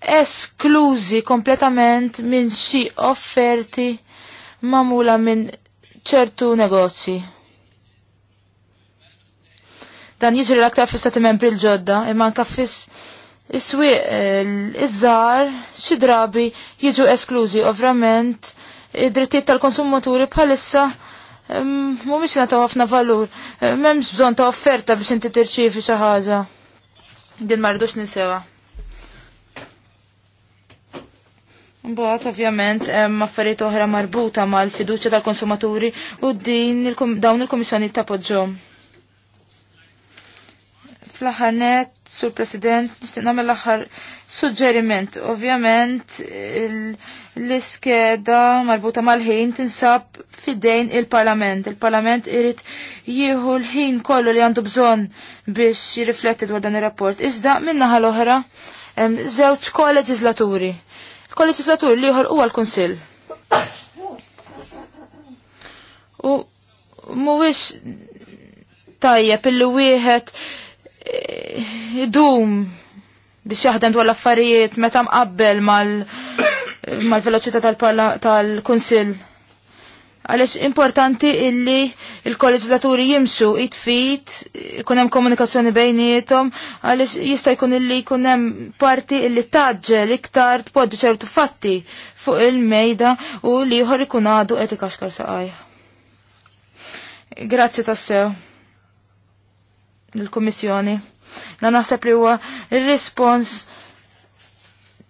esklużi kompletament minn xi offerti mamula minn ċertu negozji. Dan jiġri l-aktar fis stati membri l-ġodda, imma anka fis is-swieq eh, iż-żar xi drabi jiġu esklużi ovvjament id-drittijiet tal-konsumaturi bħalissa mhumiex nagħtaw ħafna valur, m'hemmx bżonn ta' offerta biex inti tirċievi xi ħaġa. Din ma rridux nisewa. Mbagħad ovvjament hemm affarijiet oħra marbuta mal-fiduċja tal-konsumaturi u din dawn il-Kummissjoni tappoġġhom. Fl-aħħar net, sur President, nixtieq nagħmel l-aħħar suġġeriment. Ovvjament l-iskeda marbuta mal-ħin tinsab fidejn il-Parlament. Il-Parlament irid jieħu l-ħin kollu li għandu bżonn biex jirrifletti dwar dan ir-rapport. Iżda min-naħa l-oħra hemm żewġ leġislaturi li liħor huwa l-Kunsill. U mhuwiex tajjeb illi wieħed eh, dum biex jaħdem dwar l-affarijiet meta mqabbel mal mal-veloċità tal-Kunsill. Għalex importanti illi il-kolleġislaturi jimxu it-fit, kunem komunikazzjoni bejnietom, għalex jista' jkun illi kunem parti illi taġġel iktar tpoġġi ċertu fatti fuq il-mejda u li jħor ikun għadu etika xkar saqaj. Grazzi tassew l-Komissjoni. Na naħseb li huwa il-respons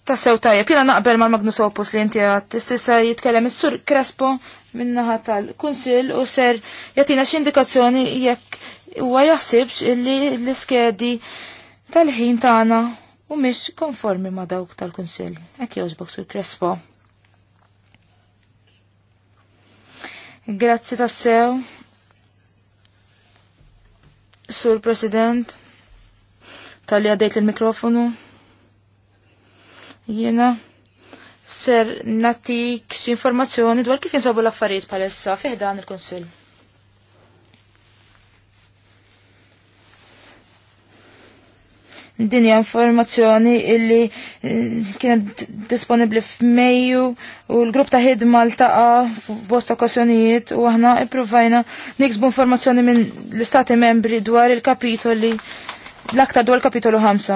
ta' sew tajjeb. Jiena naqbel mal-Magnus Opus li inti għad. Issa jitkellem is-Sur Crespo minnaħa tal-Kunsill u ser xi indikazzjoni jekk huwa jaħsibx li l-iskedi tal-ħin tagħna u mish konformi ma' dawk tal-Kunsill. Hekk jogħġbok Sur Crespo. Grazzi tassew. Sur President, tal-li għaddejt il-mikrofonu. Jena ser natik informazzjoni dwar kif jinsabu l-affarijiet palessa fiħdan il-Konsil. Din hija informazzjoni illi eh, kienet disponibbli f'Mejju u l-grupp ta' ħid Malta f'bosta okkażjonijiet u aħna ippruvajna niksbu informazzjoni minn l-istati membri dwar il-kapitoli l-aktar dwar kapitolu 5.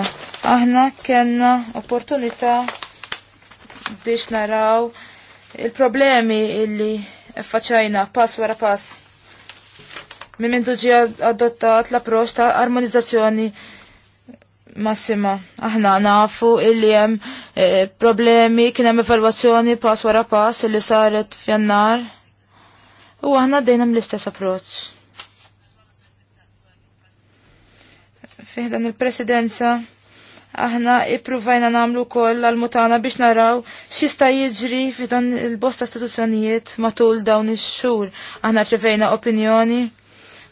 Aħna kena opportunità biex naraw il-problemi illi faċajna pass wara pass. Mim minn ġi adottat l-approċ ta' armonizzazzjoni massima. Aħna nafu illi hemm eh, problemi kien hemm evalwazzjoni pass wara pass illi saret f'jannar. U aħna dejna l-istess approċ. fiħdan il-presidenza aħna ipruvajna namlu koll għal-mutana biex naraw xista jiġri f'dan il-bosta istituzzjonijiet matul dawn ix-xhur. Aħna ċevejna opinjoni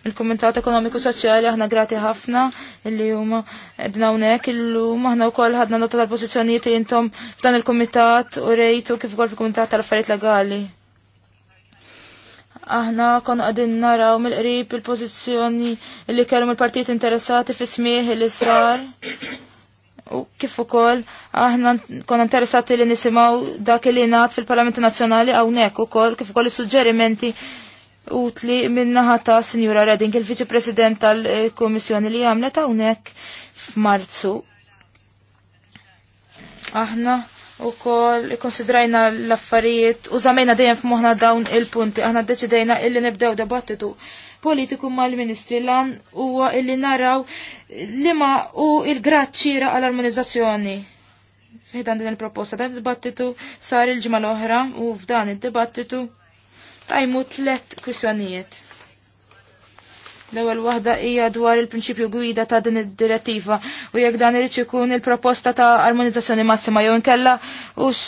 il-Kumitat Ekonomiku Soċjali aħna grati ħafna illi huma qegħdin hawnhekk illum aħna wkoll ħadna nota tal-pożizzjonijiet li intom f'dan il-kumitat u rejtu kif ukoll fil-Kumitat tal-Affarijiet Legali aħna konna għadin naraw mill-qrib il-pozizjoni li kellhom il-partit interessati fi smieħ li sar. U kif ukoll aħna konna interessati li nisimgħu dak li ngħad fil-Parlament Nazzjonali hawnhekk ukoll kif ukoll is-suġġerimenti utli minnaħa ta' Sinjura Redding, il-Viċi President tal-Kummissjoni li għamlet hawnhekk f'Marzu. Aħna u kol konsidrajna l-affarijiet u zamejna dejjem f'moħna dawn il-punti. Aħna deċidejna illi nibdew debattitu politiku mal-ministri lan huwa illi naraw lima u il-grat ċira għall-armonizzazzjoni. Fidan din il-proposta dan il-dibattitu sar il-ġimgħa l-oħra u f'dan il-dibattitu tajmu tlet kwistjonijiet. L-ewwel waħda hija dwar il-prinċipju gwida ta' din id-direttiva u jekk dan irid ikun il-proposta ta' armonizzazzjoni massima jew inkella hux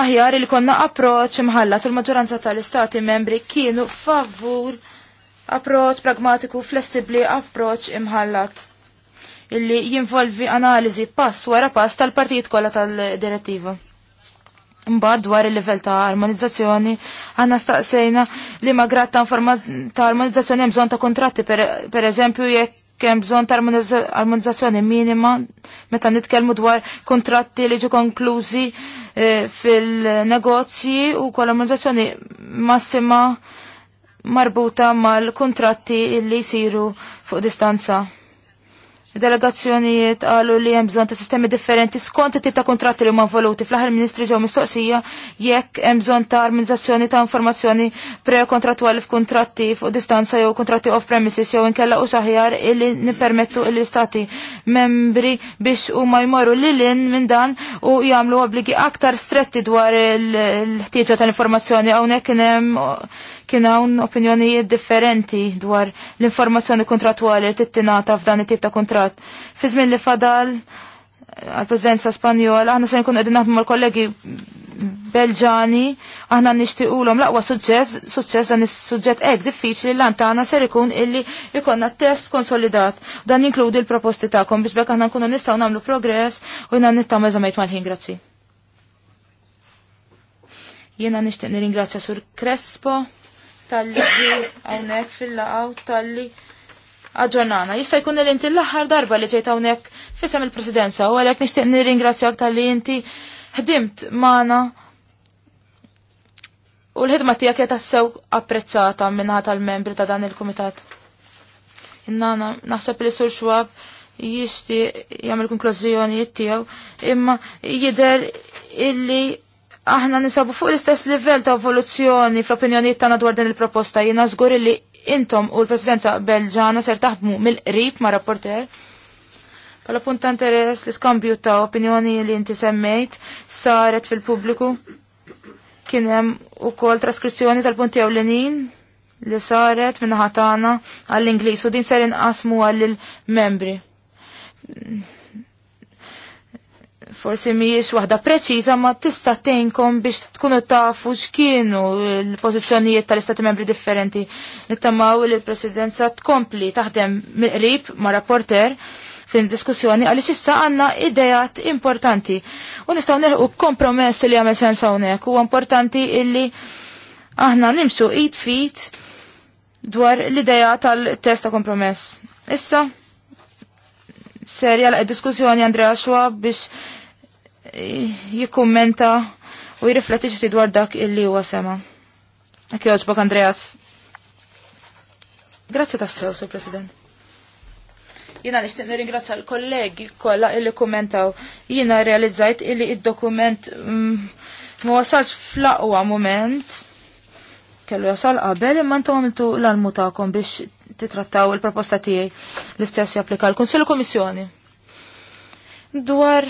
aħjar li konna approċċ imħallat u l-maġġoranza tal-istati membri kienu favur approċċ pragmatiku flessibbli approċċ imħallat illi jinvolvi analiżi pass wara pass tal-partijiet kollha tal-direttiva. Mbagħad dwar il-livell ta' armonizzazzjoni, għandna staqsejna li ma grat ta' ta' armonizzazzjoni hemm bżonn ta' kontratti per eżempju jekk hemm bżonn ta' armonizzazzjoni minima meta nitkellmu dwar kontratti li ġu konklużi eh, fil-negozji u kol armonizzazzjoni massima marbuta mal-kontratti li jsiru fuq distanza Delegazzjonijiet għallu li hemm bżonn ta' sistemi differenti skont it-tip ta' kontratti li huma involuti fl-aħħar ministri ġew mistoqsija jekk hemm bżonn ta' armonizzazzjoni ta' informazzjoni pre-kontrattwali f'kuntratti fuq distanza jew kontratti off premises jew inkella u saħjar illi nippermettu l istati membri biex huma jmorru lilin minn dan u jagħmlu obbligi aktar stretti dwar il-ħtieġa tal-informazzjoni hawnhekk hemm kien hawn opinjonijiet differenti dwar l-informazzjoni kontratwali li tittinata f'dan it-tip ta' kontratt. Fi żmien li fadal għall preżidenza Spanjola aħna se nkun qegħdin naħdmu mal-kollegi Belġani aħna nixtiequlhom l-aqwa suċċess suċċess dan is-suġġett hekk diffiċli l tagħna ser ikun illi ikonna test konsolidat. Dan jinkludi l-proposti tagħkom biex bekk aħna nkunu nistgħu nagħmlu progress u jiena nittama eżamejt mal-ħin grazzi. Jiena nixtieq nirringrazzja Sur Crespo tal-li għawnek fil-laqaw tal-li aġġornana. Jista' jkun l inti l-aħħar darba li ġejt hawnhekk fissem il-Presidenza u għalhekk nixtieq ingrazzjak tal-li inti ħdimt maħna u l-ħidma tiegħek qed tassew apprezzata minna tal-membri ta' dan il-kumitat. Innana naħseb li sur xwab jisti jagħmel konklużjoni tiegħu imma jidher illi aħna nisabu fuq l-istess livell ta' evoluzzjoni fl-opinjoni tagħna dwar din il-proposta jiena żgur li intom u l-Presidenza Belġana ser taħdmu mill-qrib ma' rapporter. Pala punt ta' interess l-iskambju ta' opinjoni li inti semmejt saret fil-pubbliku kien hemm ukoll traskrizzjoni tal-punti ewlenin li saret minna ħatana għall-Ingliż u din ser inqasmu għall-membri forsi mhijiex waħda preċiża ma tista' tgħinkom biex tkunu tafu x'kienu l-pożizzjonijiet tal-istati membri differenti. Nittamaw li l-Presidenza tkompli taħdem mill-qrib ma' rapporter fin diskussjoni għaliex issa għandna idejat importanti. U nistgħu nilħu kompromess li għamel sens hawnhekk huwa importanti illi aħna nimxu id fit dwar l-ideja tal-test ta' kompromess. Issa, serja l diskussjoni Andrea Schwab biex jikkummenta u jirrifletti ċifti dwar dak illi huwa sema. Ek joġbok Andreas. Grazie Grazzi sew Sur President. Jina nishtiq nirringrazzja l-kollegi kollha illi kummentaw. Jina realizzajt illi id-dokument mm, ma wasalx fl-aqwa moment kellu jasal qabel imma ntom għamiltu l-almu ta'kom biex titrattaw il-proposta tiegħi l-istess japplika l-Kunsill Kummissjoni. Dwar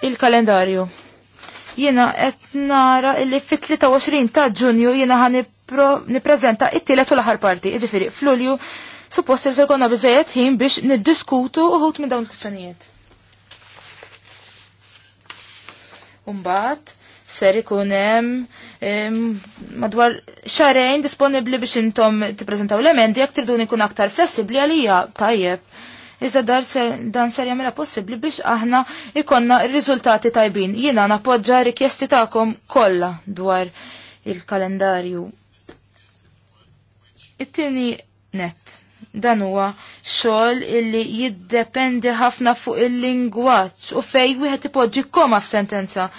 il-kalendarju. Jiena qed nara illi fit-23 ta' Ġunju jiena ħa nippreżenta it-tielet u l-aħħar parti, jiġifieri f'Lulju suppost li se jkollna biżejjed ħin biex niddiskutu uħut minn dawn il-kwistjonijiet. Umbagħad ser ikun hemm madwar xarejn disponibbli biex intom tippreżentaw l-emendi jekk tridu ikun aktar flessibbli għalija tajjeb Iżda dar ser, dan ser jamela possibbli biex aħna ikonna riżultati tajbin. Jiena napoġġa rikjesti tagħkom kollha dwar il-kalendarju. It-tieni net dan huwa xogħol illi jiddependi ħafna fuq il-lingwaġġ u fej wieħed ipoġġi koma f'sentenza.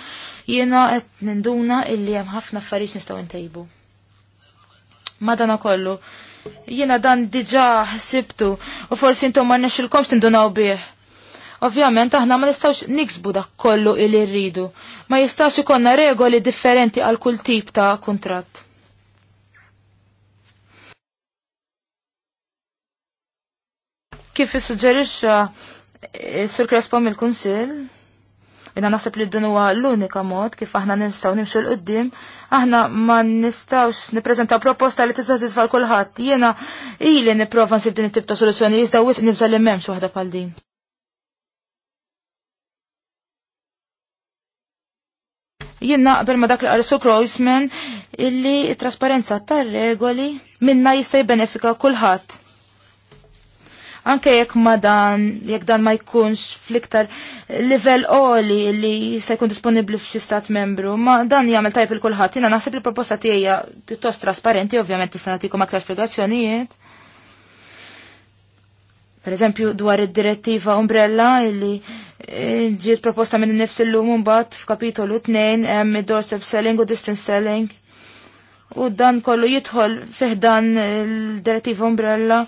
Jiena qed ninduna illi hemm ħafna affarijiet nistgħu ntejbu. Madana kollu, Jiena dan diġa sibtu u forsi intom ma nexilkomx tindunaw bih. Ovvjament aħna ma nistawx niksbu dak kollu il rridu. Ma jistax ikonna regoli differenti għal kull tip ta' kuntratt. Kif issuġġerixxa eh, Sur Crespo mill-Kunsill? Jena naħseb li d-dun huwa l-unika mod kif aħna nistgħu nimxu l qudiem aħna ma nistgħux nippreżentaw proposta li tissodisfa kulħadd. Jiena ili nipprova nsib din it tibta ta' soluzzjoni iżda wisq nibża li m'hemmx waħda bħal din. Jien naqbel ma dak li qarisu Kroisman illi t trasparenza tar-regoli minna jista' jbenefika kulħadd anke jekk ma dan, jekk dan ma jkunx fliktar livell oli li se jkun disponibli f'xi stat membru, ma dan jagħmel tajb il kulħadd. Jiena naħseb il proposta tiegħi pjuttost trasparenti, ovvjament tista' nagħtikom aktar spjegazzjonijiet. Per eżempju dwar id-direttiva Umbrella illi eh, ġiet proposta minn nifs illum mbagħad f'kapitolu 2 hemm id-doorstep selling u distance selling. U dan kollu jidħol fiħdan il-direttiva Umbrella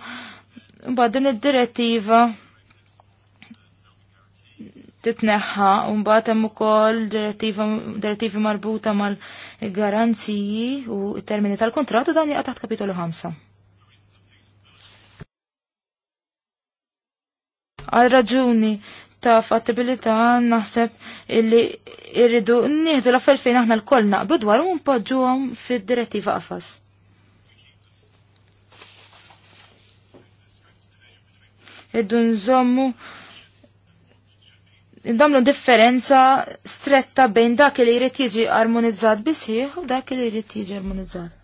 Mbagħad din id-direttiva titneħħa u mbagħad hemm ukoll direttivi marbuta mal-garanziji u t-termini tal-kontratt u dan jaqa' taħt kapitolu 5. Għal raġuni ta' fattibilità naħseb illi irridu nieħdu l-affer fejn aħna l-koll dwar u mpoġġuhom fid-direttiva qafas. Irdu nżommu Ndamlu differenza stretta bejn dak li jrid jiġi armonizzat bisħiħ u dak li jrid jiġi armonizzat.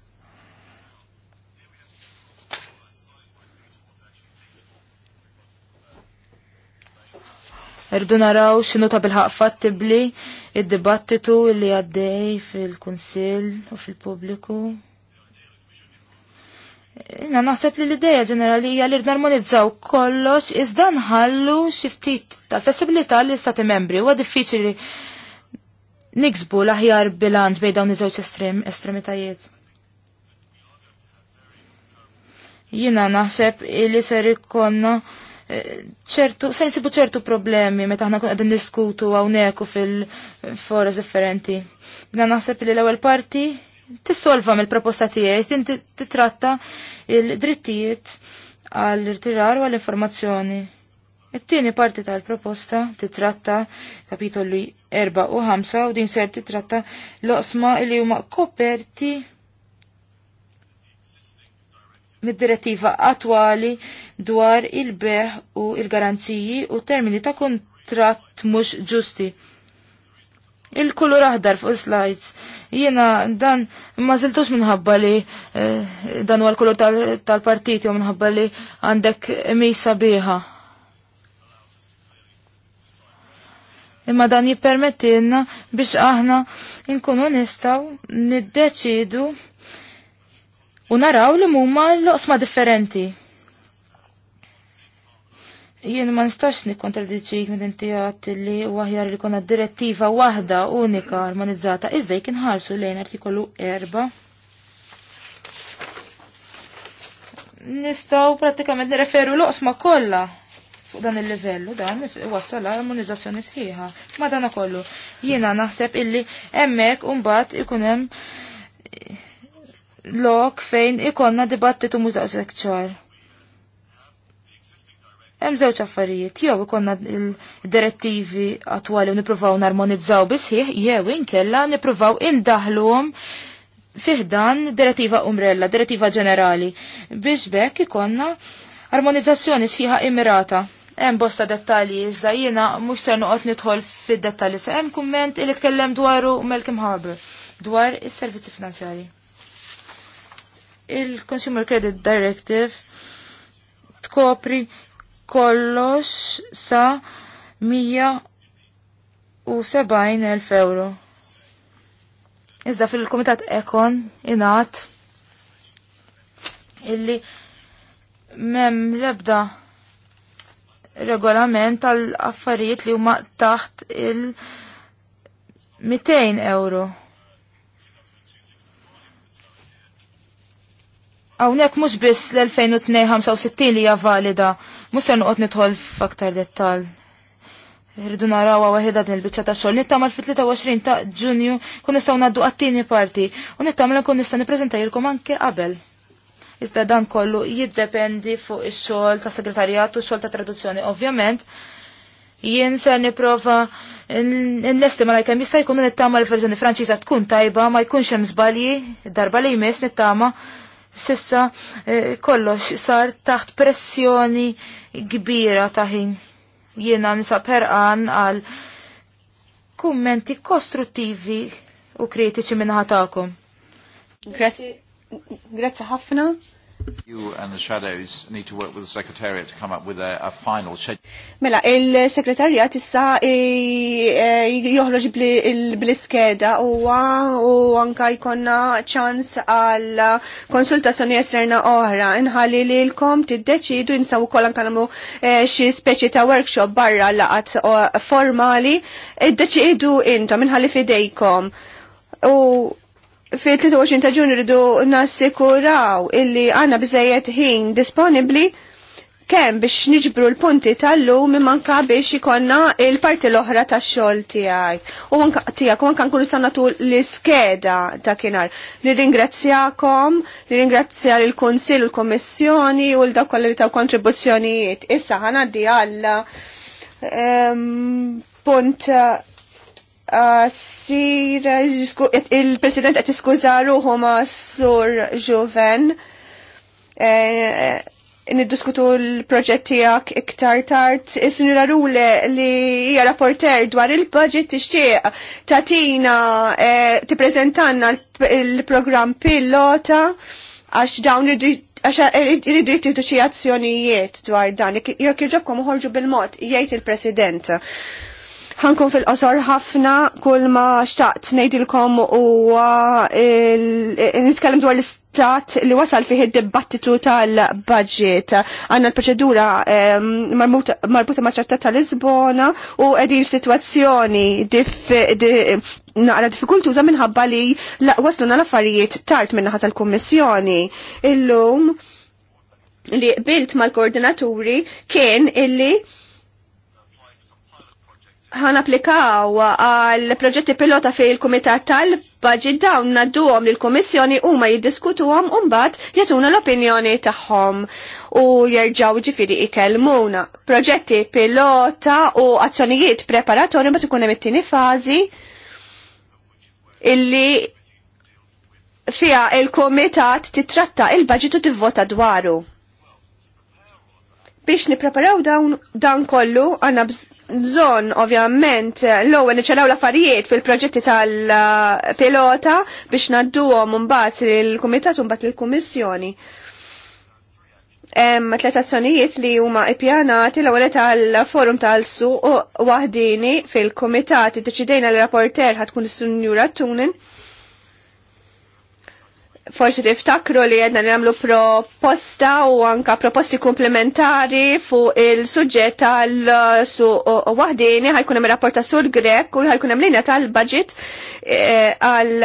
Irdu naraw xinu ta' bilħaq fattibli id-dibattitu li għaddej fil-Kunsill u fil-pubbliku. Inna naħseb li l-ideja ġeneralija li narmonizzaw kollox iżda nħallu xi ftit ta' flessibilità li stati membri. Huwa diffiċli niksbu l-aħjar bilanċ bejn dawn iż-żewġ estrem, estremitajiet. Jina naħseb li ser ikonna eh, ċertu, se nsibu ċertu problemi meta aħna kun għadin diskutu għawneku fil-foras differenti. Jina naħseb li l ewwel parti tissolva mill-proposta tiegħi din titratta il-drittijiet għall irtirar u għall-informazzjoni. It-tieni parti tal-proposta titratta kapitolu 4 u 5 u din ser titratta l-oqsma li huma koperti mid-direttiva attwali dwar il-beħ u il-garanziji u termini ta' kontratt mhux ġusti. Il-kulur aħdar fuq slides. Jiena dan ma ziltux minħabba li eh, dan huwa l-kulur tal partiti u minħabba li għandek misa biħa. Imma dan jippermettilna biex aħna nkunu nistgħu niddeċidu u naraw li huma loqsma differenti. Jien ma nistax nikkontradiċik minn inti għat li waħjar li konna direttiva waħda unika armonizzata, iżda jkun ħarsu lejn artikolu 4. Nistaw pratikament nireferu l osma kollha fuq dan il-livellu dan wassal armonizzazzjoni sħiħa. Ma dan kollu jiena naħseb illi hemmhekk imbagħad ikun hemm lok fejn ikonna dibattitu mhux daqshekk ċar. Hemm żewġ affarijiet, jew ikonna il-direttivi attwali u nippruvaw narmonizzaw bisħieħ, jew inkella nippruvaw indaħluhom fiħdan direttiva umbrella, direttiva ġenerali, biex bekk ikonna armonizzazzjoni sħiħa immirata. Hemm bosta dettalji iżda jiena mhux se noqgħod nidħol fid-dettalji se hemm kumment li tkellem dwaru Malcolm Harbour dwar is-servizzi finanzjari. Il-Consumer Credit Directive tkopri kollox sa 170.000 euro. Iżda fil-Komitat Ekon inat illi mem lebda regolament tal-affarijiet li huma taħt il- 200 euro. Hawnhekk mhux biss l-2065 li hija valida, mhux se noqgħod nidħol f'aktar dettall. Irridu naraw waħedha din il-biċċa ta' xogħol. Nittamal fit-23 ta' Ġunju kun nistgħu ngħaddu għat-tieni parti u nittamal nkun nista' nippreżentajilkom anke qabel. Iżda dan kollu jiddependi fuq ix-xogħol ta' segretarjat u x-xogħol ta' traduzzjoni. Ovvjament, jien ser nipprova n nesti ma lajkem jista' jkun nittama l-verżjoni Franċiża tkun tajba, ma jkunx hemm żbalji, darba li jmiss nittama sissa eh, kollox sar taħt pressjoni kbira ta' ħin. Jiena nisa perqan għal kummenti kostruttivi u kritiċi minnaħatakom. Grazzi ħafna. Mela, il-sekretarjat issa eh, eh, joħroġ bl-iskeda u anka jkonna ċans għal konsultazzjoni esterna oħra. Nħalli li l-kom tiddeċidu jinsaw kol ankalmu eh, xi speċi ta' workshop barra laqat formali, Id-deċidu intom, nħalli fidejkom. U fi 23 ta' ġunju rridu nassikuraw illi għanna bżejiet ħin disponibli kemm biex niġbru l-punti tal-lum manka biex ikonna il-parti l-oħra ta' xol tijaj. U manka tijak, u manka nkunu sanatu l-iskeda ta' kienar. Nirringrazzjakom, nirringrazzja l-Konsil, l-Komissjoni u l-dak li ta' kontribuzzjonijiet. Issa ħanaddi għalla ehm, punt sir il-president qed iskużaru ruħu sur Juven. Eh, niddiskutu l-proġett tiegħek iktar tard. Is-sinjura Rule li hija rapporter dwar il-budget tixtieq tatina eh, tippreżentanna l-programm pilota għax dawn iridu irridu xi azzjonijiet dwar dan. Jekk jġobkom uħorġu bil-mod, jgħid il-President. il president ħankun fil-qosor ħafna kull ma xtaqt ngħidilkom u uh, eh, nitkellem dwar l-istat li wasal fih id-dibattitu tal-budget. Għandna l-proċedura ehm, marbuta ma' ċarta tal-Lisbona u għedin situazzjoni naqra diffikultuża minħabba li waslu l-affarijiet tard minnaħa tal-Kummissjoni. Illum li bilt mal-koordinaturi kien illi ħan applikaw għal proġetti pilota fil kumitat tal-Budget dawn nadduhom lil kummissjoni huma jiddiskutuhom u mbagħad jagħtuna l-opinjoni tagħhom u jerġgħu ġifieri ikellmuna. Proġetti pilota u azzjonijiet preparatorju ma tkun hemm it-tieni fazi illi fija il-komitat titratta il-budget u tivvota dwaru. Biex nipreparaw dan kollu għanna bżon ovvjament l-ewwel niċċaraw l-affarijiet fil-proġetti tal-pilota biex nadduhom mbagħad il-kumitat u mbagħad il-kummissjoni. Hemm tliet azzjonijiet li huma ppjanati l-ewwel tal-forum tal-suq waħdini fil-kumitat iddeċidejna l-rapporter tkun is-Sunjura Tunin forsi tiftakru li jedna nagħmlu proposta u anka proposti komplementari fuq il-suġġett tal-su waħdini ħajkun hemm rapport sur Grek u ħajkun hemm linja tal-budget eh, għal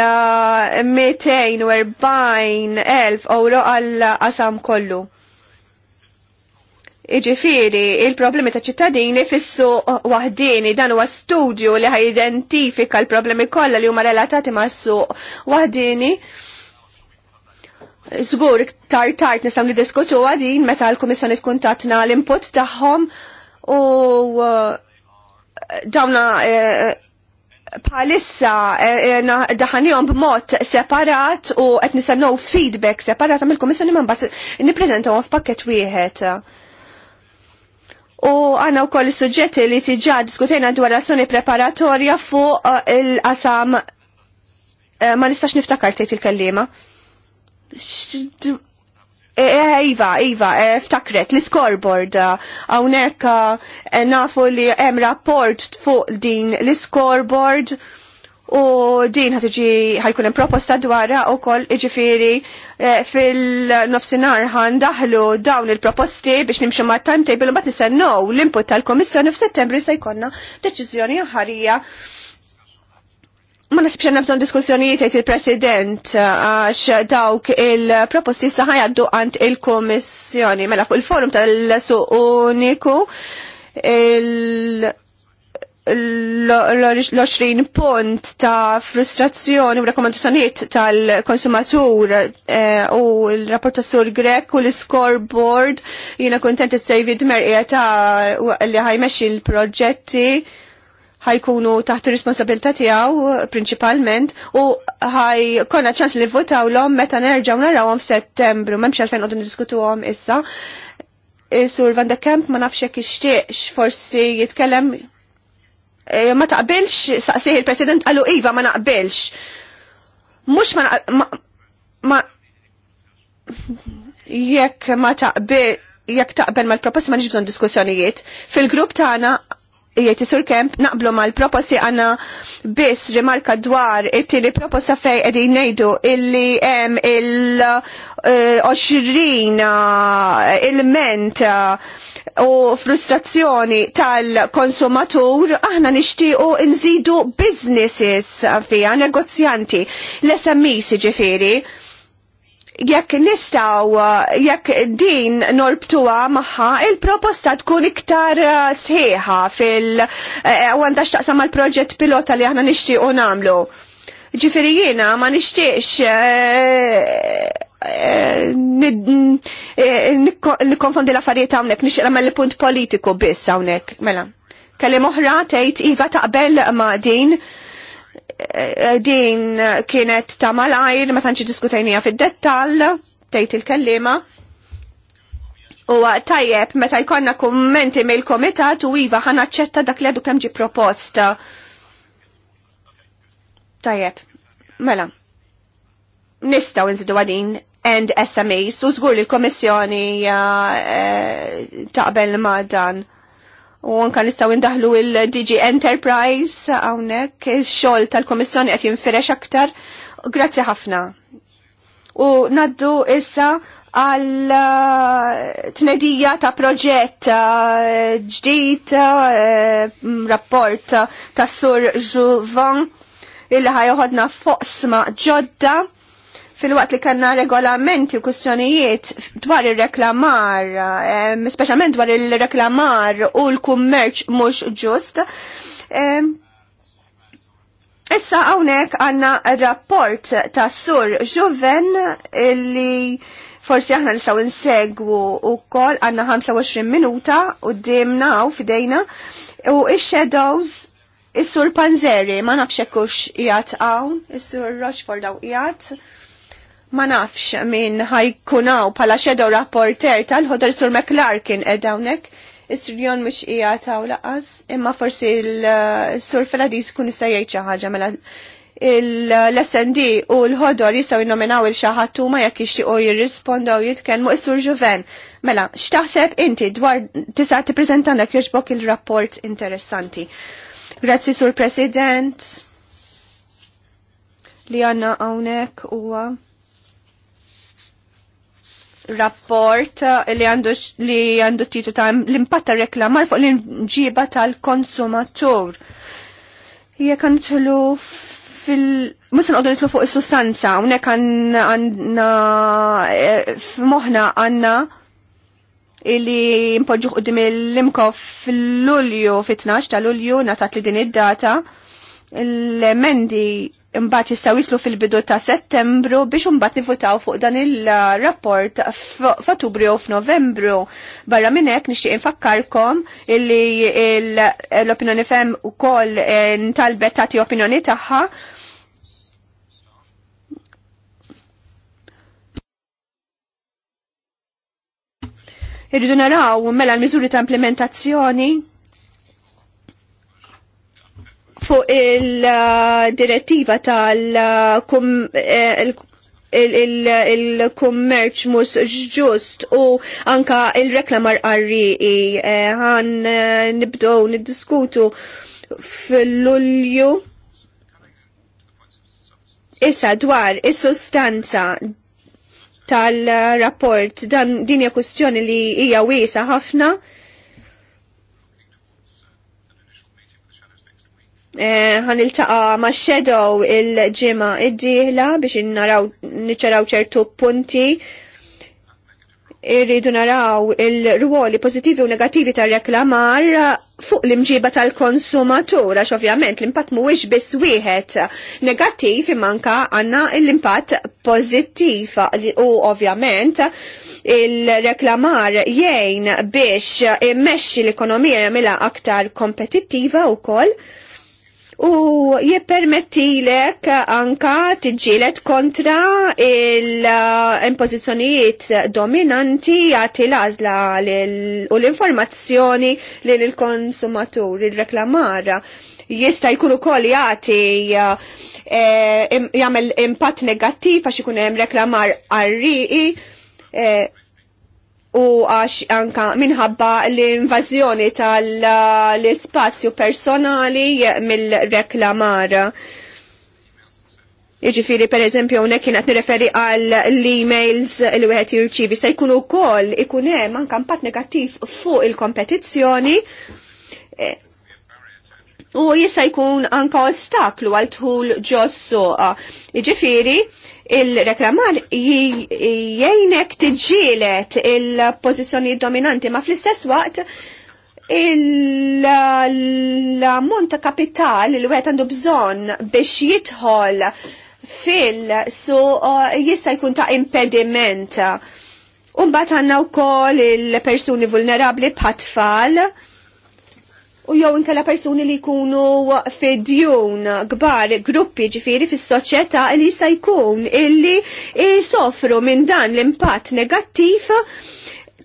240,000 eh, euro għal qasam kollu. Iġifiri, il-problemi ta' ċittadini fissu wahdini dan huwa studju li ħajidentifika l-problemi kollha li huma relatati ma' suq wahdini. Zgur, tar tart nisam li diskutu għadin meta l-Komissjoni tkun tatna l-input tagħhom u eh, dawna palissa eh, eh, daħanijom b'mod separat u qed nistennew feedback separat mill komissjoni man bat għaf pakket wieħed. U għana u koll suġġetti li tiġa diskutejna dwar azzjoni preparatorja fuq il-qasam ma nistax niftakar tgħid il-kellima. il kellima Eh, eh, iva, Iva, eh, ftakret, l-scoreboard, għawnek nafu li hemm rapport fuq din l-scoreboard u din ħatġi ħajkun hemm proposta dwarha wkoll iġifiri fil nofsinar ħan daħlu dawn il-proposti biex nimxu mat-timetable u bat nistennew l-input tal-Komissjoni f'Settembru se jkollna deċiżjoni ħarija Ma nasibx nafton diskussjonijiet għajt il-President għax dawk il-proposti għaddu għand il-Komissjoni. Mela fuq il-forum tal-suq uniku l-20 punt ta' frustrazzjoni u rekomendazzjoniet tal-konsumatur eh, u l-rapport ta' sur grek u l-scoreboard jina kontent it-sejvid merqija ta' li eh, ħajmex il-proġetti ħajkunu taħt ir-responsabilità tiegħu eh, prinċipalment u ħaj konna ċans li l-om meta nerġgħu narawhom f'Settembru, m'hemmx għalfejn qogħdu għom issa. Eh, Sur Van de Kemp ma nafx jekk forsi jitkellem eh, ma taqbilx saqsih il-President għallu iva ma naqbilx. Mux ma ma jekk ma taqbel jekk taqbel mal proposti ma nġibżon diskussjonijiet. Fil-grupp tagħna jiet isur kemp naqblu mal-proposti għanna biss rimarka dwar it-tili proposta fej edin nejdu illi em il-20 eh, eh, il-ment eh, u frustrazzjoni tal-konsumatur aħna nishtiqu nżidu businesses fija negozjanti l-SMI siġifiri jekk nistaw, uh, jekk din norbtuwa maħħa, il-proposta tkun iktar uh, sħiħa fil- eh, għanda xtaqsam mal proġett pilota li aħna u namlu. Ġifiri jina ma nishtiqx eh, eh, nikonfondi l-affarijiet hawnhekk nixtieq nagħmel punt politiku biss hawnhekk mela. Kellim oħra tgħid iva taqbel ma' din din kienet ta' malajr, ma tanċi diskutajnija fid-dettall, tgħid il-kellima. U tajjeb, meta jkollna kummenti mill-komitat u iva ħana ċetta dak li għadu kemm ġi proposta. Tajjeb, mela. Nistaw nżidu għadin and SMEs u żgur li l-Komissjoni eh, taqbel ma' dan u anka nistgħu indaħlu il-DG Enterprise hawnhekk ix-xogħol tal-Komissjoni qed jinfirex aktar. Grazzi ħafna. U naddu issa għal eh, tnedija ta' proġett eh, ġdid eh, rapport ta' Sur Juvan illi ħajoħodna ma' ġodda fil-waqt li kanna regolamenti u kustjonijiet dwar il-reklamar, eh, specialment dwar il-reklamar u l-kummerċ mux ġust. Eh, issa għawnek għanna rapport ta' sur ġuven li forsi aħna nistaw nsegwu u kol għanna 25 minuta u dimna u fidejna u ix-shadows Is-sur Panzeri, ma hux jgħat hawn, is-sur Rochford hawn jgħat ma nafx min ħajkunaw pala shadow rapporter tal-ħodar sur McLarkin edawnek. Eh, Is-surjon mux ija u laqas, imma forsi l-sur Feladis kun jistajaj ċaħġa mela l-SND u l-ħodor jistaw jinnominaw il-xaħatu ma jekk u jirrispondaw jitken is-sur ġuven. Mela, xtaħseb inti dwar tista' tippreżentanek jogħġbok il-rapport interessanti. Grazzi sur President li għanna għawnek u rapport uh, li għandu li għandu titu ta' l-impatt reklamar fuq l ġiba tal-konsumatur. Jek għandu fil- Musan għoddu nitlu fuq il-sustanza, unek għanna eh, f-moħna għanna illi impoġġu qudiem l-imkof fil-Lulju, fit-12 ta' Lulju, natat li din id-data, l-emendi imbat jistaw jitlu fil-bidu ta' settembru biex imbat nifutaw fuq dan il-rapport f'Ottubru u f'Novembru. Barra minnek nixtieq infakkarkom illi l-opinjoni fem u koll eh, ta' tagħti opinjoni tagħha. Irridu naraw mela l-miżuri ta' implementazzjoni fuq il-direttiva tal-kummerċ eh, il-kummerċ mus ġust u anka il-reklamar għarri għan eh, eh, nibdow niddiskutu fil-lulju. Issa dwar is-sustanza tal-rapport dan dinja kustjoni li hija wiesa ħafna Eh, ħan iltaqa ma' shadow il-ġima id-dihla biex naraw niċaraw ċertu punti irridu naraw il-ruoli pozitivi u negativi tar reklamar fuq l-imġiba tal konsumatura għax ovvjament l-impatt mhuwiex biss wieħed negattiv manka għandna l-impatt pożittiv u ovvjament il-reklamar jgħin biex immexxi l-ekonomija jagħmilha aktar kompetittiva wkoll u jippermettilek anka tiġġielet kontra il-impożizzjonijiet eh, dominanti jagħti l-għażla u l-informazzjoni lil l konsumatur il-reklamara jista' jkun ukoll jagħti eh, jagħmel impatt negattiv għax ikun hemm reklamar għarriqi eh, u għax anka minħabba l-invażjoni tal-spazju personali mill-reklamar. Iġifiri, per eżempju, unek kienet nireferi għal l-emails li wieħed jirċivi se jkunu wkoll ikun hemm anke impatt negattiv fuq il-kompetizzjoni e, u jista' jkun anka ostaklu għal tħul ġos suqa. Iġifiri, il-reklamar jgħinek tiġġielet il-pozizjoni dominanti ma fl-istess waqt il-ammont ta' kapital il wet għandu bżon biex jidħol fil-su jista' jkun ta' impediment. Umbat għanna u il-persuni vulnerabli bħat tfal u jew inkella persuni li jkunu fedjun kbar gruppi ġifiri fis-soċjetà li sa jkun illi sofru minn dan l-impatt negattiv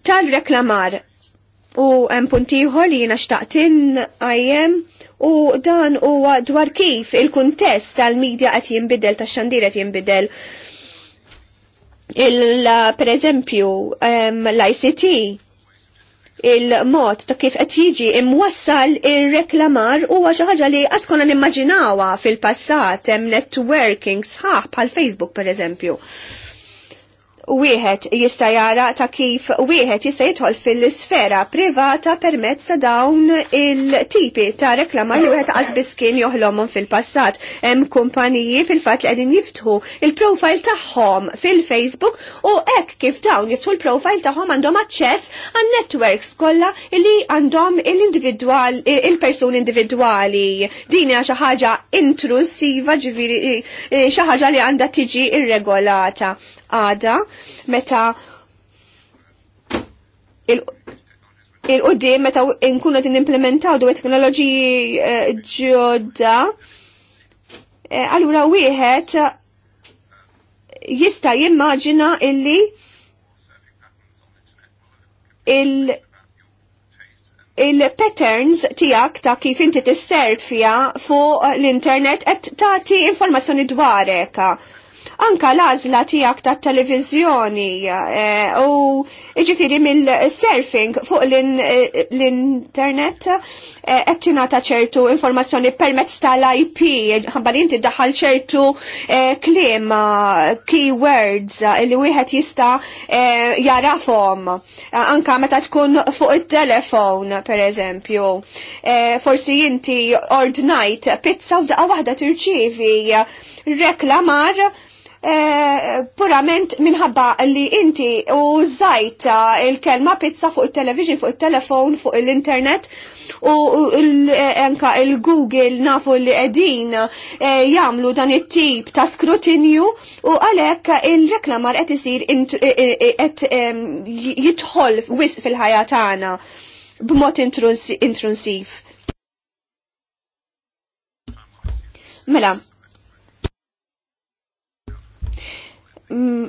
tal-reklamar. U hemm punt ieħor li jiena xtaqtin għajjem u dan huwa dwar kif il-kuntest tal-medja qed jinbidel tax-xandir qed jinbidel il per eżempju l-ICT il-mod ta' kif qed jiġi imwassal ir-reklamar huwa xi ħaġa li askonna nimmaġinawha fil-passat hemm networking sħaħ bħal Facebook pereżempju wieħed jista' jara ta' kif wieħed jista' jidħol fil-sfera privata permezz ta' dawn il-tipi ta' reklama li wieħed biss kien joħlomhom fil-passat. Hemm kumpaniji fil-fatt li qegħdin jiftħu il-profile tagħhom fil-Facebook u hekk kif dawn jiftħu l profile tagħhom għandhom aċċess għan networks kollha li għandhom il-individwal il-persuni individwali. Din hija xi ħaġa intrusiva ġifieri eh, xi ħaġa li għandha tiġi irregolata għada meta il-qoddim meta nkunu din implementaw dwar teknoloġiji eh, ġodda, eh, allura wieħed eh, jista' jimmaġina illi il- il-patterns tijak ta' kif inti fija fuq l-internet et ti informazzjoni dwarek anka l-azla tijak ta' televizjoni eh, u iġifiri mill-surfing fuq l-internet eh, qed ta' ċertu informazzjoni permezz tal-IP, ħabbar inti daħal ċertu eh, klim, keywords li wieħed jista jarafom, anka meta tkun fuq il-telefon, per eżempju. Forsi inti ordnajt pizza u daqqa waħda tirċivi reklamar Eh, purament minħabba li inti użajt eh, il-kelma pizza fuq il-television, fuq il-telefon, fuq il-internet u eh, anka il-Google nafu li edin jamlu dan it-tip ta' skrutinju u għalek il-reklamar qed isir jitħol wis fil-ħajja tagħna b'mod intrusiv. Mela, Mm,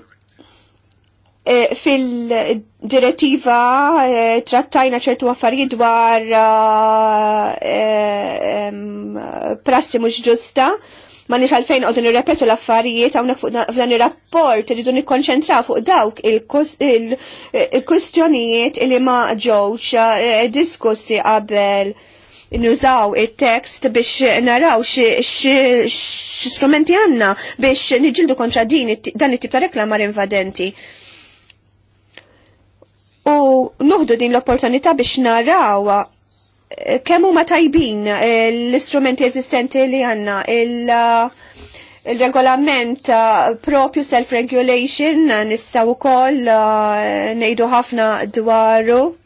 eh, fil-direttiva eh, trattajna ċertu affarijiet dwar eh, prassi mhux ġusta ma nix għalfejn għodun nirrepetu l-affarijiet għawnek fuq dan il-rapport rridu nikkonċentra fuq dawk il-kustjonijiet il-li ma ġewx diskussi qabel nużaw il-tekst biex naraw x-strumenti għanna biex nġildu kontra din dan it-tip ta' reklama invadenti. U nuħdu din l-opportunità biex naraw eh, kemm huma tajbin eh, l-istrumenti eżistenti li għanna eh, il-regolament propju self-regulation nistaw ukoll ngħidu ħafna dwaru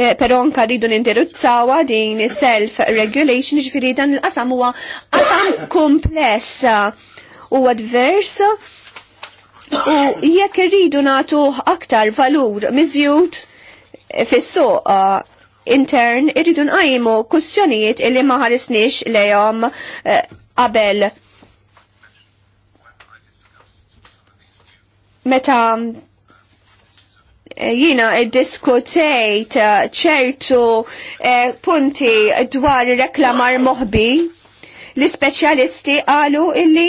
Eh, pero anka rridu nindirizzawa din self-regulation ġifiri dan il-qasam huwa qasam kompless u advers u jekk irridu nagħtu aktar valur miżjud fis-suq eh, intern irridu nqajmu kustjonijiet illi ma ħarisniex lejhom eh, qabel. Meta Eh, jina eh, diskutejt eh, ċertu punti dwar reklamar moħbi l-speċjalisti qalu illi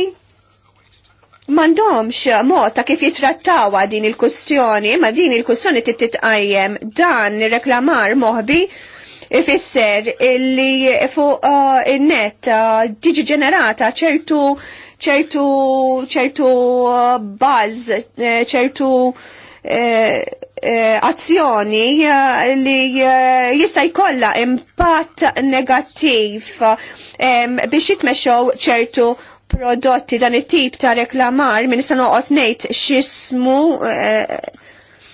mandomx mod ta' kif jitrattawa din il-kustjoni, ma din il-kustjoni titqajjem dan reklamar moħbi ifisser illi fuq in il-net tiġi ġenerata ċertu ċertu ċertu uh, ċertu Eh, azzjoni eh, li eh, jista' jkollha impatt negattiv biex jitmexxew ċertu prodotti dan it-tip ta' reklamar minn issa noqgħod ngħid x'ismu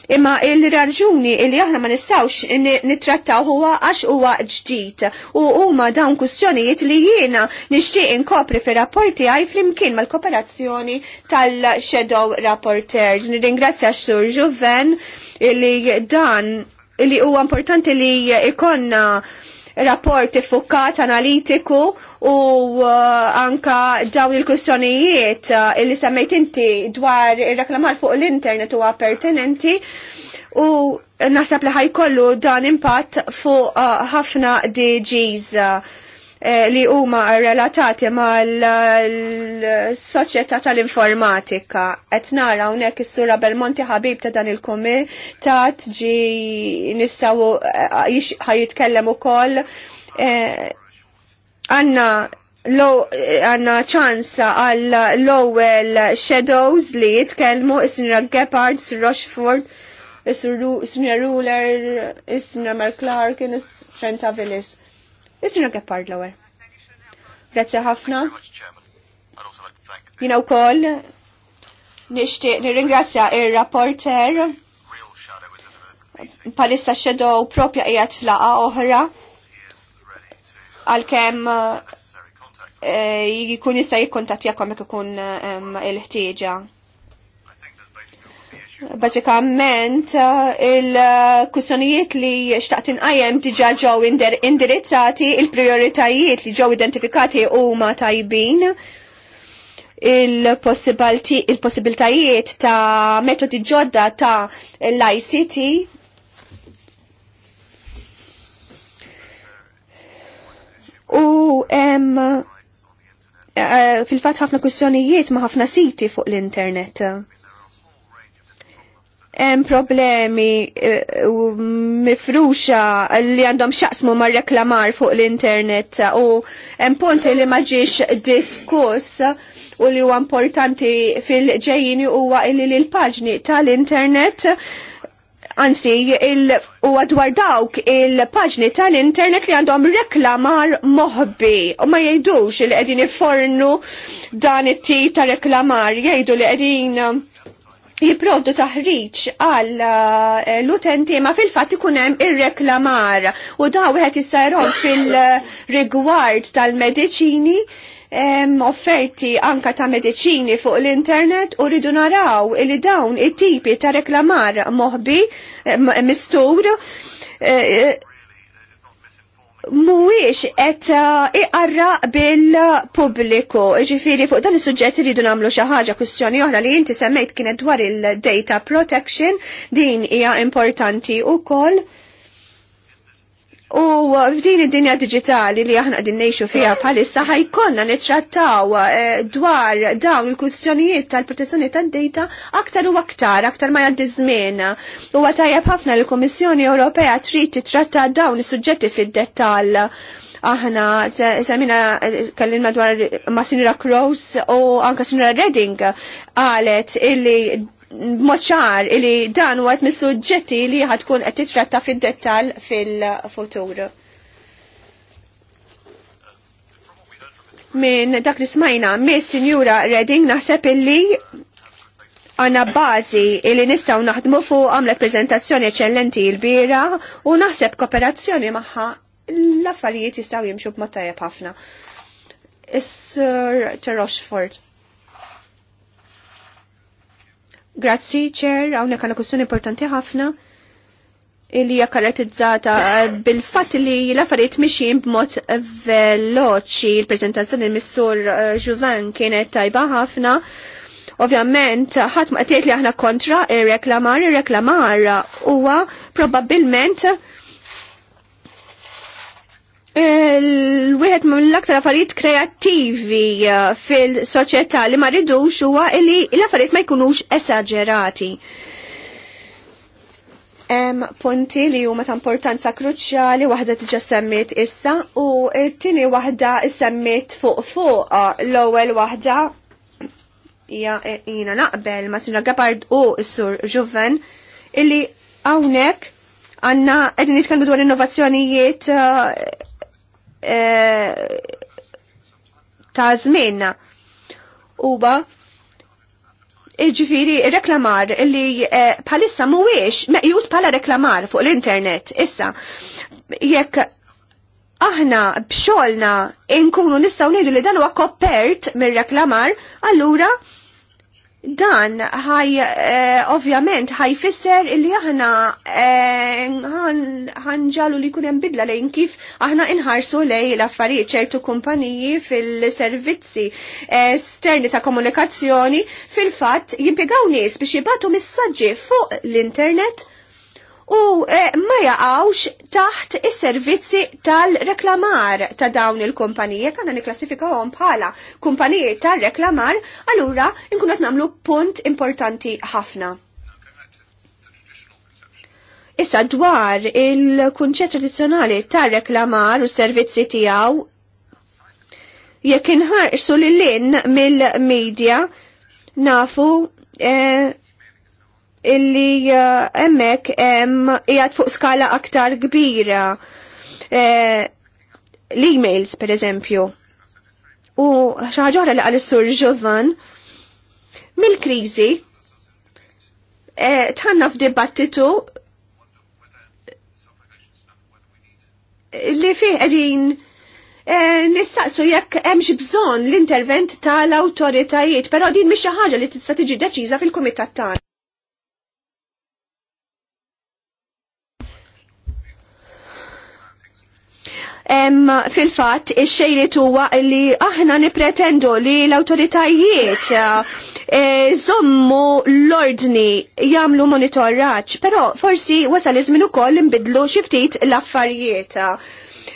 Imma il-raġuni li aħna ma nistawx nittrattaw huwa għax huwa ġdid u huma dawn kustjonijiet li jiena nixtieq inkopri fir-rapporti għaj flimkien mal-kooperazzjoni tal-Shadow Rapporteurs. Nirringrazzja x-Sur Juven li dan li huwa importanti li ikonna rapport fukat analitiku u uh, anka dawn il-kussjonijiet uh, illi semmejt inti dwar ir-reklamar fuq l-internet huwa pertinenti u nasab li ħajkollu dan impatt fuq uh, ħafna DGs Eh, li huma relatati mal-soċjetà tal-informatika. Qed nara hawnhekk is-sura Belmonti ħabib ta' dan il-kumitat ġi nistawu eh, ħajitkellem ukoll eh, għanna għanna ċansa għall l-ewwel shadows li jitkellmu is-sinra Gepard, s Rochford, is-sinra Ruler, is-sinra Mark Clark, is-Trenta Villis is Gepard l-ewwel. ħafna. Jina wkoll nixtieq nirringrazzja il rapporter palissa u propja qiegħed flaqa oħra għalkemm eh, jkun jista' jikkontattjakom jekk ikun eh, il-ħtieġa. Basikament, uh, il-kussjonijiet li xtaqt inqajem diġa ġew indirizzati, il-prioritajiet li ġew identifikati huma tajbin, il-possibiltajiet ta' metodi ġodda ta' l-ICT, u em uh, fil-fat ħafna kussjonijiet ma' ħafna siti fuq l-internet hemm problemi eh, mifruxa li għandhom xaqsmu ma' reklamar fuq l-internet u hemm punti li ma ġiex diskuss u li huwa importanti fil-ġejjini huwa li l-paġni tal-internet anzi il huwa dwar dawk il-paġni tal-internet li għandhom reklamar moħbi u ma jgħidux li qegħdin ifornu dan it-tip ta' reklamar jgħidu li qegħdin jiprovdu taħriċ għal eh, l-utenti ma fil-fat ikunem ir-reklamar u daw għet jistajrom fil-rigward tal-medicini offerti anka ta' medicini fuq l-internet u ridu naraw li dawn it-tipi ta' reklamar moħbi eh, mistur eh, muwix qed uh, iqarra bil-pubbliku. ġifiri fuq dan is sujġetti iridu nagħmlu xi ħaġa kustjoni oħra li inti semmejt kienet dwar il-data protection din hija importanti wkoll U f'din id-dinja digitali li aħna qegħdin ngħixu fiha bħalissa ħajkonna nittrattaw eh, dwar dawn il-kwistjonijiet tal-protezzjoni tad dejta aktar u aktar, aktar ma jgħaddi żmien. Huwa tajjeb ħafna li l-Kummissjoni Ewropea trid titratta dawn is-suġġetti fid-dettall aħna semina kellimna dwar ma' Sinra Cross u anka Sinra Redding għalet illi moċar li dan huwa mis suġġetti li kun qed titratta fid-dettall fil-futur. Min dak li smajna, mis Sinjura Redding naħseb illi għanna bazi li nistaw naħdmu fuq għamlet prezentazzjoni eccellenti l-bira u naħseb kooperazzjoni maħħa l-affarijiet jistaw jimxu b'mod tajjeb ħafna. Is-Sir Grazzi, ċer, għawnek għana kustjoni importanti ħafna li hija karakterizzata bil-fatt li l-affarijiet mixjin b'mod veloċi. Il-preżentazzjoni mis missur eh, Juvan kienet tajba ħafna. Ovvjament, ħadd ma qed li aħna kontra ir-reklamar, ir-reklamar huwa probabbilment l-wieħed l aktar affarijiet kreattivi uh, fil-soċjetà li ma ridux huwa li l-affarijiet ma jkunux esagerati. Hemm punti li huma ta' importanza kruċjali waħda tiġa semmiet issa u t-tieni waħda semmiet fuq fuq l-ewwel waħda hija jiena naqbel ma' Sinra Gabard u s-sur Juven illi hawnhekk għandna qegħdin nitkellmu dwar innovazzjonijiet uh, Eh, ta' zmenna. Uba, Iġifiri, reklamar li eh, palissa muwiex meqjus pala reklamar fuq l-internet. Issa, jekk aħna bxolna inkunu nistaw nejdu li dan huwa mir reklamar allura dan ħaj eh, ovvjament ħaj fisser illi aħna ħanġalu eh, li kunem bidla lejn kif aħna inħarsu lej l-affarijiet ċertu kumpaniji fil-servizzi eh, esterni ta' komunikazzjoni fil-fatt jimpiegaw nies biex jibatu missaġġi fuq l-internet u eh, ma jaqawx taħt is-servizzi tal-reklamar ta' dawn il-kumpanije, kanna għom bħala kumpanije tal-reklamar, allura nkunu qed nagħmlu punt importanti ħafna. Issa dwar il-kunċett tradizzjonali tar-reklamar u s-servizzi tiegħu jekk inħarsu lil lin mill-medja nafu eh, illi eh, emmek jgħat fuq skala aktar kbira. Eh, l-emails, per eżempju. U xaħġoħra li għal-sur ġovan, mill-krizi, e, eh, tħanna f'dibattitu li fih edin nistaqsu jekk hemmx bżonn l-intervent tal-awtoritajiet, però din mhix xi ħaġa li tista' tiġi deċiża fil-kumitat tagħna. fil-fatt ix-xejrit huwa li aħna nipretendu li l-awtoritajiet żommu eh, l-ordni jagħmlu monitorraċ, però forsi wasal li żmien ukoll imbidlu xi ftit l-affarijiet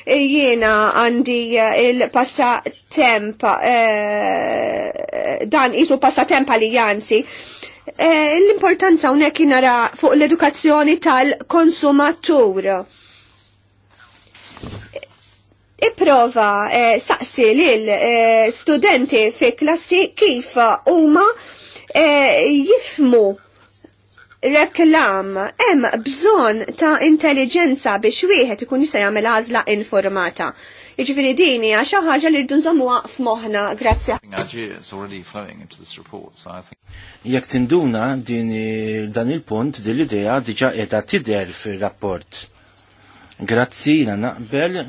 jiena għandi eh, il-passatemp eh, dan isu passatemp li janzi l-importanza unek nara fuq l-edukazzjoni tal-konsumatur Iprova eh, saqsi lil eh, studenti fi klassi kif huma eh, jifmu reklam hemm bżonn ta' intelligenza biex wieħed ikun jista' jagħmel għażla informata. Jiġifieri din hija xi ħaġa li rridu nżommuha f'moħħna grazzi. Jekk tinduna din dan il-punt din l-idea diġà qiegħda tidher fir-rapport. Grazzi la naqbel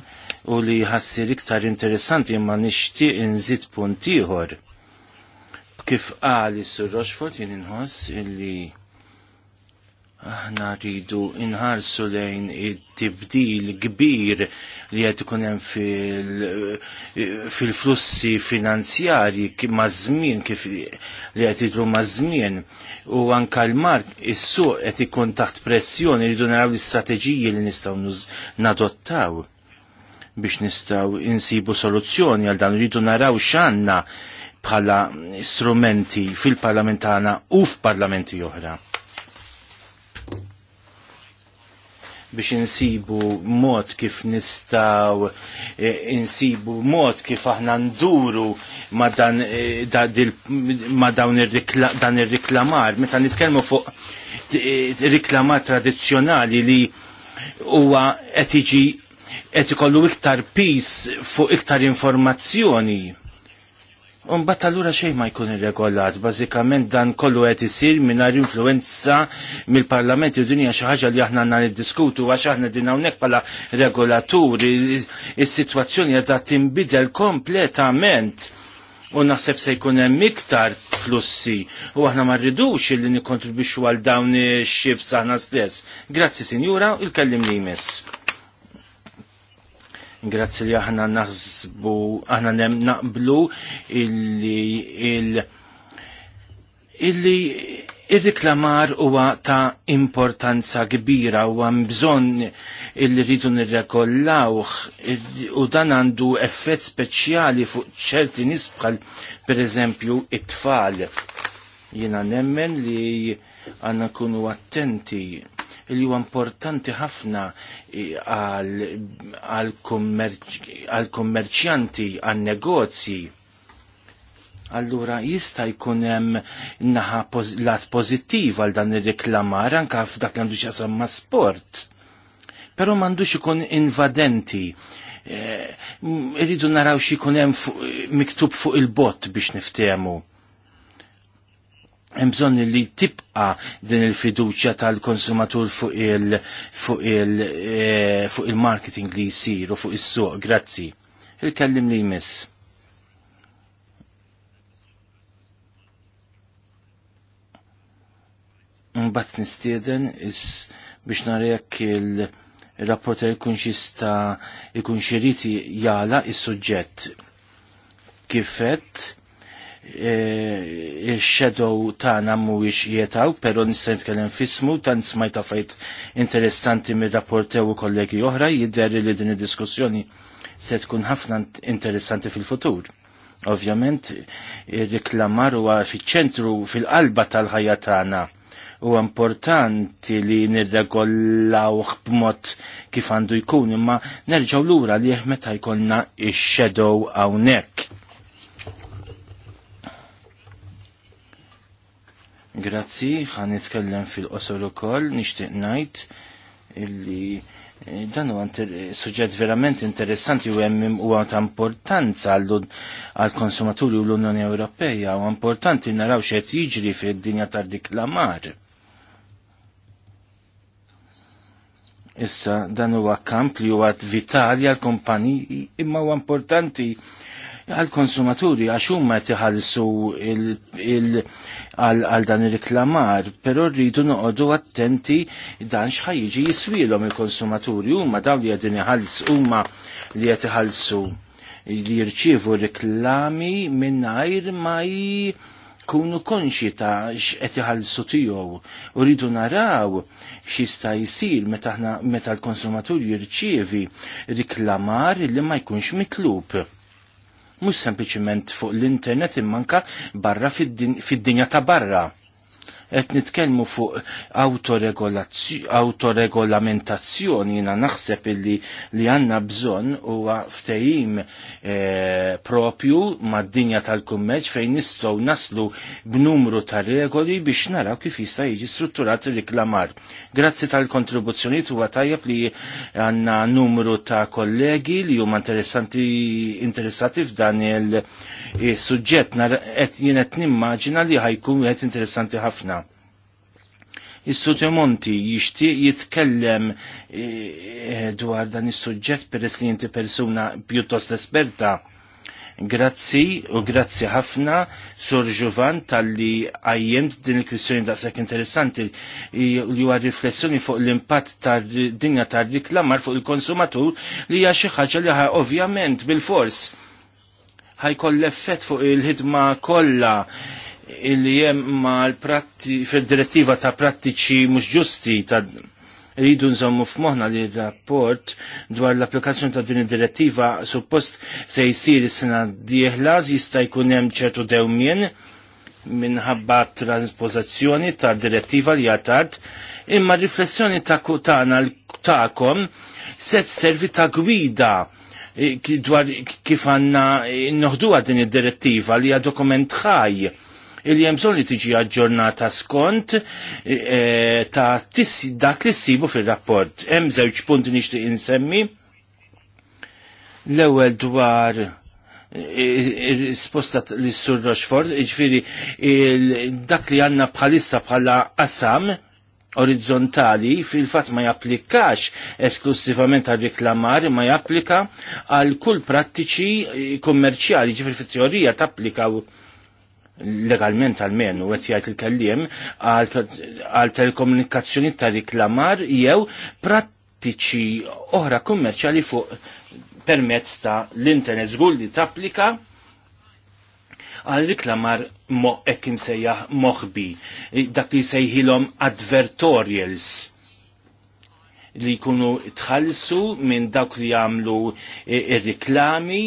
u li jħassir iktar interessanti imma nixtieq inżid punt ieħor. Kif qal is-Sur Roxfort jien inħoss illi aħna rridu inħarsu lejn it-tibdil kbir li qed ikun hemm fil-flussi finanzjarji ma' żmien kif li qed jidru ma' żmien u anke l-mark is-suq qed ikun taħt pressjoni rridu naraw l-istrateġiji li nistgħu nadottaw biex nistaw insibu soluzzjoni għal dan rridu naraw xanna bħala strumenti fil-parlamentana u f'parlamenti oħra. biex insibu mod kif nistaw, eh, insibu mod kif aħna nduru ma dan, eh, da, dil, ma dan ir-riklamar, meta nitkellmu fuq eh, riklamar tradizzjonali li huwa qed jiġi qed ikollu iktar pis fuq iktar informazzjoni. Unbat allura xejn ma jkun irregolat, bażikament dan kollu qed isir mingħajr influenza mill-Parlament u dinja xi ħaġa li aħna għandna niddiskutu għax aħna din hawnhekk bħala regolaturi, is-sitwazzjoni għadda tinbidel kompletament u naħseb se jkun hemm iktar flussi u aħna ma rridux li nikkontribwixxu għal dawn ix-xifs aħna stess. Grazzi Sinjura, il-kellim li jmiss. Grazzi li aħna naħsbu, aħna nem naqblu illi il- illi ir-riklamar huwa ta' importanza kbira u hemm bżonn illi rridu nirrekollawh u dan għandu effett speċjali fuq ċerti nisbħal per pereżempju it-tfal. Jiena nemmen li għanna kunu attenti li huwa importanti ħafna għal-kummerċjanti, għal-negozji. Allura jista' jkun hemm naħa lat pożittiv għal dan ir-reklamar anke f'dak li għandu x'jasam ma' sport. Però m'għandux ikun invadenti. Eh, irridu naraw xi jkun hemm miktub fuq il-bot biex niftehmu Mżon li tibqa din il-fiduċja tal-konsumatur fuq eh, il-marketing il, il li jisir u fuq is-suq. Grazzi. Il-kellim li jmiss. Mbatt nistieden is biex narek il-rapporter jkun xista jkun xiriti jala is-suġġett kifet Eh, il-shadow tagħna mhuwiex jietaw, però nista' nitkellem fismu tant smajta fajt interessanti mir-rapportew u kollegi oħra jidher li din id-diskussjoni se tkun ħafna interessanti fil-futur. Ovjament, ir-riklamar huwa fiċ-ċentru fil-qalba tal-ħajja tagħna u importanti li nirregolaw b'mod kif għandu jkun imma nerġaw lura li meta jkollna ix-shadow hawnhekk Grazzi, għan nitkellem fil-qosor ukoll, nixtieq ngħid illi eh, dan huwa suġġett verament interessanti u għemmim u għant importanza għall konsumaturi u l-Unjoni Ewropea u importanti naraw x'qed jiġri fid-dinja tar diklamar Issa dan huwa kamp li huwa vitali għal kumpaniji imma huwa importanti għal-konsumaturi għax huma qed iħallsu għal dan ir-riklamar, però rridu noqogħdu attenti dan x'ħajjiġi jiswilhom il-konsumaturi ma dawn li qegħdin iħallsu huma li qed iħallsu li jirċievu riklami mingħajr ma kunu konxi ta' x'qed iħallsu tiegħu u rridu naraw xista jsir meta l-konsumatur jirċievi riklamar li ma jkunx mitlub mhux sempliciment fuq l-internet immanka barra fid-dinja ta' barra qed nitkellmu fuq autoregolamentazzjoni jiena naħseb illi li għandna bżonn huwa ftehim e, propju mad-dinja tal-kummerċ fejn nistgħu naslu b'numru ta' regoli biex naraw kif jista' jiġi strutturat ir Grazzi tal-kontribuzzjonijiet huwa tajjeb li għandna numru ta' kollegi li huma interessanti interessati f'dan il-suġġett qed jien qed nimmaġina li ħajkun wieħed interessanti ħafna. Is-Sutja jixtieq jitkellem eh, eh, dwar dan is-suġġett peress li inti persuna pjuttost esperta. Grazzi u grazzi ħafna Sur Ġuvan tal-li għajjemt din il-kwistjoni daqshekk interessanti li huwa riflessjoni fuq l-impatt tad-dinja tar-riklamar fuq il-konsumatur li hija xi ħaġa li ovvjament bil-fors ħajkoll effett fuq il-ħidma kollha illi jem ma fil-direttiva ta' prattiċi mux ġusti ta' rridu nżommu f'moħna li rapport dwar l-applikazzjoni ta' din id-direttiva suppost se jsir is-sena dieħla jista' jkun hemm ċertu dewmien minħabba transpożazzjoni ta' direttiva li għatart imma riflessjoni ta' kutana ta'kom se servi ta' gwida eh, dwar kif għanna eh, noħduwa din id-direttiva li għad dokument ħaj il jemżon li tiġi aġġornata skont e, e, ta' dak li ssibu fil-rapport. Hemm żewġ punti nixtieq insemmi. L-ewwel dwar e, risposta li sur Rochford, ġifiri dak li għanna bħalissa bħala qasam orizzontali fil-fat ma japplikax esklusivament għal riklamar ma japplika għal kull prattiċi kummerċjali ġifir fit-teorija tapplika legalment għalmen u għet jgħajt il-kellim għal telekomunikazzjoni ta' riklamar jew prattiċi oħra kummerċali fuq permezz ta' l-internet zgull li tapplika għal riklamar ekkim sejjaħ moħbi, dak li sejħilom advertorials li jkunu tħallsu minn dawk li għamlu eh, ir-riklami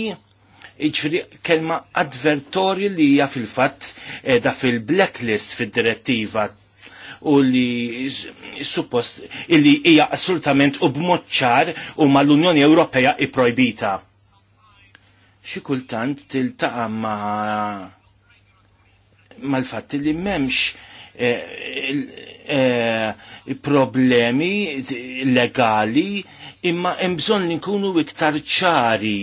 iġfri kelma advertorju li hija fil-fatt eh, da fil-blacklist fil-direttiva u li suppost li hija assolutament u b'moċċar u mal-Unjoni Ewropea projbita. Xi kultant tiltaqa' ma' mal-fatt li m'hemmx eh, eh, problemi legali imma hemm bżonn li nkunu iktar ċari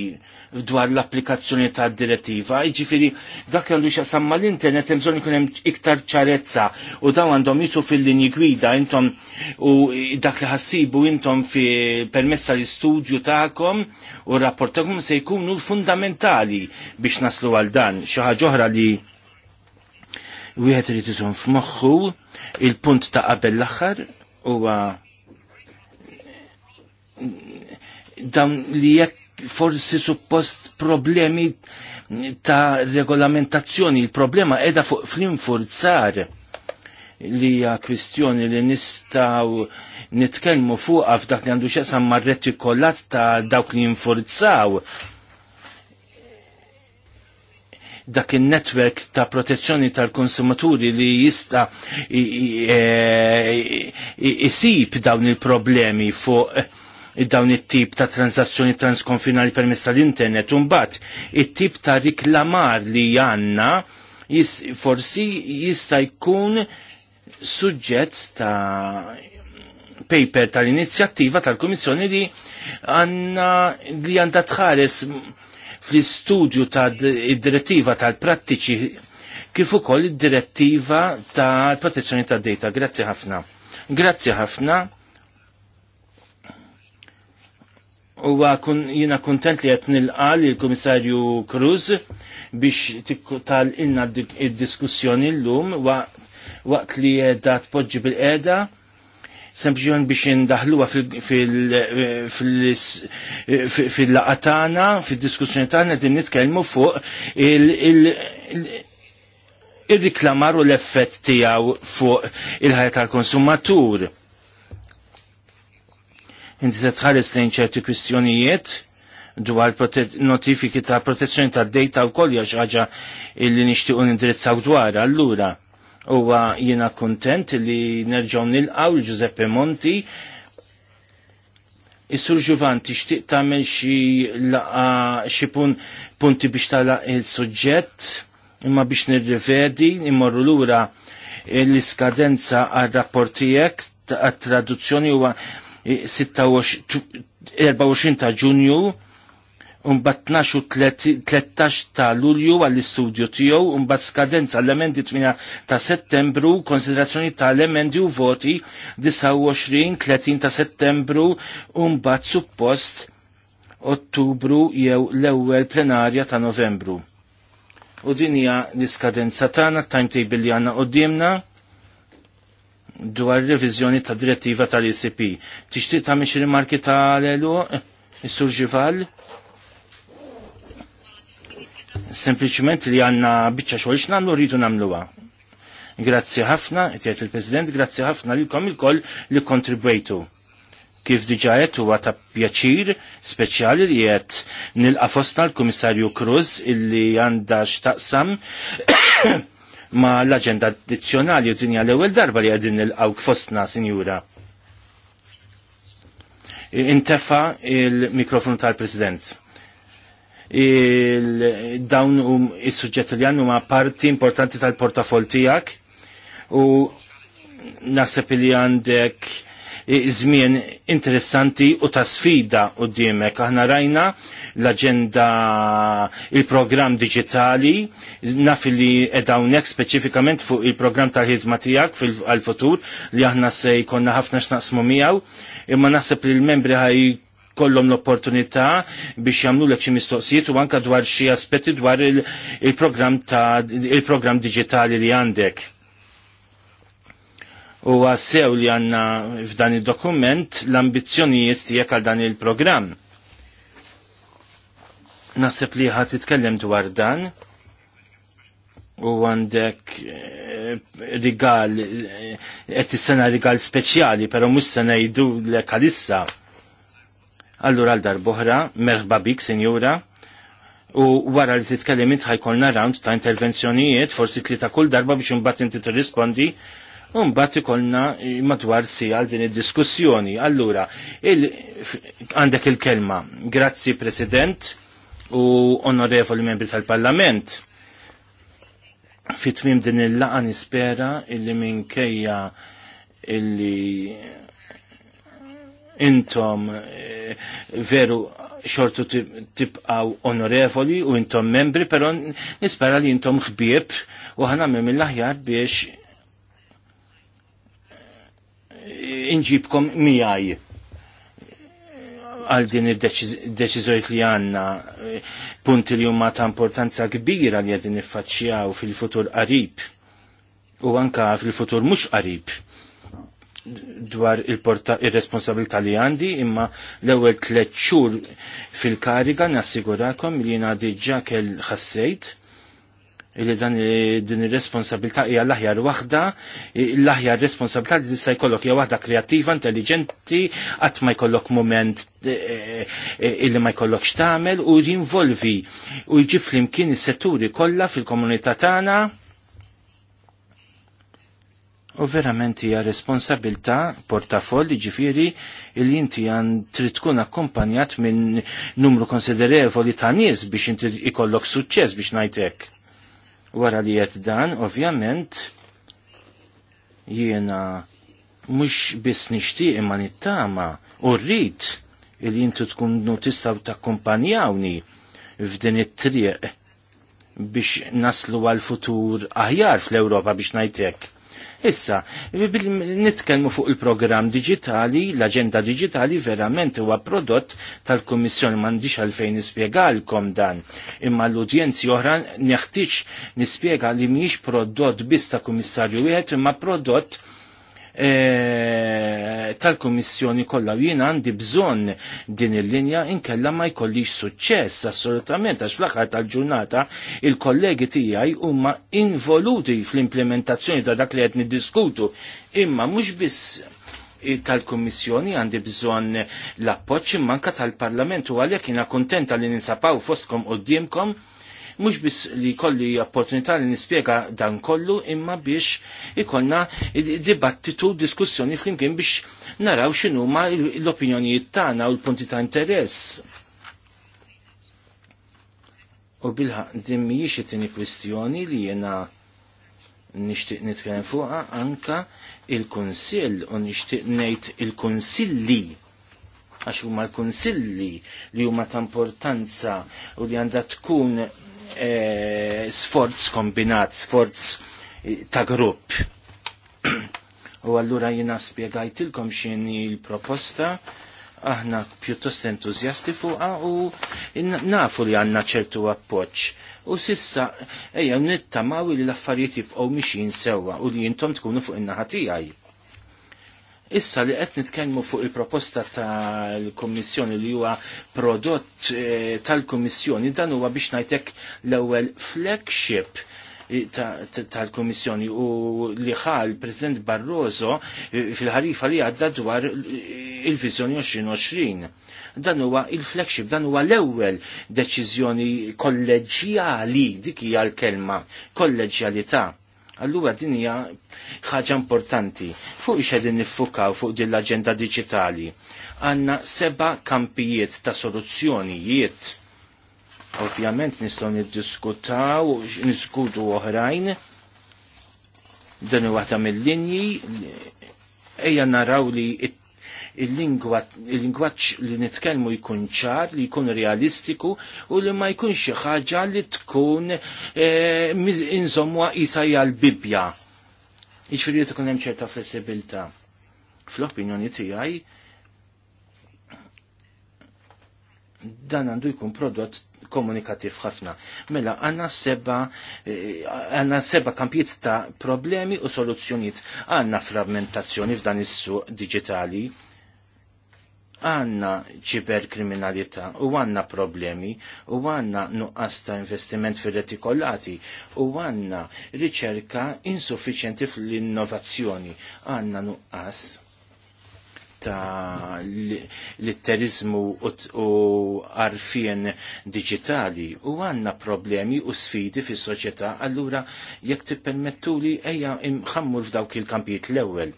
dwar l-applikazzjoni ta' direttiva. Iġifiri, dak li għandu xasamma l-internet jemżon ikun hemm iktar ċarezza u daw għandhom jitu fil-linji gwida intom u dak li ħassibu intom fi permessa tal-istudju ta'kom u rapportakom se jkunu fundamentali biex naslu għal dan. Xaħġa oħra li wieħed irid tizun f'moħħu il-punt ta' qabel l-aħħar u dawn li jekk forsi suppost problemi ta' regolamentazzjoni. Il-problema edha fuq fl-infurzar li hija kwistjoni li nistaw nitkellmu fuq f'dak li għandu x'esam mar-retikolat ta' dawk li jinfurzaw dak il-netwerk ta' protezzjoni tal-konsumaturi li jista e- isib dawn il-problemi fuq id-dawn it-tip ta' transazzjoni transkonfinali permess tal-internet, unbat it-tip ta' riklamar li janna jis, forsi jista' jkun suġġett ta' paper tal-inizjattiva tal-Komissjoni li għanna li għanda tħares fl-istudju ta' id-direttiva tal-prattiċi kif ukoll id-direttiva tal-protezzjoni tad-data. Grazzi ħafna. Grazzi ħafna. U kun, jina kontent li għet nil li l-Komissarju Cruz biex tal inna id-diskussjoni l-lum waqt li da tpoġġi bil-qeda sempliciment biex indaħluha fil-laqatana, fil-diskussjoni tagħna qed nitkellmu fuq il-riklamar u l-effett tiegħu fuq il-ħajja tal-konsumatur inti se tħares lejn ċerti kwistjonijiet dwar notifiki ta' protezzjoni ta' data u koll jax ħaġa illi nixtiequ nindirizzaw dwar allura. u jiena kuntent li nerġgħu nilqaw Giuseppe Monti Is-Sur Ġuvan tixtieq tagħmel xi punti biex tala il-suġġett imma biex nirrivedi immorru lura l-iskadenza għal-rapportijek għat-traduzzjoni huwa 24 ta' ġunju unbat 12 u 13 ta' lulju għall-istudju tiegħu bat skadenza l-emendi 8 ta' settembru, konsiderazzjoni ta' l-emendi u voti 29-30 ta' settembru bat suppost ottubru jew l-ewwel plenarja ta' novembru. U dinja l-iskadenza tagħna, timetable li għandna qudiemna dwar revizjoni ta' direttiva tal-ICP. Tixtieq ta' xi rimarki l elu is-Sur Ġival? Sempliċement li għandna biċċa xogħol u rridu nagħmluha. Grazzi ħafna, qed il-President, grazzi ħafna lilkom ilkoll li kontribwejtu kif diġajet u huwa ta' pjaċir speċjali li qed nilqa' fostna l-Kummissarju Cruz illi għandha x'taqsam ma l-agenda addizzjonali u dinja l-ewwel darba li għadin l-għawk fostna, sinjura. Intefa il-mikrofonu tal-President. Il dawn u is sujġet li għannu ma parti importanti tal-portafol tiegħek u naħseb li għandek żmien interessanti u ta' sfida dimek. Aħna rajna l-aġenda il-programm digitali naf li edawnek hawnhekk speċifikament fuq il-programm tal-ħidma tiegħek għal-futur li aħna se jkollna ħafna x'naqsmu miegħu imma naħseb li l-membri ħaj kollom l-opportunità biex jamlu l xi mistoqsijiet u anka dwar xi aspetti dwar il-programm il ta' il-programm digitali li għandek u għassew li għanna f'dan il-dokument l-ambizjonijiet tijek għal dan il-program. Nasib li ħat titkellem dwar dan u għandek eh, rigal, għet eh, sena rigal speċjali, pero mux sena jidu l-kalissa. Allura għal boħra, merħba bik, senjura, u wara li titkellem int ħajkolna round ta' intervenzjonijiet, forsi tli ta' kull darba biex imbagħad inti tirrispondi Unbat ikolna madwar si għal din id-diskussjoni. Allura, għandek il kelma Grazzi, President, u onorevoli membri tal-Parlament. Fitmim din il-laqa nispera illi minkejja illi intom eh, veru xortu tibqaw onorevoli u intom membri, pero nispera li intom xbib u ħana mill-aħjar biex inġibkom miħaj għal din id-deċiżjoni li għanna punti li huma ta' importanza kbira li għadin iffaċċjaw fil-futur qarib u anka fil-futur mhux qarib dwar il-responsabilità li għandi imma l-ewwel tliet xhur fil-kariga nassigurakom li jiena diġà kell ħassejt li dan eh, din ir-responsabilità hija l-aħjar waħda, eh, l-aħjar responsabilità li tista' jkollok hija waħda kreattiva, intelligenti, qatt ma jkollok moment eh, illi ma jkollokx tagħmel u jinvolvi u jġib flimkien is-setturi kollha fil-komunità tagħna. U verament hija responsabilità portafoll ġifieri illi inti għan trid tkun akkumpanjat minn numru konsiderevoli ta' nies biex inti ikollok suċċess biex ngħidlek Wara li qed dan, ovvjament, jiena mhux biss nixtieq imma nittama u rrid il jintu tkunu tistaw takkumpanjawni f'din it-triq biex naslu għal futur aħjar fl-Ewropa biex najtek. Issa, nitkellmu fuq il-programm digitali, l-agenda digitali verament huwa prodott tal-Kummissjoni m'għandix għalfejn nispjegalkom dan. Imma l-udjenzi oħra neħtieġ nispjega li mhijiex prodott biss ta' kummissarju wieħed imma prodott E, tal-Kummissjoni kollha jiena għandi bżonn din il-linja inkella ma jkollix suċċess assolutament għax fl-aħħar tal-ġurnata il-kollegi tiegħi huma involuti fl-implementazzjoni ta' dak li qed niddiskutu imma mhux biss tal-Kommissjoni għandi bżon l-appoċ manka tal-Parlament u għalek jina kontenta li ninsapaw foskom u d-diemkom mhux biss li kolli opportunità li nispjega dan kollu imma biex ikonna dibattitu diskussjoni flimkien biex naraw x'inhuma l-opinjonijiet tagħna u l-punti ta' interess. U bilħa din mhijiex it-tieni kwistjoni li jiena nixtieq nitkellem fuqha anka il-Kunsill u nixtieq ngħid il-Kunsilli għax huma l-konsilli li huma ta' importanza u li għandha tkun Eh, sforz kombinat, sforz eh, ta' grupp. U allura jina spiegajtilkom xini l-proposta, aħna pjuttost entuzjasti fuqa u nafu li għanna ċertu appoċ. U sissa, eja, nittamaw li l-affarijiet jibqaw mixin sewa u li jintom tkunu fuq in-naħatijaj Issa li qed nitkellmu fuq il-proposta tal-Kommissjoni li huwa prodott eh, tal-Kommissjoni dan huwa biex ngħidlek l-ewwel flagship tal kummissjoni u li ħal President Barroso eh, fil-ħarifa li għadda dwar il-Vizjoni 2020. Dan huwa il-flagship, dan huwa l-ewwel deċiżjoni kolleġjali dik hija l-kelma, kolleġjalità Allura din hija ħaġa importanti. Fuq ix qegħdin niffukaw fuq din l-aġenda diġitali. Għandna seba' kampijiet ta' soluzzjonijiet. Ovvjament nistgħu niddiskutaw, niskutu oħrajn. Dan huwa ta' mill-linji ejja naraw li it il-lingwaġġ li nitkellmu jkun ċar, li jkun realistiku u li ma jkunx xi ħaġa li tkun eh, inżomwa isajja l-Bibja. li tkun hemm ċerta flessibilità. Fl-opinjoni tiegħi dan għandu jkun prodott komunikativ ħafna. Mela, għanna seba, eh, għanna seba kampiet ta' problemi u soluzzjoniet. Għanna frammentazzjoni f'dan is-suq digitali għanna ċiberkriminalità u għanna problemi u għanna nuqqas ta' investiment fil-retikolati u għanna riċerka insuffiċenti fl-innovazzjoni għanna nuqqas ta' l-terizmu u arfien digitali u għanna problemi u sfidi fis soċjetà allura jekk tippermettu li eja imħammur f'dawk il-kampijiet l-ewwel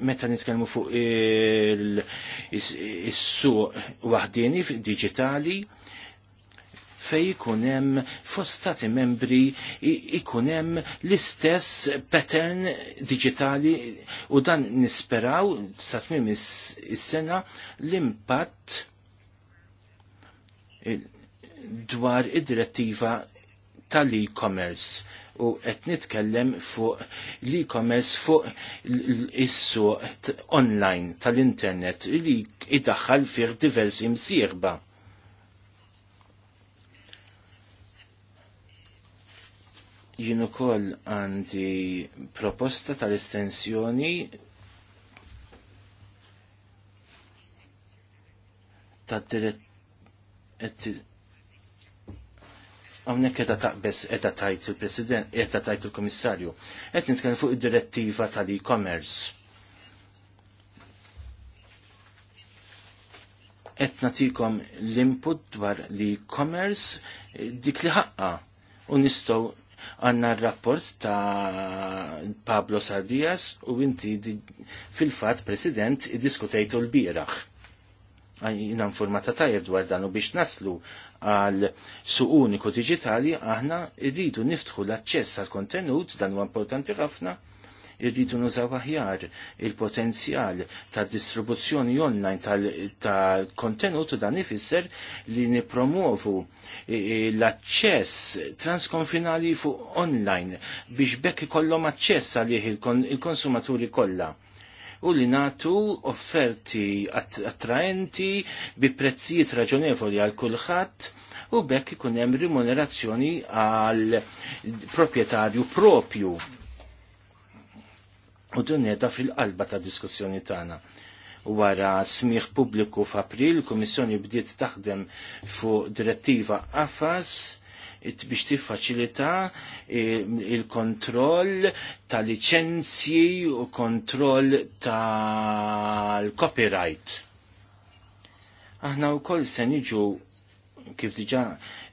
meta nitkellmu fuq is-suq waħdieni digitali fej ikun hemm fostati membri ikun hemm l-istess pattern digitali u dan nisperaw sa tmiem is-sena l-impatt dwar id-direttiva tal-e-commerce u qed nitkellem fuq l-e-commerce fuq is-suq online tal-internet li idaħħal fih diversi msierba. Jien ukoll għandi proposta tal-estensjoni tad-direttiva Għawnek edha taqbess edha tajt il-President, edha tajt il-Komissarju. Għet nitkellem fuq id-direttiva tal-e-commerce. Għet natikom l-input dwar l-e-commerce dik li ħaqqa. Unistow għanna r-rapport ta' Pablo Sardias u inti fil-fat President id-diskutajtu l-biraħ. Għajna informata tajjeb dwar dan u biex naslu għal suq uniku digitali aħna irridu niftħu l-aċċess għal kontenut dan huwa importanti ħafna irridu nużaw aħjar il-potenzjal ta' distribuzzjoni online tal-kontenut dan ifisser li nipromovu e, e, l-aċċess transkonfinali fuq online biex bekk ikollhom aċċess għalih il-konsumaturi kollha u li natu offerti attraenti bi prezzijiet raġonevoli għal kulħadd u bekk ikun hemm rimunerazzjoni għal proprjetarju propju. U duneta fil-qalba ta' diskussjoni tagħna wara smigħ pubbliku f'April, il-Kummissjoni bdiet taħdem fuq direttiva AFAS biex tiffaċilita eh, il-kontroll ta' licenzji u kontroll tal-copyright. Aħna u koll se niġu kif diġa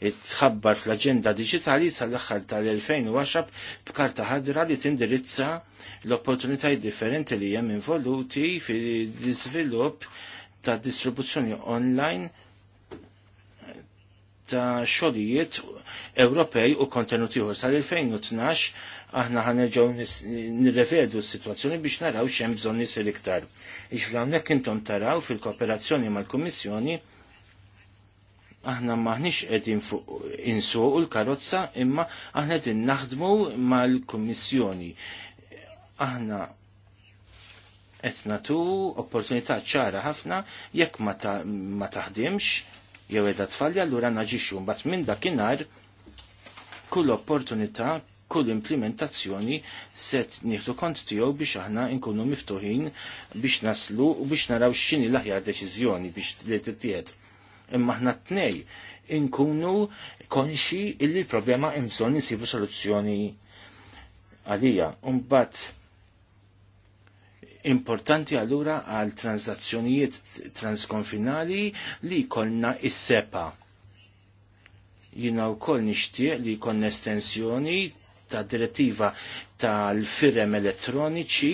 tħabbar fl-agenda digitali sal-axħar tal-2010 b'karta ħadra li tindirizza l-opportunitajiet differenti li hemm involuti fil-iżvilupp ta' distribuzzjoni online ta' xogħlijiet Ewropej u kontenuti ieħor sal-2012 aħna ħanerġgħu nirrevedu s-sitwazzjoni biex naraw x'hemm bżonn isir iktar. Ixla hawnhekk intom taraw fil-kooperazzjoni mal-Kummissjoni aħna maħniex qegħdin fuq insuqu l-karozza imma aħna qegħdin naħdmu mal-Kummissjoni. Aħna qed natu opportunità ċara ħafna jekk ma taħdimx jew edha tfalli allura naġixxu mbagħad minn dakinhar kull opportunità kull implementazzjoni set nieħdu kont tiegħu biex aħna nkunu miftuħin biex naslu u biex naraw x'inhi l-aħjar deċiżjoni biex li tittiet. Imma aħna tnej inkunu konxi illi l-problema imson insibu soluzzjoni għalija. Umbat Importanti allura għal transazzjonijiet transkonfinali li konna is-sepa. Jina u koll nishtiq li konna estensjoni ta' direttiva tal-firem elettroniċi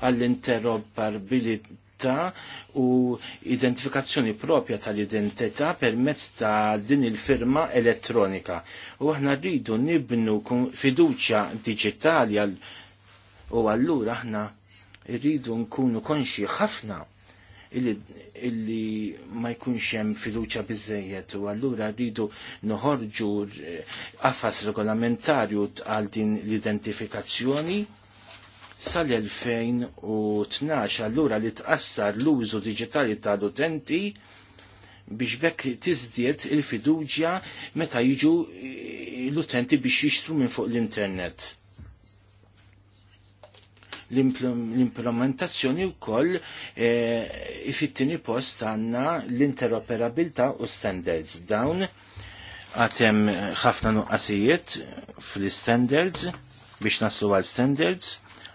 għall-interoperabilità u identifikazzjoni propja tal-identità permezz ta' din il-firma elettronika. U aħna rridu nibnu fiduċja digitali u allura aħna irridu nkunu konxi ħafna illi, illi ma jkunx hemm fiduċja biżejjed u allura rridu noħorġu qafas regolamentarju għal din l-identifikazzjoni sal-2012 allura li tqassar l-użu diġitali tal-utenti biex bekk tiżdied il-fiduċja meta jiġu l-utenti biex jixtru minn fuq l-internet l-implementazzjoni wkoll eh, it-tieni post għandna l-interoperabilità u standards dawn għatem ħafna nuqqasijiet fl-standards biex naslu għal standards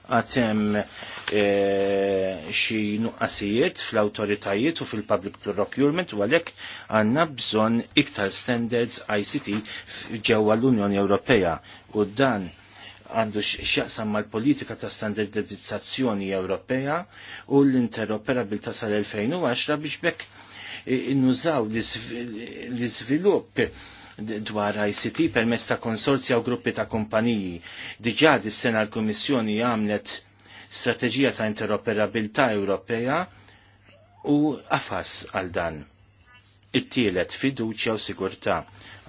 għatem e, xi nuqqasijiet fl-autoritajiet u fil-public procurement u għalek għanna bżon iktar standards ICT ġewwa l-Unjoni Ewropea u dan għandu x'jaqsam mal-politika ta' standardizzazzjoni Ewropea u l-interoperabilta sal-2010 biex bekk nużaw l-iżvilupp dwar ICT permezz ta' konsorzja u gruppi ta' kumpaniji. Diġà dis-sena l-Kummissjoni għamlet strateġija ta' interoperabilità Ewropea u għafas għal dan. It-tielet fiduċja u sigurtà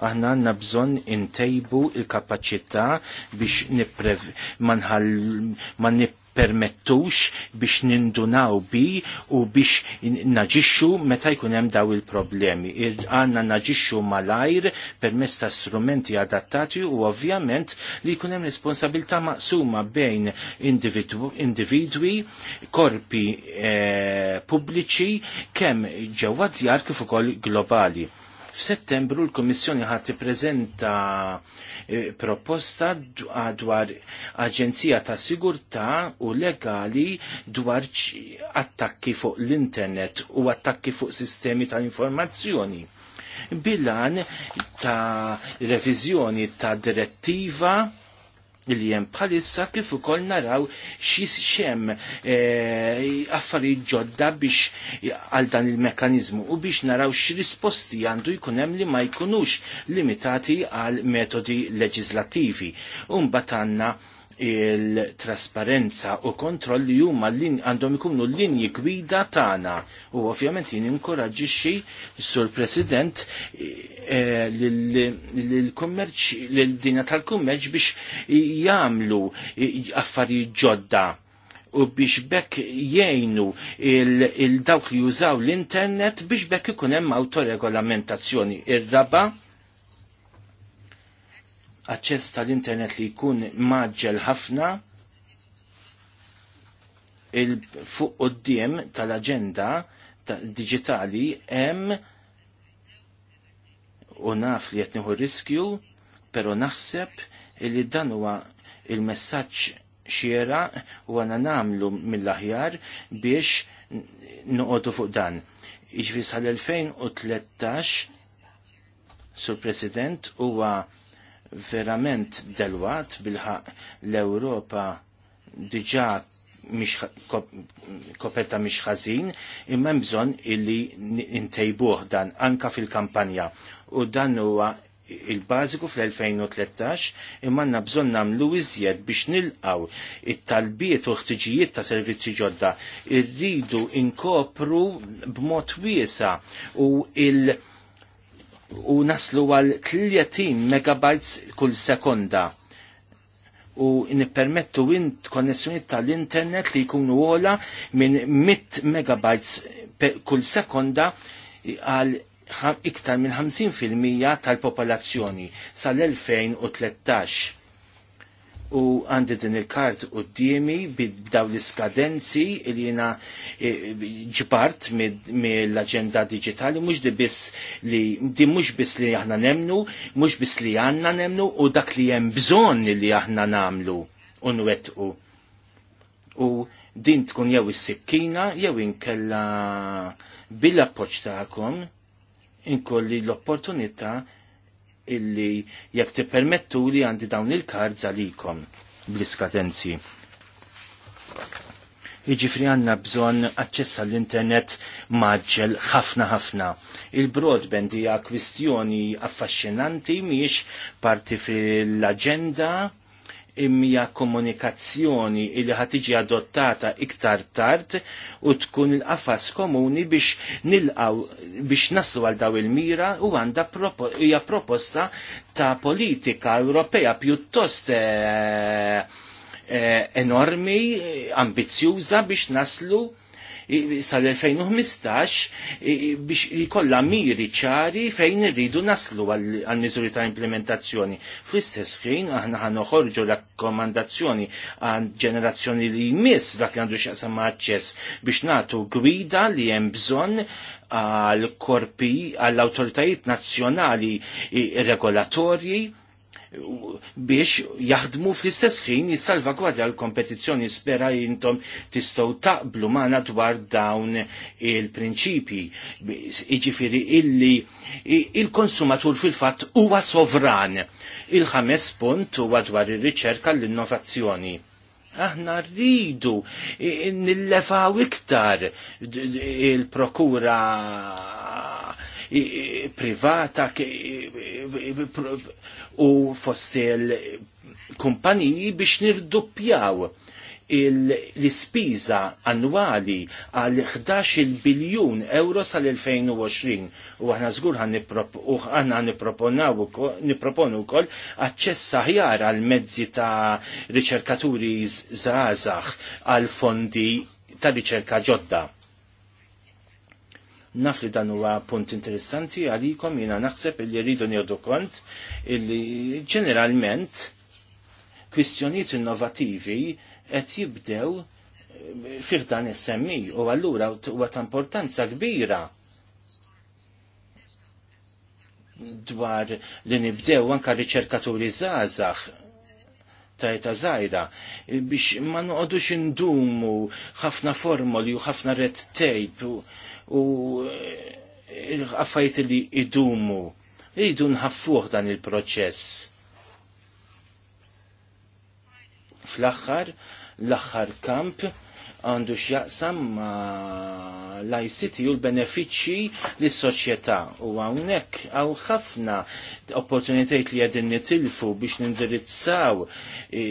aħna għandna bżonn intejbu il-kapaċità biex nipprev manħall ma nippermettux biex nindunaw bi u biex naġixxu meta jkun hemm daw il-problemi. Għanna naġixxu malajr permezz ta' strumenti adattati u ovvjament li jkun hemm responsabilità maqsuma bejn individwi, korpi e, pubbliċi kemm ġewwa djar kif ukoll globali F'Settembru l-Kummissjoni ħadd tippreżenta eh, proposta dwar Aġenzija ta' Sigurtà u Legali dwar attakki fuq l-internet u attakki fuq sistemi tal-informazzjoni bilan ta' reviżjoni ta' direttiva li jem bħalissa kif ukoll naraw xis xem e, eh, affari ġodda biex għal dan il-mekanizmu u biex naraw xi risposti għandu jkunem li ma jkunux limitati għal metodi leġislativi. Un batanna il-trasparenza u kontroll li huma għandhom ikunu l-linji gwida tagħna. U ovvjament jien inkoraġixxi sur President eh, lill-kummerċ dinja tal-kummerċ biex jagħmlu eh, affarijiet ġodda u biex bekk jgħinu il-dawk li jużaw l-internet biex bekk ikun hemm autoregolamentazzjoni. Ir-raba' aċċess tal-internet li jkun maġġel ħafna il-fuq qoddim tal-aġenda digitali hemm u naf li qed nieħu riskju, però naħseb li dan huwa il-messaġġ xiera u għana namlu mill-aħjar biex nuqotu fuq dan. Iġvi sal-2013, Sur President, huwa verament delwat bilħaq l-Ewropa diġa koperta mish ħażin, imma bżonn illi intejbuh dan anka fil-kampanja. U dan huwa il-bażiku fl-2013 imma għandna bżonn nagħmlu iżjed biex nilqaw it-talbiet u ħtiġijiet ta' servizzi ġodda. Irridu inkopru b'mod wiesa u il- u naslu għal 30 megabytes kull sekonda u nippermettu int konnessjoni tal-internet li jkunu għola minn 100 megabytes kull sekonda għal iktar minn 50% tal-popolazzjoni sal-2013 u għandi din il-kart u d bid b'daw l-iskadenzi li jena e, ġbart mill-agenda digitali, mux di bis li, di mux bis li aħna nemnu, mux bis li jahna nemnu u dak li jem bżon li aħna namlu unwet u. U din tkun jew is-sikkina jew inkella bil-appoċ ta'kom inkolli l-opportunità illi jekk tippermettu li għandi dawn il-kards għalikom bl-iskadenzi. Iġifri għanna bżon aċċess għall-internet maġġel ħafna ħafna. Il-broadband hija kwistjoni affaxxinanti miex parti fil-agenda imja komunikazzjoni li ħatiġi adottata iktar tard u tkun il-qafas komuni biex nilqaw biex naslu għal daw il-mira u għanda hija proposta ta' politika Ewropea pjuttost eh, eh, enormi, ambizjuża biex naslu sal-2015 biex jkollha miri ċari fejn irridu naslu għal miżuri ta' implementazzjoni. Fl-istess ħin aħna ħan noħorġu rakkomandazzjoni għal ġenerazzjoni li jmiss dak li għandu x'aqsam ma' aċċess biex nagħtu gwida li hemm bżonn għal korpi għall awtoritajiet nazzjonali regolatorji biex jaħdmu fl-istess ħin jissalvagwardja l-kompetizzjoni spera jintom tistgħu taqblu maħna dwar dawn il-prinċipji. Iġifiri illi il-konsumatur fil-fatt huwa sovran. Il-ħames punt huwa dwar ir-riċerka l-innovazzjoni aħna rridu nillefaw iktar il-prokura privata u fostel kumpaniji biex nirduppjaw l-ispiża annwali għal 11 biljun euro sal-2020 u aħna żgur għanna niproponu wkoll aċċess aħjar għal mezzi ta' riċerkaturi zazax għal fondi ta' riċerka ġodda Naf li dan huwa punt interessanti għalikom jiena naħseb li rridu nieħdu kont illi ġeneralment kwistjonijiet innovativi qed jibdew fih dan is-semmi u allura huwa ta' importanza kbira dwar li nibdew anka riċerkaturi żgħażagħ ta' żgħira biex ma noqogħdux indumu ħafna formoli u ħafna red tape u għaffajt eh, li idumu. Idu nħaffuħ dan il-proċess. Fl-axħar, l-axħar kamp, għandu x'jaqsam ma l icity u l-benefiċċji lis-soċjetà u hawnhekk hawn ħafna opportunitajiet li għedin nitilfu biex nindirizzaw e,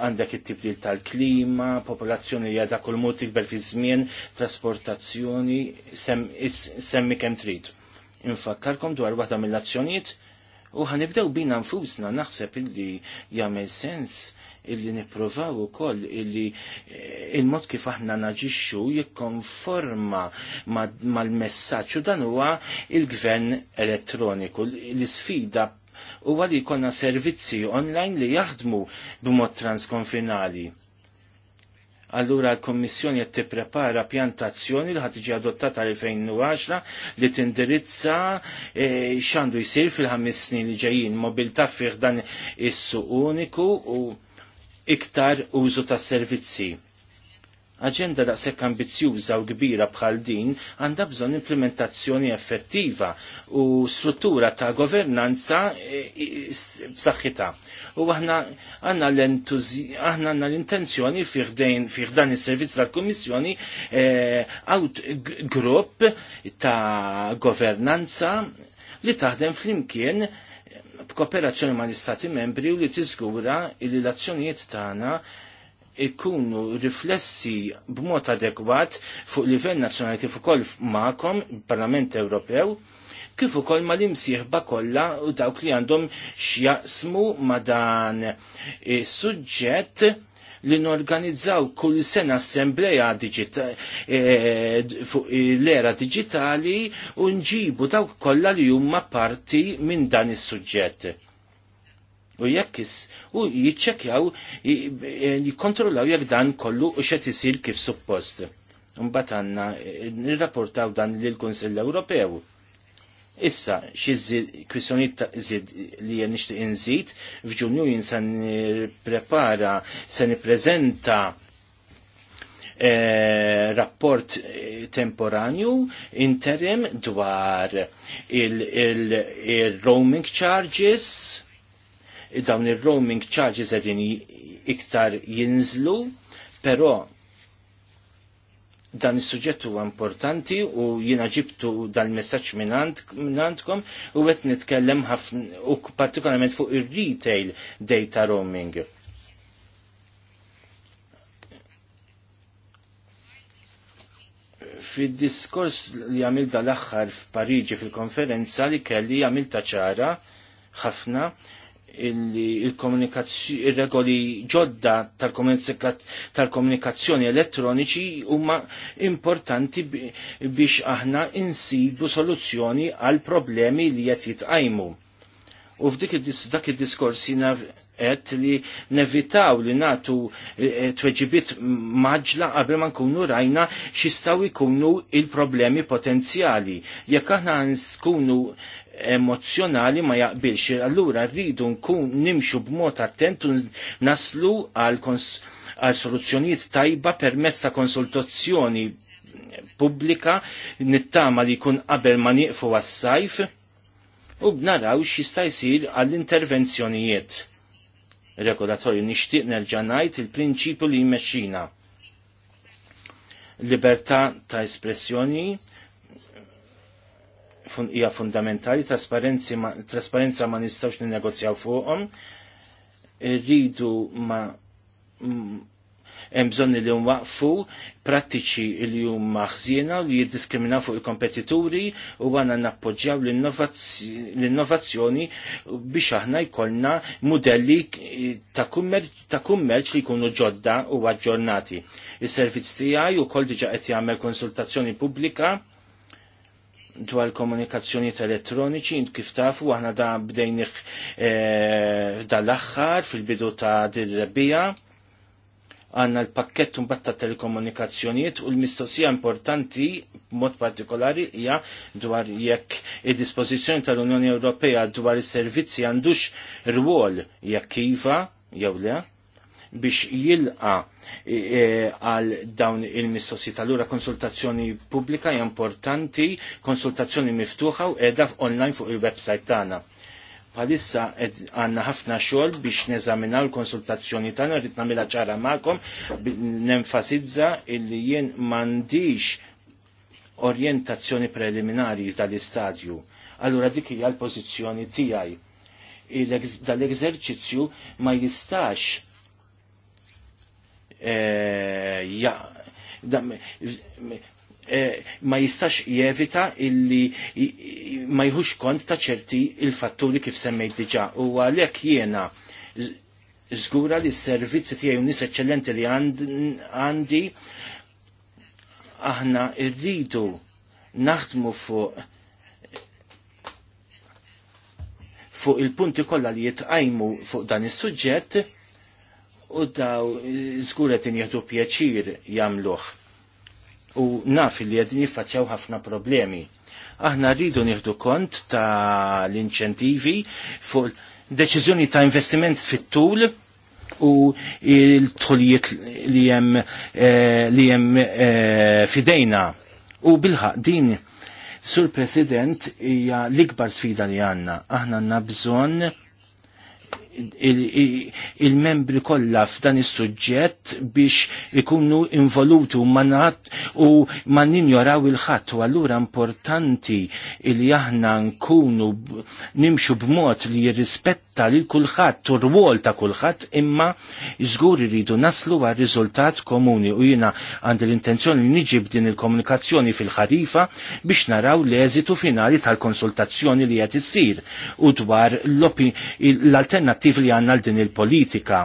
għandek it-tibdil tal-klima, popolazzjoni li għadha kull mod tikber fi żmien, trasportazzjoni, semmi kemm trid. Infakkarkom dwar waħda mill-azzjonijiet u ħanibdew bina nfusna naħseb illi jagħmel sens illi nipprovaw ukoll illi eh, il-mod kif aħna naġixxu jikkonforma mal-messaġġ u dan huwa il-gvern elettroniku. L-isfida huwa li jkollna servizzi online li jaħdmu b'mod transkonfinali. Allura l-Kommissjoni qed tipprepara pjantazzjoni li ħad tiġi adottata l-2010 li tindirizza eh, x'għandu jsir fil-ħames snin li ġejjin mobilità fih dan is-suq uniku u iktar użu ta' servizzi. Aġenda daqshekk ambizzjuża u kbira bħal din għandha bżonn implementazzjoni effettiva u struttura ta' governanza e, e, b'saħħitha. U aħna għandna aħna għandna l-intenzjoni fih dan is-servizz tal-Kummissjoni għawt e, grupp ta' governanza li taħdem flimkien b'kooperazzjoni ma' l-Istati membri u li tiżgura li l-azzjonijiet tagħna ikunu riflessi b'mod adekwat fuq livell nazzjonali kif ukoll magħkom il-Parlament Ewropew kif ukoll ma l-imsieħba kollha u dawk li għandhom x'jaqsmu ma dan suġġett li norganizzaw kull sena assembleja eh, fuq l-era digitali u nġibu dawk kollha li huma parti minn dan is-suġġett. U jekkis, u jitċekjaw, eh, jikontrollaw jekk dan kollu u xed isir kif suppost. Mbagħad għandna eh, nirrapportaw dan lill-Kunsill Ewropew Issa, xie kwissjoniet ta' zid li jen nishtiq inżid, f'ġunju se prepara, se prezenta eh, rapport eh, temporanju interim dwar il-roaming charges, dawn il-roaming charges għedin iktar jinżlu, pero dan is-suġġett huwa importanti u jiena ġibtu dal-messaġġ minnantkom u qed nitkellem ħafna u partikolarment fuq ir-retail data roaming. Fid-diskors li għamil l aħħar f'Pariġi fil-konferenza li kelli għamil ta' ċara ħafna il-regoli ġodda tal-komunikazzjoni elettroniċi huma importanti biex aħna insibu soluzzjoni għal problemi li qed jitqajmu. U f'dik dak id-diskors jina qed li nevitaw li natu eh, tweġibiet maġla qabel ma nkunu rajna xistaw jkunu il-problemi potenzjali. Jekk aħna nkunu emozjonali ma jaqbilx. Allura rridu nkun nimxu b'mod attent u naslu għal, soluzzjonijiet tajba permezz ta' konsultazzjoni pubblika nittama li jkun qabel ma nieqfu għas-sajf u b'naraw xista jsir għall-intervenzjonijiet. Regolatorju nixtieq nerġa' ngħid il-prinċipju li jmexxina. Libertà ta' espressjoni, hija fundamentali, trasparenza ma nistawx ninnegozjaw fuqhom, rridu ma mm, hemm bżonn li nwaqfu prattiċi li huma ħżiena li jiddiskriminaw fuq il-kompetituri u għana nappoġġjaw l-innovazzjoni biex aħna jkollna modelli ta' kummerċ li jkunu ġodda u aġġornati. Is-servizz tiegħi kol diġa' qed jagħmel konsultazzjoni pubblika dwar komunikazzjoni elettroniċi, int kif tafu, aħna da bdejniħ e, eh, dal-axħar fil-bidu ta' dil-rebbija, għanna l-pakket mbatta telekomunikazzjoniet u l-mistoqsija importanti mod partikolari hija dwar jekk id-dispożizzjoni tal-Unjoni Ewropea dwar is-servizzi għandux rwol jekk iva jew le biex jilqa' E, e, għal dawn il tal Allura konsultazzjoni pubblika importanti, konsultazzjoni miftuħa u edha online fuq il-website tagħna. Bħalissa għanna ħafna xogħol biex neżaminaw l-konsultazzjoni tagħna rrid nagħmilha ċara magħkom nenfasizza illi jien m'għandix orjentazzjoni preliminari tal-istadju. Allura dik hija l-pożizzjoni tiegħi. Dal-eżerċizzju ma jistax Eh, eh, ma jistax jevita illi ma jħux kont ta' ċerti il-fatturi kif semmejt diġa. U għalek jiena zgura li s-servizzi tiegħi unis eċċellenti li għandi aħna rridu naħdmu fuq fuq il-punti kollha li jitqajmu fuq dan is-suġġett u daw zguret jieħdu pjaċir jagħmluh. U naf li qegħdin jiffaċċjaw ħafna problemi. Aħna rridu nieħdu kont ta' l-inċentivi fuq deċiżjoni ta' investiment fit-tul u il tħolijiet li hemm eh, li hemm eh, fidejna. U bilħaq din Sur President hija l-ikbar sfida li għandna. Aħna għandna bżonn il-membri kollha f'dan is-suġġett biex ikunu involuti u manat u ma ninjoraw il-ħadd u allura importanti li aħna nkunu nimxu b'mod li jirrispetta tal kulħadd u rwol ta' kulħadd imma żgur iridu naslu għal riżultat komuni u jiena għandi l-intenzjoni li niġib din il-komunikazzjoni fil-ħarifa biex naraw l-eżitu finali tal-konsultazzjoni li qed issir u dwar l alternativ li għandna l din il-politika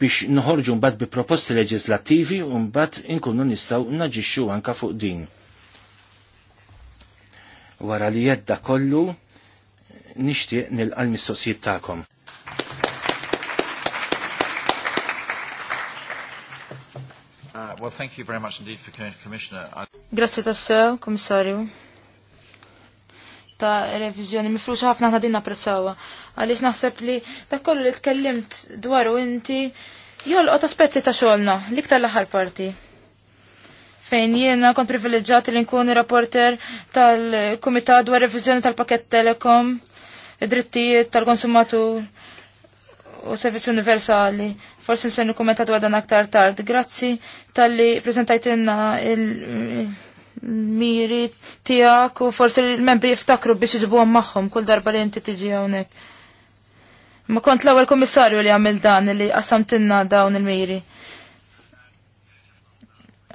biex nħorġu mbagħad bi proposti leġislattivi u mbagħad inkunu nistgħu naġixxu anke fuq din. Wara li jedda kollu, nixtieq nil l-mistoqsijiet tagħkom. Uh, well, thank you very much indeed for Commissioner. I... Grazie tassew, Komissarju. Ta' revizjoni mifruxa ħafna ħna dinna prezzawa. Għaliex naħseb li ta' kollu li tkellimt dwaru inti jolqot aspetti ta' xogħolna l-iktar l-aħħar parti fejn jiena kon privileġġat li nkun rapporter tal-Kumitat dwar revizjoni tal-pakett Telekom id-drittijiet tal-konsumatur u servizzi universali. Forsi nsen dwar dan aktar tard. Grazzi tal-li prezentajtinna il-miri tijak u forsi il-membri jiftakru biex iġbuħom maħħom kull darba li inti tiġi għonek. Ma kont l-ewel komissarju li għamil dan li qassamtinna dawn il-miri.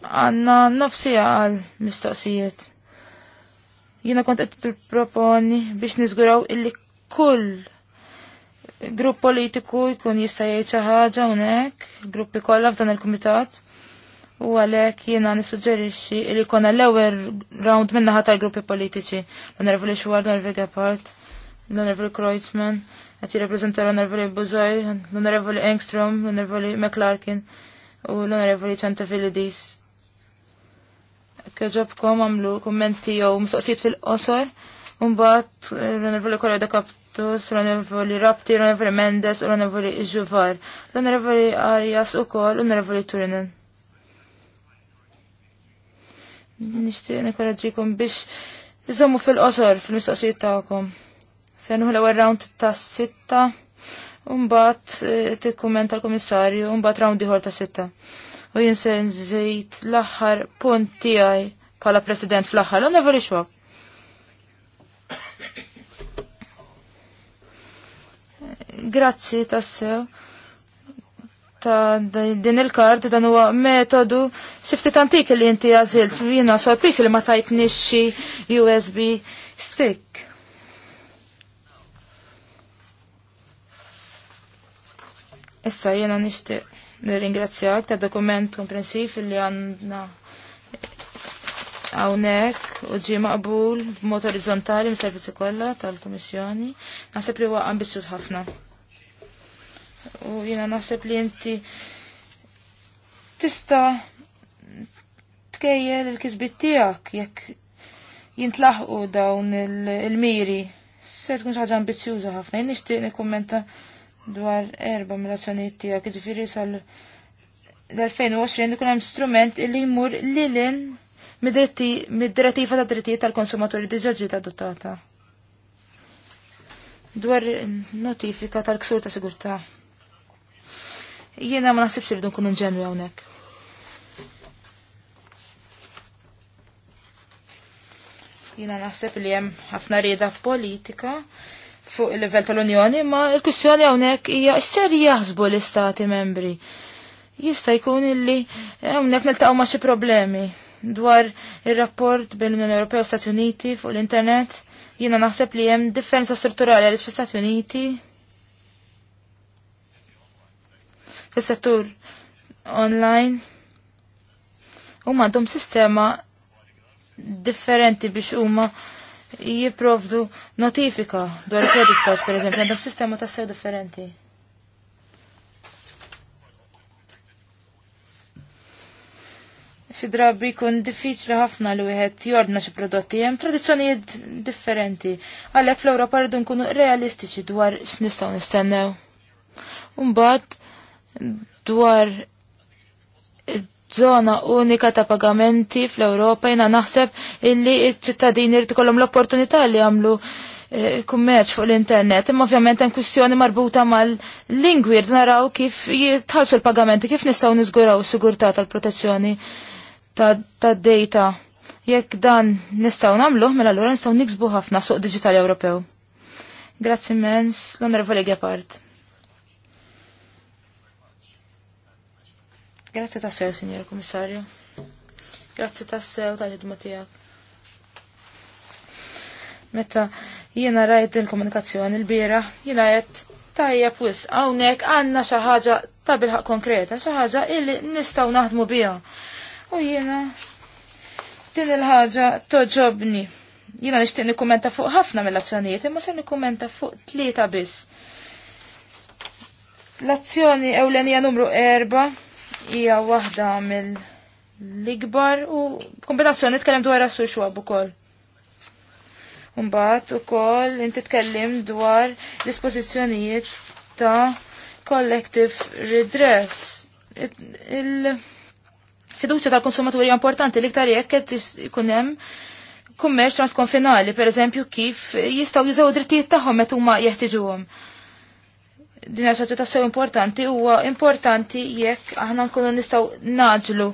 Għanna nofsi għal mistoqsijiet. Jina kont qed proponi biex nizguraw il-li kull grupp politiku jkun jista' jgħid xi ħaġa hawnhekk, gruppi kollha f'dan il-kumitat. U għalhekk jiena nissuġġerixxi li jkollna l-ewwel round min-naħa tal-gruppi politiċi. L-Onorevoli Xwar, l-Onorevoli Gephardt, l-Onorevoli Kreutzmann, qed jirrappreżentaw l-Onorevoli Buzoj, l-Onorevoli Engstrom, l-Onorevoli McClarkin u l-Onorevoli Ċantafilidis. Keġobkom għamlu kummenti jew msoqsijiet fil-qosor, u mbagħad l-Onorevoli Korra da Santos, l-Onorevoli Rapti, l-Onorevoli Mendes, l-Onorevoli Ijuvar, l-Onorevoli Arias u kol, l-Onorevoli Turinen. Nishtiq nekoraġikum biex nizomu fil-qosor fil-mistoqsijiet tagħkom. Se l ewel round ta' sitta, u t eh, tikkumenta tal kummissarju u mbagħad round ieħor ta' sitta. U jinsen zejt l-aħħar punt tiegħi bħala President fl-aħħar, l-Onorevoli Xwab. Grazzi tassew ta' din il-kart dan huwa metodu xifti tantik li inti għażilt jiena sorpris li ma tajtniex xi USB stick. Issa jiena nixtieq nirringrazzjak ta' dokument komprensiv li għandna hawnhekk u ġie maqbul b'mod orizzontali mis-servizzi kollha tal-Kummissjoni. Naħseb li huwa ambizzjuż ħafna u jina naħseb li inti tista tkejjel il-kisbit tijak jekk jintlaħqu dawn il-miri. Ser tkun ħaġa ambizjuża ħafna. Jien nixtieq nikkummenta dwar erba' mill-azzjonijiet tiegħek, jiġifieri sal l-2020 ikun hemm strument li jmur lilin mid-direttiva ta' drittijiet tal-konsumaturi diġà ġiet adottata. Dwar notifika tal-ksur ta' sigurtà. Jiena ma naħsibx irridu nkunu inġenwi hawnhekk. Jiena naħseb li hemm ħafna rieda politika fuq il-livell tal-Unjoni, ma l-kwistjoni hawnhekk hija x'ser jaħsbu l-istati membri. Jista' jkun illi hawnhekk niltaqgħu ma' xi problemi dwar ir rapport bejn l-Unjoni Ewropea u Stati Uniti fuq l-Internet. Jiena naħseb li hemm differenza strutturali għal fl-Stati Uniti fis-settur online huma għandhom sistema differenti biex huma jipprovdu notifika dwar credit cards per eżempju għandhom sistema ta' sew differenti. Si drabi kun diffiċli ħafna li wieħed jordna xi prodotti hemm tradizzjonijiet differenti. Għalhekk fl-Ewropa rridu nkunu realistiċi dwar x'nistgħu nistennew. Mbagħad dwar zona unika ta' pagamenti fl-Europa jina naħseb illi il ċittadini irid ikollhom l-opportunità li jagħmlu eh, kummerċ fuq l-internet, imma ovvjament hemm kwistjoni marbuta mal-lingwi rid naraw kif jitħallsu l-pagamenti, kif nistgħu niżguraw sigurtà tal-protezzjoni tad-data. Jekk dan nistgħu nagħmluh, mela allura nistgħu niksbu ħafna suq Digitali Ewropew. Grazzi mens, l-onorevoli Gepard. Grazzi ta' sew, Signor commissario. Grazzi ta' sew ta' ġidma tijak. Meta jiena rajt il-komunikazzjoni l-bira, jiena jett tajja pwis, għawnek għanna xaħġa ta' bilħak konkreta, xaħġa illi nistaw naħdmu bija. U jiena din il-ħaġa toġobni. Jiena nishtiq nikkumenta fuq ħafna mill-azzjonijiet, imma se nikkumenta fuq tlieta biss. L-azzjoni ewlenija numru erba' hija waħda mill-ikbar u kompetazzjoni tkellem dwar assur xwab ukoll. Mbagħad ukoll inti tkellim dwar l-ispożizzjonijiet ta' collective redress. Il-fiduċa tal-konsumaturi importanti li ktar jekk qed ikun hemm kummerċ transkonfinali, per eżempju, kif jistgħu jużaw drittijiet tagħhom meta huma jeħtiġuhom din il-soċjetà sew importanti huwa importanti jekk aħna nkunu nistgħu naġlu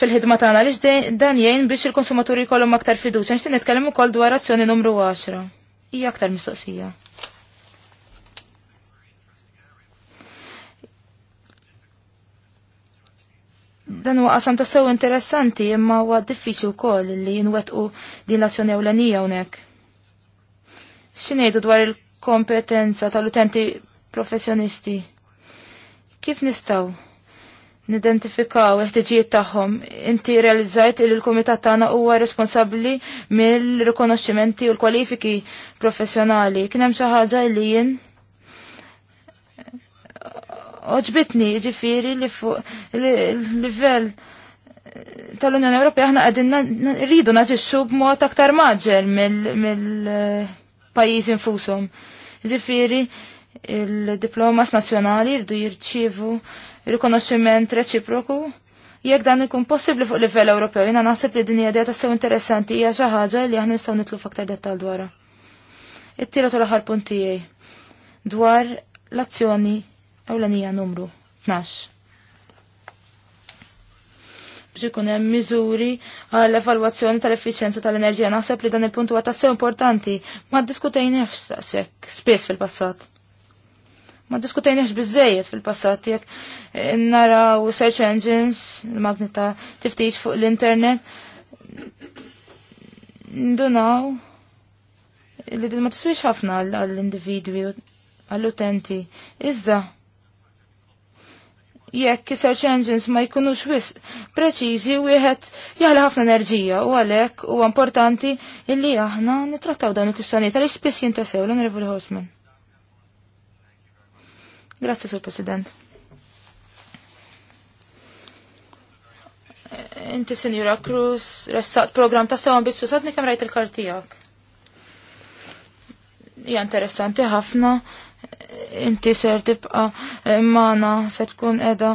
fil-ħidma tagħna xdej dan jgħin biex il-konsumaturi jkollhom aktar fiduċja. Nixtieq nitkellem ukoll dwar azzjoni numru 10. Hija aktar mistoqsija. Dan huwa qasam ta' sew interessanti imma huwa diffiċli wkoll li jinwettqu din l-azzjoni ewlenija hawnhekk. X'ngħidu dwar il- kompetenza tal-utenti professjonisti. Kif nistaw nidentifikaw eħtiġijiet tagħhom? Inti realizzajt li l-kumitat tagħna huwa responsabbli mill-rikonoxximenti u l-kwalifiki professjonali. Kien hemm xi ħaġa li jien oġbitni ġifiri li fuq livell tal-Unjoni Ewropea aħna qegħdin rridu naġixxu b'mod aktar maġġel mill-pajjiż eh, infushom. Ġifieri il-diplomas nazzjonali rridu jirċievu rikonoxximent reċiproku jekk dan ikun possibbli fuq livell Ewropew. Jiena naħseb li din hija dejta sew interessanti hija xi ħaġa li aħna nistgħu nitlu f'aktar dettal dwarha. It-tielet u l-aħħar punt tiegħi dwar l-azzjoni ewlenija numru 12. Biex ikun hemm miżuri għall evalwazzjoni tal-effiċjenza tal-enerġija naħseb li dan il-punt huwa tassew importanti ma ddiskutejniex sekk spiss fil-passat ma diskutajniex bizzejiet fil-passat jek naraw search engines, il-magneta tiftix fuq l-internet. Ndunaw li din ma tiswix ħafna għall-individwi għall-utenti. Iżda, jekk search engines ma jkunux wis preċiżi u jħed jaħla ħafna enerġija u għalek u importanti illi aħna nitrattaw dawn il kustanieta li spess jintasew l-Honorable Horseman. Grazzi, Sur President. Inti, Senjura Cruz, ressaqt program ta' sewan bissu, sadni kam rajt il-kartijak. Ja, interessanti ħafna. Inti ser tibqa eh, mana, ser tkun edha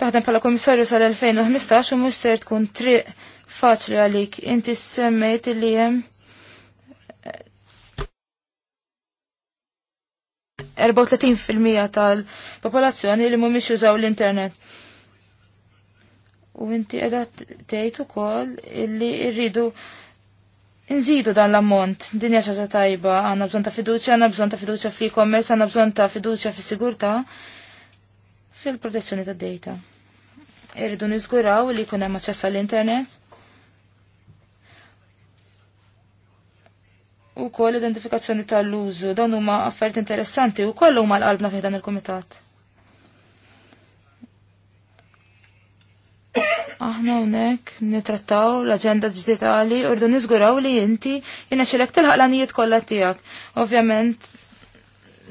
taħdem pala komissarju sal-2015 u mux ser tkun triq faċli għalik. Inti semmejt li jem 34% tal-popolazzjoni li mhumiex jużaw l-internet. U inti qiegħda tgħid ukoll illi rridu nżidu dan l-ammont, din hija xaġa tajba, għandna bżonn ta' fiduċja, għandna bżonn ta' fiduċja fl-e-commerce, għandna bżonn ta' fiduċja fis-sigurtà fil-protezzjoni tad-data. Irridu niżguraw li jkun hemm aċċess għall-internet u koll identifikazzjoni tal-użu, dawn huma affarijiet interessanti u koll huma l-qalbna fi dan il-kumitat. Aħna hawnhekk nitrattaw l-aġenda digitali u rdu niżguraw li inti jinaxilek tilħaq l kollha tiegħek. Ovvjament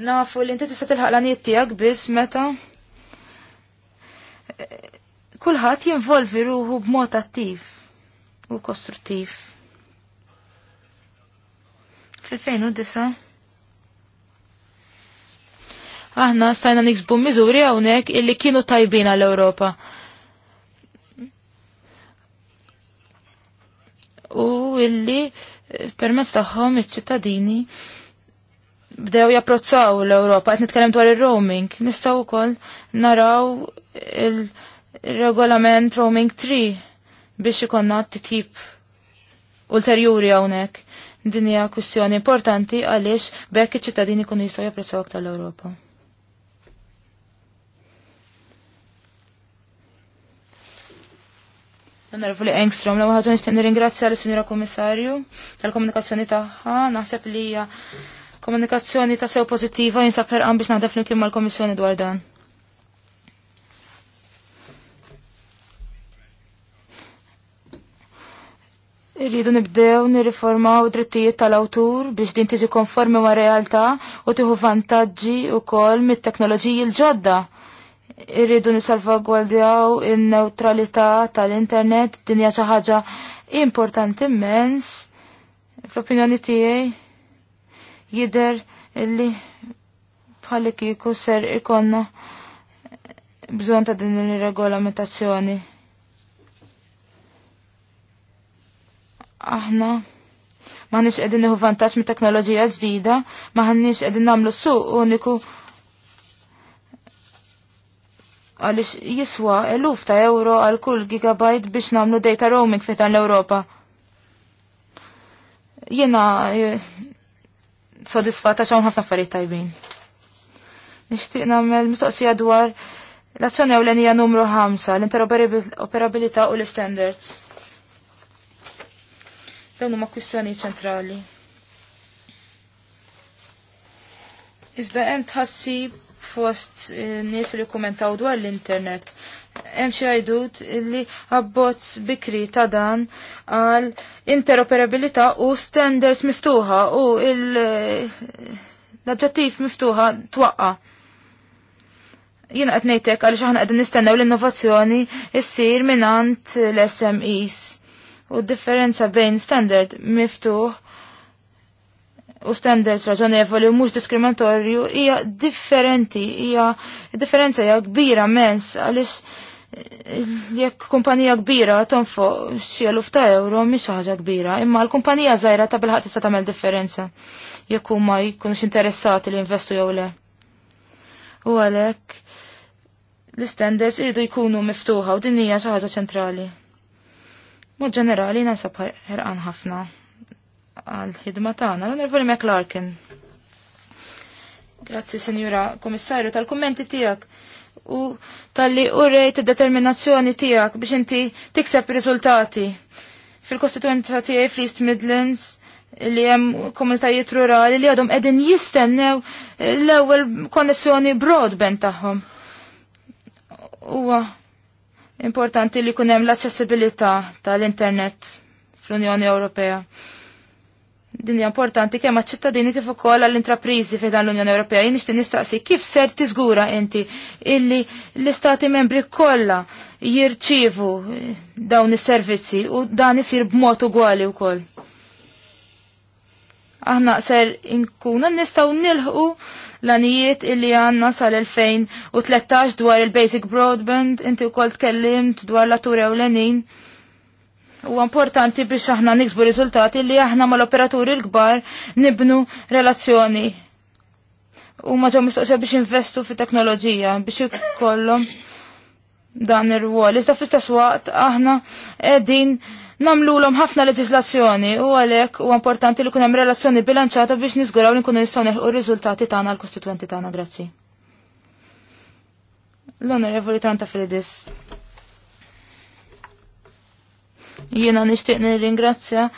nafu li inti tista' tilħaq l tiegħek biss meta kulħadd jinvolvi ruħu b'mod attiv u kostruttiv. Fl-2009 aħna stajna niksbu miżuri hawnhekk illi kienu tajbin għall europa U illi eh, permezz tagħhom iċ-ċittadini bdew japprozzaw l-Ewropa, qed nitkellem dwar ir-roaming, nistgħu wkoll naraw il-regolament roaming 3 biex ikonna t-tip ulterjuri hawnhekk. Din hija kwistjoni importanti għaliex bekk iċ-ċittadini kun jistgħu jappressaw aktar l-Ewropa. Narfu li Engstrom, l ħagħu nishtiq nirringrazzja l sinjora Komissarju tal-komunikazzjoni tagħha, naħseb li hija komunikazzjoni ta' sew pożittiva jinsab ħerqan biex naħdem flimkien mal-Komissjoni dwar dan. Irridu nibdew nirriformaw drittijiet tal-awtur biex din tiġi konformi ma' realtà u tieħu vantaġġi wkoll mit-teknoloġiji l-ġodda. Irridu nisalvagwaldjaw in-neutralità tal-internet din hija xi ħaġa importanti immens. Fl-opinjoni tiegħi jidher illi bħalli kieku ser ikonna bżonn ta' din ir-regolamentazzjoni aħna maħnix qegħdin iħu vantaġġ mit teknoloġija ġdida, maħnix qegħdin nagħmlu suq uniku għaliex jiswa eluf ta' euro għal kull gigabajt biex nagħmlu data roaming fi l-Ewropa. Jiena eh, sodisfatta xawn ħafna affarijiet tajbin. Nixtieq nagħmel mistoqsija dwar l-azzjoni l-enija numru 5, l-interoperabilità u l-standards. Dawn huma kwistjoni ċentrali. Iżda hemm tħassib fost eh, nies li kummentaw dwar l-internet. Hemm xi għajdut li abbozz bikri ta' dan għal interoperabilità u standards miftuħa u eh, l-aġġettiv miftuħa twaqqa Jiena qed ngħidlek għaliex aħna qegħdin nistennew l-innovazzjoni ssir mingħand l-SMEs u differenza bejn standard miftuħ u standards raġonevoli u mhux diskriminatorju hija differenti, hija differenza hija kbira mens għaliex eh, jekk kumpanija kbira tonfoq xie lufta euro mhix ħaġa kbira, imma l-kumpanija żgħira ta' bil tista' tagħmel differenza jekk huma jkunux interessati li investu jew le. U għalhekk l-standards iridu jkunu miftuħa u din hija xi ħaġa ċentrali. Mod ġenerali nasab ħerqan ħafna għal-ħidma tagħna. L-Onorevoli McLarkin. Grazzi, Sinjura Kummissarju tal-kummenti tiegħek u tal-li urrejt id-determinazzjoni tiegħek biex inti tikseb riżultati. Fil-kostituenza tiegħi fl-East Midlands, li hemm komunitajiet rurali li għadhom qegħdin jistennew l-ewwel konnessjoni broadband tagħhom. Huwa Importanti li kunem l-accessibilità tal-internet fl-Unjoni Ewropea. Din hija importanti kemm għaċ-ċittadini kif ukoll għall-intrapriżi fejn dan l-Unjoni Ewropea. Jien nixtieq nistaqsi kif ser tiżgura inti illi l-istati membri kollha jirċievu dawn is-servizzi u dan isir b'mod ugwali wkoll aħna ser inkunu nistaw nilħu l-anijiet illi għanna sal-2013 dwar il-basic broadband, inti u koll tkellimt dwar la tura u l-enin. U importanti biex aħna niksbu riżultati li aħna mal-operaturi l-kbar nibnu relazzjoni. U maġaw mistoqsija biex investu fi teknoloġija, biex ikollhom dan ir-rwol. Iżda fl-istess waqt aħna qegħdin namlulhom ħafna leġislazzjoni u għalhekk u importanti li kunem hemm relazzjoni bilanċata biex niżguraw li nkunu nistgħu neħu r-riżultati tagħna l-kostituenti tagħna. Grazzi. L-Onorevoli Tranta Jena Jiena nixtieq nirringrazzja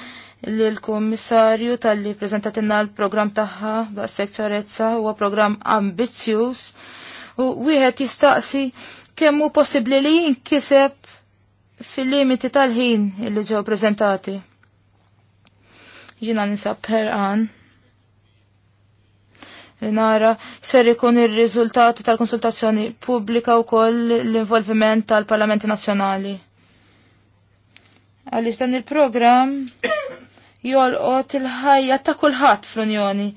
l-Kummissarju tal-li prezentatina l-programm tagħha ba' ċarezza huwa programm ambizjus u wieħed jistaqsi kemm hu possibbli li jinkiseb fil-limiti tal-ħin illi ġew prezentati. Jina nisab herqan. Nara, ser ikun ir-riżultati tal-konsultazzjoni pubblika u koll l-involviment tal-Parlamenti Nazzjonali. Għaliex dan il-programm jolqot il-ħajja ta' kulħadd fl-Unjoni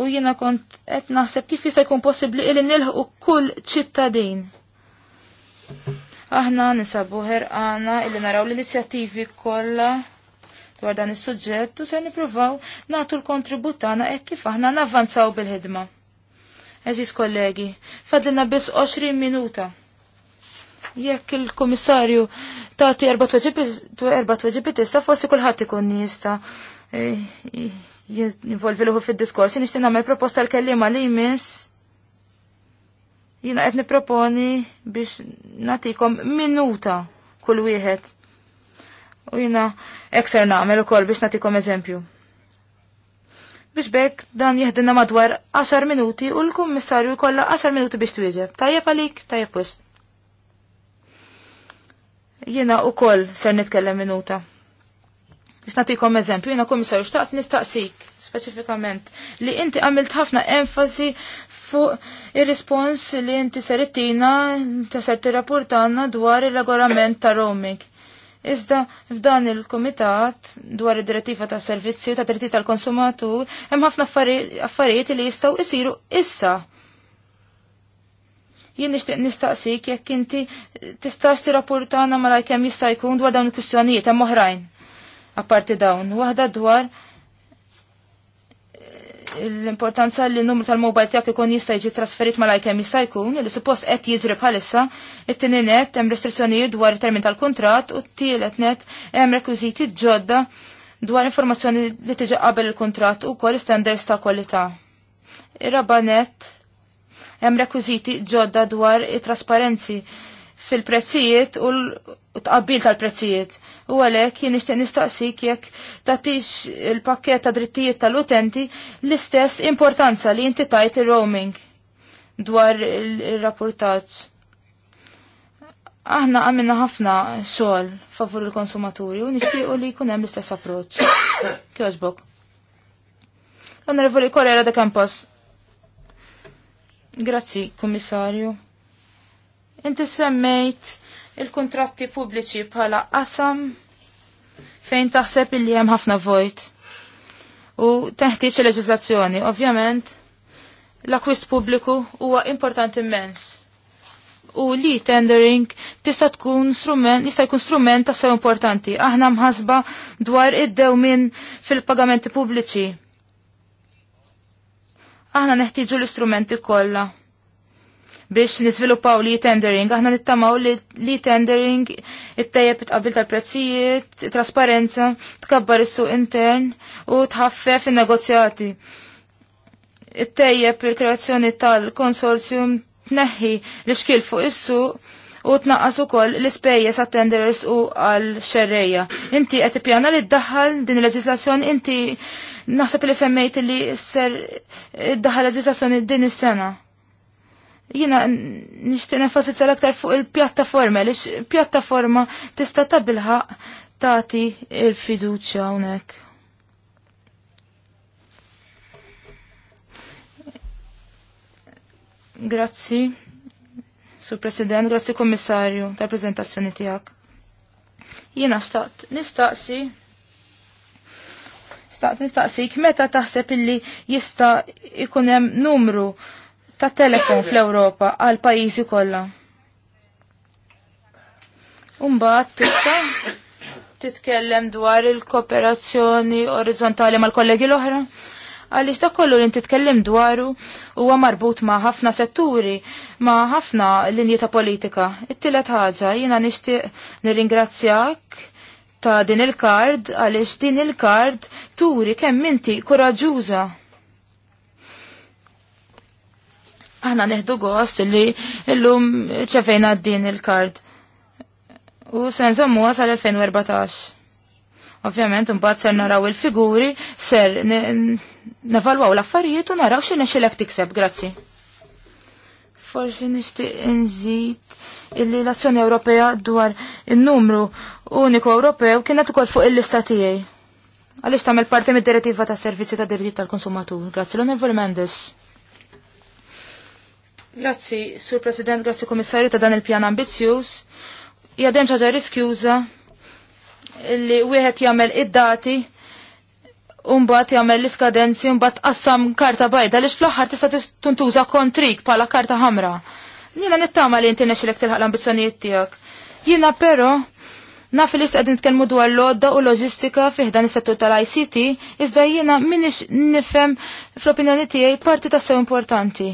u jiena kont qed naħseb kif jista' jkun possibbli illi nilħu kull ċittadin. Aħna nisabu ħerqana illi naraw l-inizjattivi kollha dwar dan is-suġġett u se nippruvaw nagħtu l-kontribut tagħna hekk kif aħna navvanzaw bil-ħidma. Eżis kollegi, fadlina biss 20 minuta. Jekk il-komissarju tagħti erba' tweġibiet issa forsi kulħadd ikun jista' eh, jinvolvi fid-diskors. Nixtieq nagħmel proposta l-kellima li jmiss Jina qed proponi biex natikom minuta kull wieħed. U jina ekser nagħmel ukoll biex natikom eżempju. Biex bekk dan jihdinna madwar 10 minuti u l-kummissarju jkollha 10 minuti biex twieġeb. Tajjeb għalik, tajjeb wisq. Jiena u koll ser nitkellem minuta. Biex natikom eżempju, jiena kummissarju xtaqt nistaqsik, specifikament, li inti għamilt ħafna enfasi fuq ir-rispons li inti serittina ta' ser t-rapportanna dwar ir-regolament ta' roaming. Iżda f'dan il-komitat dwar id-direttiva ta' servizzi ta' dritti tal-konsumatur hemm ħafna affarijiet li jistgħu isiru issa. Jien nixtieq nistaqsik jekk inti tistax tirrapportana mara kemm jista' jkun dwar dawn il-kwistjonijiet hemm oħrajn. Apparti dawn, waħda dwar l-importanza li n-numru tal-mobile tiegħek ikun jista' jiġi trasferit mal lajkem jista' jkun li suppost qed jiġri bħalissa, it tini net hemm restrizzjonijiet dwar it-termin tal-kuntratt u t-tielet net hemm rekwiżiti ġodda dwar informazzjoni li tiġi qabel il-kuntratt u kol standards ta' kwalità. Ir-raba net hemm rekwiżiti ġodda dwar it-trasparenzi fil-prezzijiet u u tqabbil tal-prezzijiet. U għalek jien nixtieq nistaqsik jekk tagħtix il-pakket ta' drittijiet tal-utenti l-istess importanza li inti tajt ir-roaming dwar il-rapportaġġ. Aħna għamilna ħafna xogħol favur il-konsumaturi u nixtiequ li jkun hemm l-istess approċċ. Kjożbok. Onorevoli Correra de Campos. Grazzi, Kommissarju. Inti semmejt il-kontratti pubbliċi bħala qasam fejn taħseb illi hemm ħafna vojt. U teħtieġ leġislazzjoni, ovvjament l-akwist pubbliku huwa importanti immens. U li tendering tista' tkun strument, jista' jkun strument ta' sew importanti. Aħna mħasba dwar id-dew minn fil-pagamenti pubbliċi. Aħna neħtieġu l-istrumenti kollha biex nisviluppaw li tendering. Aħna nittamaw li, li tendering it-tejjeb it-qabil tal-prezzijiet, trasparenza, tkabbar is-suq intern u tħaffef in-negozjati. It-tejjeb il-kreazzjoni tal-konsorzjum tneħħi li xkil fuq is-suq u tnaqqas ukoll l-ispejjeż għat-tenders u għal xerreja. Inti qed ippjana li ddaħħal din il-leġislazzjoni inti naħseb li semmejt li ser iddaħħal leġislazzjoni din is-sena. Jina nishtiq nefasizza l-aktar fuq il-pjattaforma, li pjattaforma tista' tabilħaq tati il-fiduċja hawnhekk. Grazzi, Sur President, grazzi komissarju tal-prezentazzjoni tiegħek. Jiena xtaqt nistaqsi nistaqsik meta taħseb illi jista' ikunem hemm numru ta' telefon fl-Ewropa għal pajjiżi kollha. Umbagħad tista' titkellem dwar il-kooperazzjoni orizzontali mal-kollegi l-oħra? Għaliex ta' kollu li titkellem dwaru huwa marbut ma' ħafna setturi, ma' ħafna linji ta' politika. It-tielet ħaġa jiena nixtieq nirringrazzjak ta' din il-kard għaliex din il-kard turi kemm inti koraġuża Aħna neħdu gost li llum ċefejna din il-kard. U senżommu għal 2014. Ovvjament, mbagħad ser naraw il-figuri, ser nevalwaw l-affarijiet u naraw xi nexilek tikseb, grazzi. Forsi nixtieq illi il azzjoni Ewropea dwar in-numru uniku Ewropew kienet ukoll fuq il-lista tiegħi. Għaliex tagħmel parti mid-direttiva tas servizzi ta' diritti tal-konsumatur. Grazzi l-Onorevol Mendes. Grazzi, Sur President, grazzi Komissarju ta' dan il-pjan ambizzjuż. Jadem ċaġa riskjuża li wieħed jagħmel id-dati Umbat jagħmel l-iskadenzi mbagħad qassam karta bajda lix fl-aħħar tista' tuntuża kontrik bħala karta ħamra. Jiena nittama li inti nexilek tilħaq l-ambizzjonijiet tiegħek. Jiena però Naf li s għedin t-kelmu dwar l-odda u loġistika fiħdan is-settur tal-ICT, iżda jiena minix nifem fl-opinjoni tiegħi parti tas sew importanti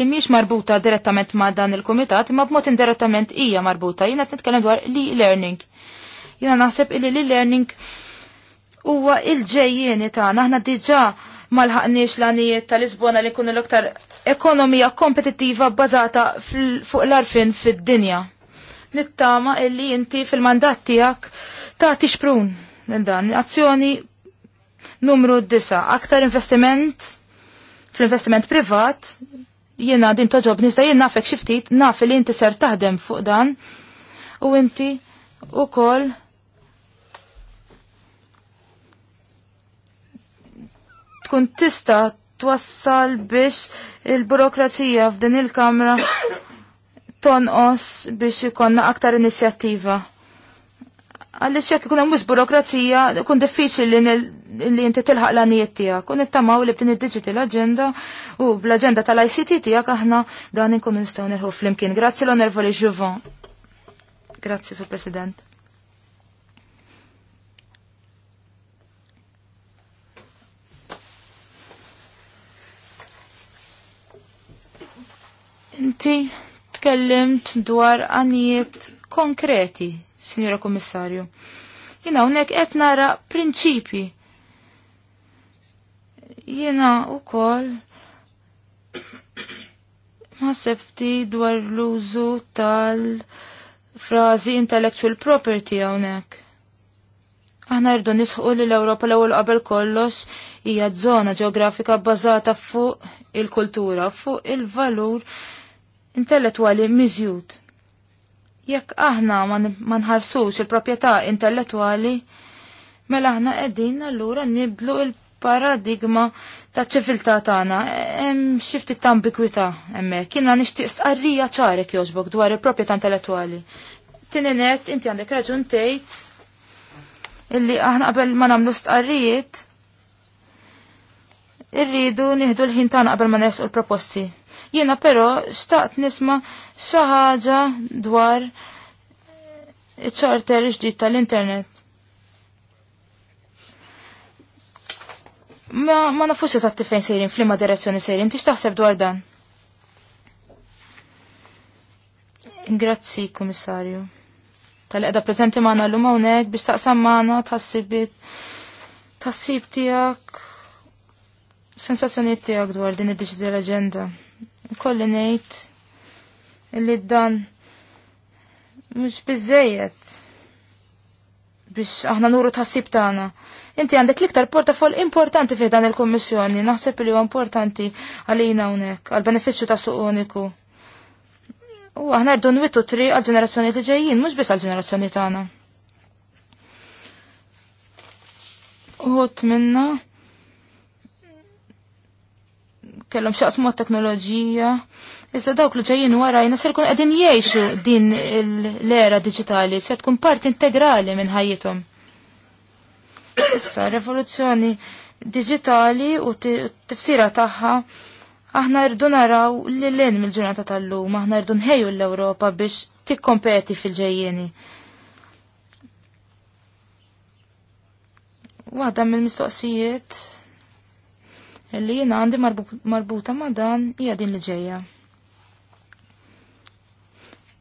li miex marbuta direttament ma' dan il-kumitat imma b'mod indirettament hija marbuta. Jiena qed nitkellem dwar li learning Jiena naħseb illi li learning huwa il-ġejjieni tagħna aħna diġà malħaqniex l-għanijiet tal-Lisbona li kunu l-aktar ekonomija kompetittiva bbażata fuq l-arfin fid-dinja. Nittama illi inti fil-mandat tiegħek tagħti xprun lil dan. Azzjoni numru 9. Aktar investiment fl-investiment privat jiena din toġob nista jien nafek xi ftit naf li inti ser taħdem fuq dan u inti kol tkun tista twassal biex il-burokrazija f'din il-kamra tonqos biex ikonna aktar inizjattiva. Għalix jekk ikun hemm burokrazija, kun diffiċli li inti tilħaq l-għanijiet tiegħek. Kun it-tamaw li b'din id-digital agenda u bl-aġenda tal-ICT tiegħek aħna dan inkunu nistgħu nirħu flimkien. Grazzi l-Onervoli ġuvan. Grazzi, Sur President. Inti tkellimt dwar għanijiet konkreti Signora Kommissarju. Jina unek qed nara prinċipi. Jina u ma sefti dwar l-użu tal-frażi intellectual property hawnhekk. Aħna rridu nisħu li l-Ewropa l-ewwel qabel kollox hija żona ġeografika bbażata fuq il-kultura, fuq il-valur intellettwali miżjud. Jekk aħna ma nħarsux il-proprjetà intellettwali, mela aħna qegħdin allura nibdlu il-paradigma ta' ċiviltà tagħna. Hemm xi ftit ta' ambikwità hemmhekk. Kienna nixtieq stqarrija ċarek jogħġbok dwar il-proprjetà intellettwali. Tieni net inti għandek raġun tgħid illi aħna qabel ma nagħmlu stqarrijiet irridu nieħdu l-ħin tagħna qabel ma nersqu l-proposti. Jiena però staqt nisma' saħħaġa ħaġa dwar iċ-charter ġdid tal-internet. Ma, ma nafux eżatti fejn sejrin, flimma direzzjoni sejrin, tix taħseb dwar dan? Grazzi, komissarju. Tal-edha prezenti maħna l-lum għonek biex taqsam maħna tħassibit, tħassib tijak, sensazzjoni tijak dwar din id-digital agenda kolli ngħid li dan mhux bizzejet biex aħna nuru tħassib tagħna. Inti għandek l-iktar portafol importanti fih dan il-Kommissjoni, naħseb li huwa importanti għalina hawnhekk, għall-benefiċċju ta' suq uniku. U aħna rdu nwittu tri għal-ġenerazzjoni li ġejjin, mhux biss għal-ġenerazzjoni tagħna. Uħut minna xaqs mod teknoloġija. Issa dawk li ġejjin wara jina ser kun qegħdin jgħixu din l-era diġitali se tkun parti integrali minn ħajjithom. Issa rivoluzzjoni diġitali u t-tifsira tagħha aħna rridu naraw li l mill-ġurnata tal-lum, aħna rridu nħejju l-Ewropa biex tikkompeti fil-ġejjeni. Waħda mill-mistoqsijiet li jina għandi marbuta ma' dan hija din li ġejja.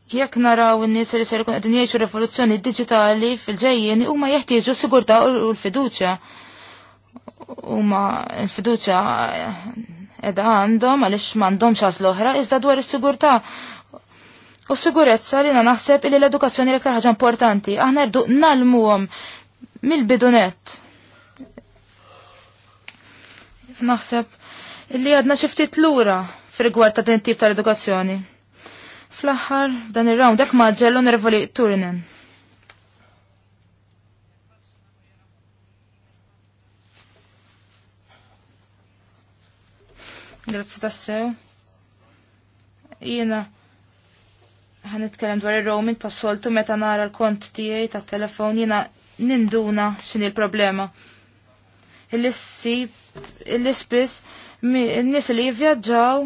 Jekk naraw n nies li ser kun qegħdin jgħixu rivoluzzjoni diġitali fil-ġejjien huma jeħtieġu sigurtà u l-fiduċja. ma l-fiduċja edha għandhom għaliex m'għandhomx l oħra iżda dwar is-sigurtà U sigurezza li na naħseb li l-edukazzjoni l-iktar ħaġa importanti. Aħna rdu nalmuhom mill-bidunet naħseb li għadna xiftit lura fil-gwar ta' din tip tal-edukazzjoni. Fl-axħar, dan ir-round dak maġġel onorevoli Turinen. Grazzi tassew. Jena, ħan nitkellem dwar ir-roaming passoltu meta nara l-kont tiegħi tat-telefon jiena ninduna x'inhi l-problema. Illi ssib l-ispis n-nis li jivvjaġġaw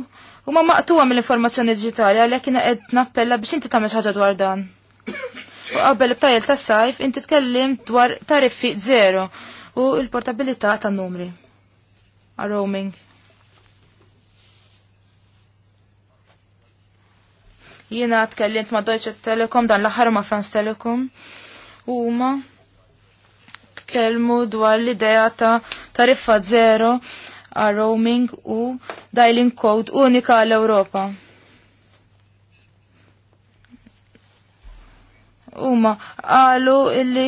u ma maqtuwa mill-informazzjoni digitali għalhekk kien qed nappella biex inti tagħmel ħaġa dwar dan. U qabel btajl tas-sajf inti tkellim dwar tariffi zero u l-portabilità tan-numri. A roaming. Jiena tkellimt ma' Deutsche Telekom dan l-aħħar ma' France Telekom. Huma nitkelmu dwar l-idea ta' tariffa zero a roaming u dialing code unika l Ewropa. Uma għalu illi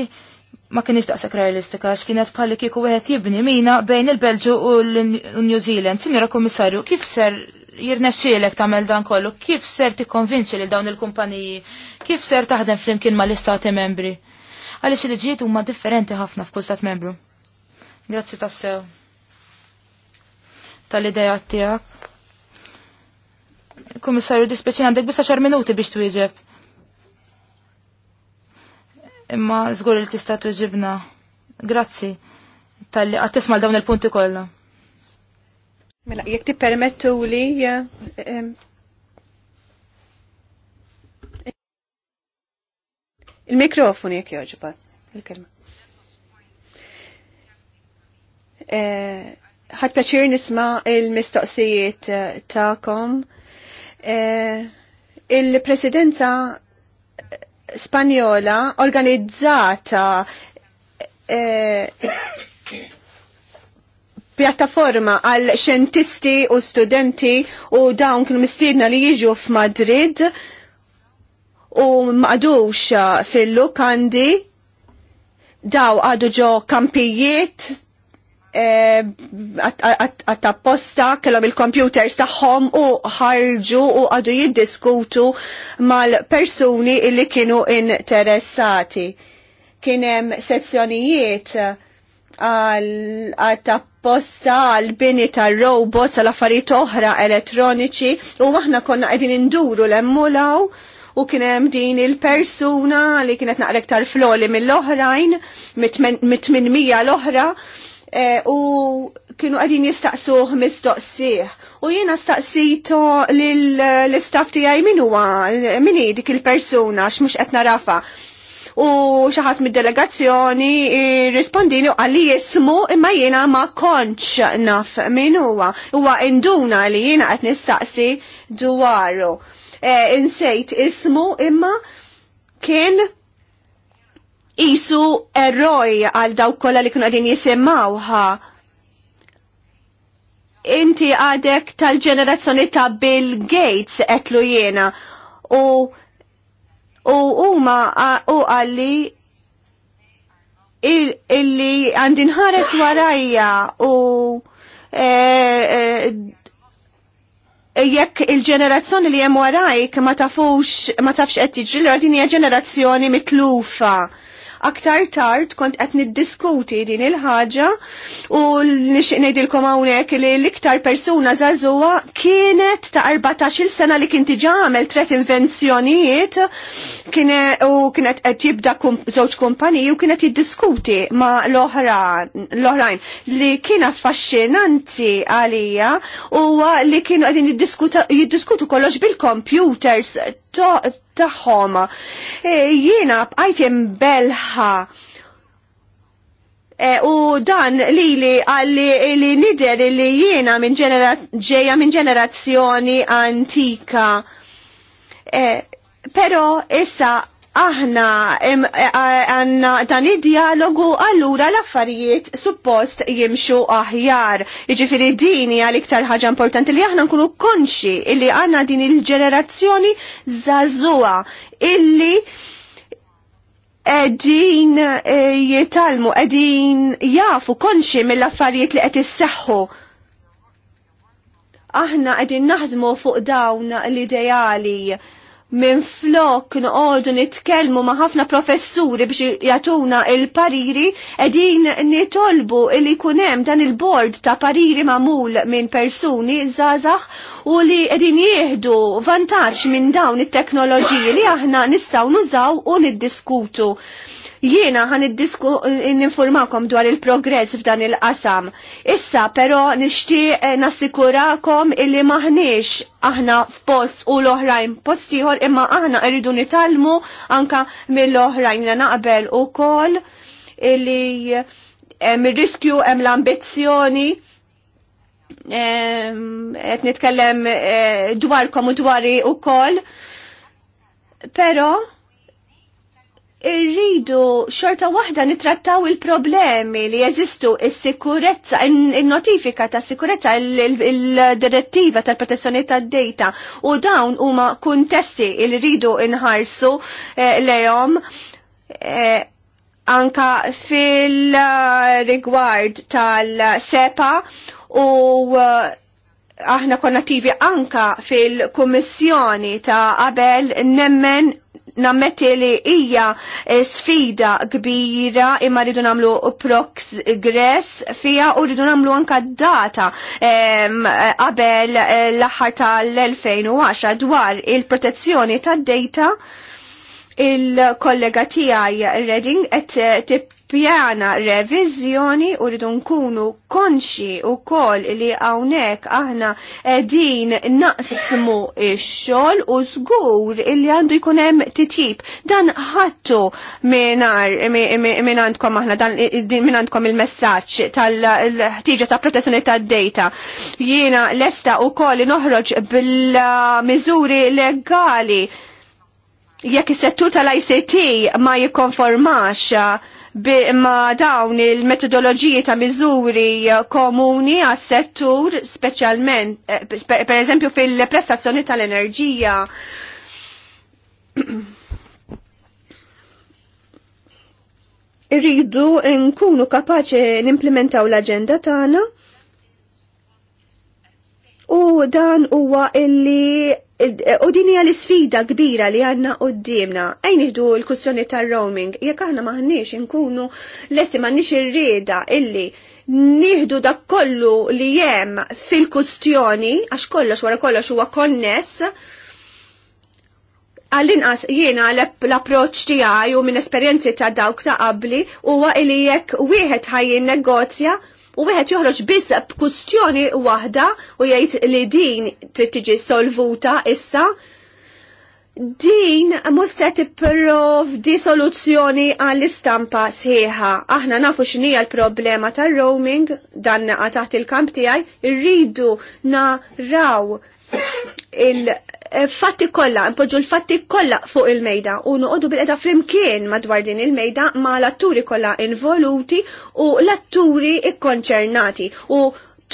ma kienx taqsak realistika x'kienet bħalli kieku wieħed jibni mina bejn il-Belġu u l-New Zealand. Sinjura Komissarju, kif ser jirnexxielek tagħmel dan kollu? Kif ser tikkonvinċi lil dawn il-kumpaniji? Kif ser taħdem flimkien mal-istati membri? għalix il-ġiet huma differenti ħafna f'kull stat membru. Grazzi tassew tal-ideja tiegħek. Kummissarju dispeċin għandek biss xar minuti biex twieġeb. Imma żgur li tista' twieġibna. Grazzi tal-li għattisma dawn il-punti kollha. Mela, jek ti permettu li Il-mikrofon jek joġbad, il-kelma. Eh, ħad pjaċir nisma il-mistoqsijiet eh, ta'kom. Eh, il-presidenza Spanjola organizzata pjattaforma għal xentisti u studenti u dawn kienu mistiedna li jiġu f'Madrid u maqdux uh, fil-lukandi daw għadu ġo kampijiet għat-apposta eh, e, kellhom il-computers tagħhom u ħarġu u għadu jiddiskutu mal-persuni illi kienu interessati. Kienem sezzjonijiet eh, għat posta għal-bini ta' robots għal-affarijiet oħra elettroniċi u aħna konna qegħdin induru l-emmulaw u kienem din il-persuna li kienet naqrek tar floli mill-oħrajn, mit Mija l-oħra, e, u kienu għadin jistaqsuħ mistoqsiħ. U jiena staqsito l-istaff tijaj min huwa, mini dik il-persuna, x x-mux qed narafa. U xaħat mid-delegazzjoni rispondini u għalli jismu imma jiena ma konċ naf min huwa. Huwa induna li jiena qed nistaqsi dwaru. Eh, insejt ismu imma kien isu eroj għal daw kolla li kienu din jisimawħa. Inti għadek tal-ġenerazzjoni ta' Bill Gates etlu jena u u huma u għalli illi għandin ħares warajja u e, e, jekk il-ġenerazzjoni li hemm warajk ma tafux ma tafx qed tiġri l din hija ġenerazzjoni mitlufa aktar tard kont qed niddiskuti din il-ħaġa u nixtieq ngħidilkom hawnhekk li l-iktar persuna żagħżugħa kienet ta' 14-il sena li kien diġa' għamel tret invenzjonijiet u kienet qed jibda żewġ kumpaniji u kienet jiddiskuti ma' l-oħrajn li kien affaxxinanti għalija huwa li kienu qegħdin jiddiskutu kollox bil-computers tagħhom. E, jiena bqajt belħa. E, u dan li li għalli li nider li jiena minn ġeja minn ġenerazzjoni antika. E, pero issa aħna għanna dan id-dialogu allura l-affarijiet suppost jimxu aħjar. Iġifiri dini għal iktar ħaġa importanti li aħna nkunu konxi illi għanna din il-ġenerazzjoni zazua illi edin e, jitalmu, edin jafu konxi mill-affarijiet li qed isseħħu aħna qegħdin naħdmu fuq dawn l-ideali minn flok noqogħdu nitkellmu ma' ħafna professuri biex jagħtuna il-pariri qegħdin nitolbu li jkun hemm dan il-bord ta' pariri magħmul minn persuni żgħażagħ u li qegħdin jieħdu vantaġġ minn dawn it-teknoloġiji li aħna nistgħu nużaw u niddiskutu. Jiena id-disku n-informakom dwar il-progress f'dan il-qasam. Issa però nixtieq eh, nassikurakom illi maħniex aħna f'post u l-oħrajn post ieħor imma aħna rridu nitalmu anka mill-oħrajn naqbel ukoll illi eh, mir ir-riskju hemm l-ambizzjoni eh, qed nitkellem dwarkom u dwari wkoll. Però irridu xorta waħda nitrattaw il-problemi li jeżistu is-sikurezza, il-notifika ta' sikurezza, il-direttiva tal protezzjoni tad data u dawn huma kuntesti li rridu inħarsu eh, lejhom eh, anka fil-rigward eh, tal-sepa u aħna konnattivi anka fil-Kummissjoni ta' Abel nemmen nammetti li hija eh, sfida kbira imma rridu nagħmlu progress fija u rridu nagħmlu anka data qabel eh, l-aħħar tal-2010 dwar il-protezzjoni tad-data il-kollega tijaj Redding et eh, Pjana reviżjoni u rridu nkunu konxi u kol li hawnhekk aħna edin naqsmu ix-xogħol u żgur li għandu jkun hemm titjib. Dan ħattu minn għandkom aħna dan il-messaġġ tal-ħtieġa ta' protezzjoni tad-data. Jiena lesta wkoll noħroġ bil-miżuri legali jekk is-settur tal-ICT ma jikkonformax ma dawn il-metodoloġiji ta' miżuri eh, komuni għas settur specialment, eh, per eżempju fil-prestazzjoni tal-enerġija. Irridu nkunu kapaċi nimplementaw l-agenda tagħna u dan huwa illi Eh, u din hija l-isfida kbira li għandna dimna Ejn iħdu l-kussjoni tar-roaming, jekk aħna maħniex inkunu lesti maħniex ir-rieda illi nieħdu dak kollu li hemm fil-kustjoni għax kollox wara kollox huwa konness għall-inqas jiena l-approċ tiegħi u minn esperjenzi ta' dawk ta' qabli huwa li jekk wieħed ħajjin negozja u wieħed joħroġ biss b'kustjoni waħda u jgħid li din trid tiġi solvuta issa din musse tipprov di soluzzjoni għall-istampa sħiħa. Aħna nafu x'inhija l-problema ta' roaming dan taħt il-kamp tiegħi, irridu naraw il- fatti kollha, npoġu l-fatti kollha fuq il-mejda u noqogħdu bil edha flimkien madwar din il-mejda ma l-atturi kollha involuti u l-atturi ikkonċernati u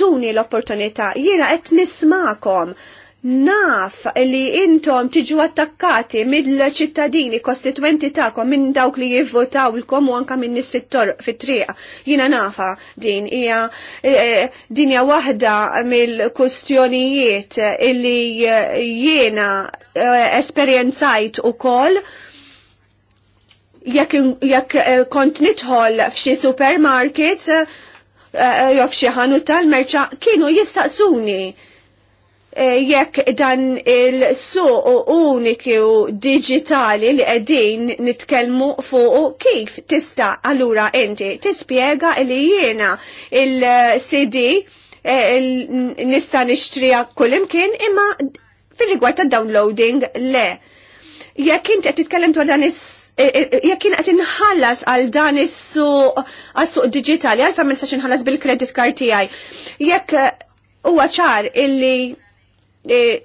tuni l-opportunità jiena qed nismakom naf li intom tiġu attakkati mill-ċittadini kostituenti ta'kom minn dawk li jivvotaw il kom u anka minn nis fit-triq. Jina nafa din hija eh, eh, dinja wahda mill-kustjonijiet illi eh, jiena esperjenzajt u koll jekk kont nidħol f'xi supermarket jew f'xi ħanut tal-merċa kienu jistaqsuni Eh, jekk dan il-suq uniku digitali li qegħdin nitkellmu fuq kif tista' allura inti tispjega li jiena il-CD eh, nista' nixtrija kullimkien imma fil-rigward ta' downloading le. Jekk inti qed titkellem dwar dan is eh, jekk kien qed inħallas għal dan is-suq għas-suq digitali għalfejn ma nistax inħallas bil-credit card tiegħi. Jekk huwa ċar illi E,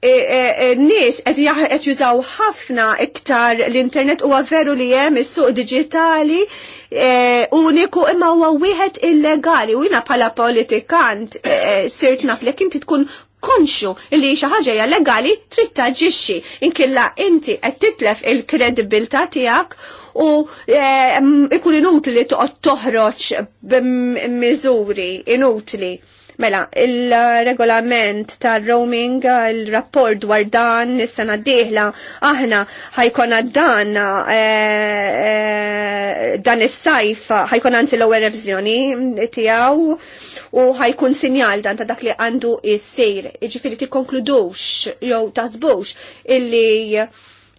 e, e, n-nies qed qed jużaw ħafna iktar l-internet huwa veru li hemm is-suq diġitali uniku imma huwa wieħed illegali u jiena bħala politikant sirt naf li inti tkun konxu li xi ħaġa hija legali trid taġixxi inkilla inti qed titlef il-kredibilità tiegħek u eh, ikun inutli toqgħod toħroġ b'miżuri inutli. Mela, il-regolament tal-roaming, il-rapport dwar dan, is-sena d-dieħla, aħna ħajkona dan, eh, eh, dan is-sajf, ħajkon għanzi l-ewwel revizjoni tiegħu u ħajkun sinjal dan ta' dak li għandu is-sejr. ti tikkonkludux jew tazbux, illi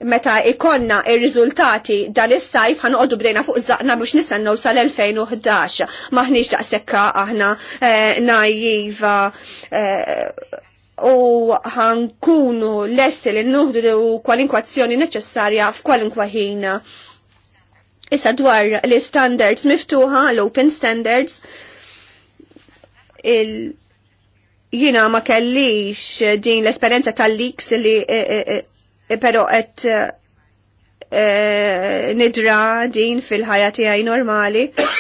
meta ikonna il riżultati dal dal-is-sajf ħanqodu bdejna fuq zaqna biex nistennew sal-2011. Maħniex daqsekka aħna eh, najjiva eh, u ħankunu lessi li nuħdu kwalinkwa azzjoni neċessarja f'kwalinkwa ħin. Issa dwar li standards miftuħa, l-open standards, il jina ma kellix din l-esperienza tal-leaks li eh, E, pero qed e, nidra din fil-ħajja tiegħi normali.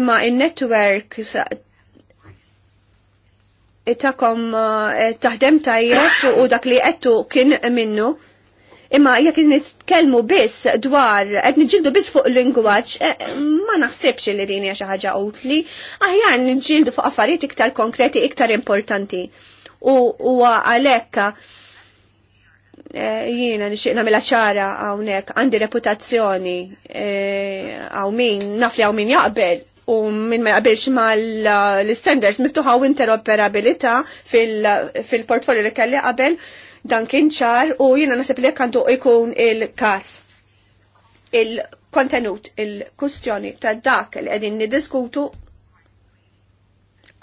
Imma in-network takom e, taħdem tajjeb u dak li qed kien minnu. Imma jekk nitkellmu biss dwar qed niġġieldu biss fuq lingwaġġ e, ma naħsibx li din hija xi ħaġa utli, aħjar niġġieldu fuq affarijiet iktar konkreti, iktar importanti. U huwa għalhekk Eh, jiena nixiqna mela ċara hawnhekk għandi reputazzjoni eh, għaw min naf li għaw min jaqbel u min ma jaqbilx mal-standards miftuħa u interoperabilità fil-portfolio li kelli qabel dan kien ċar u jiena nasib li għandu ikun il-kas il-kontenut, il-kustjoni ta' dak li qegħdin niddiskutu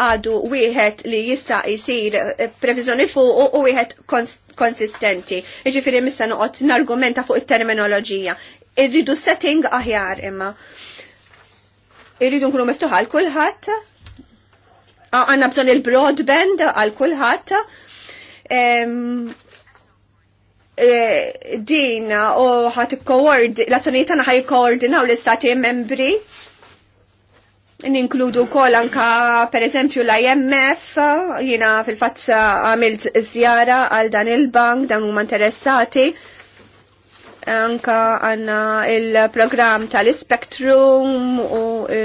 għadu wieħed li jista' jsir eh, previżjoni fuq u wieħed konsistenti. Jiġifieri missa noqgħod nargumenta fuq it-terminoloġija. Irridu setting aħjar imma. Irridu nkunu miftuħ għal kulħadd. Għandna bżonn il-broadband għal kulħadd. Eh, Din u ħat l-azzjonijiet tagħna ħaj koordinaw l-istati membri ninkludu kol anka per eżempju l-IMF, jina fil-fat għamilt zjara għal dan il-bank, dan huma interessati, anka għanna il-program tal-Spectrum u e,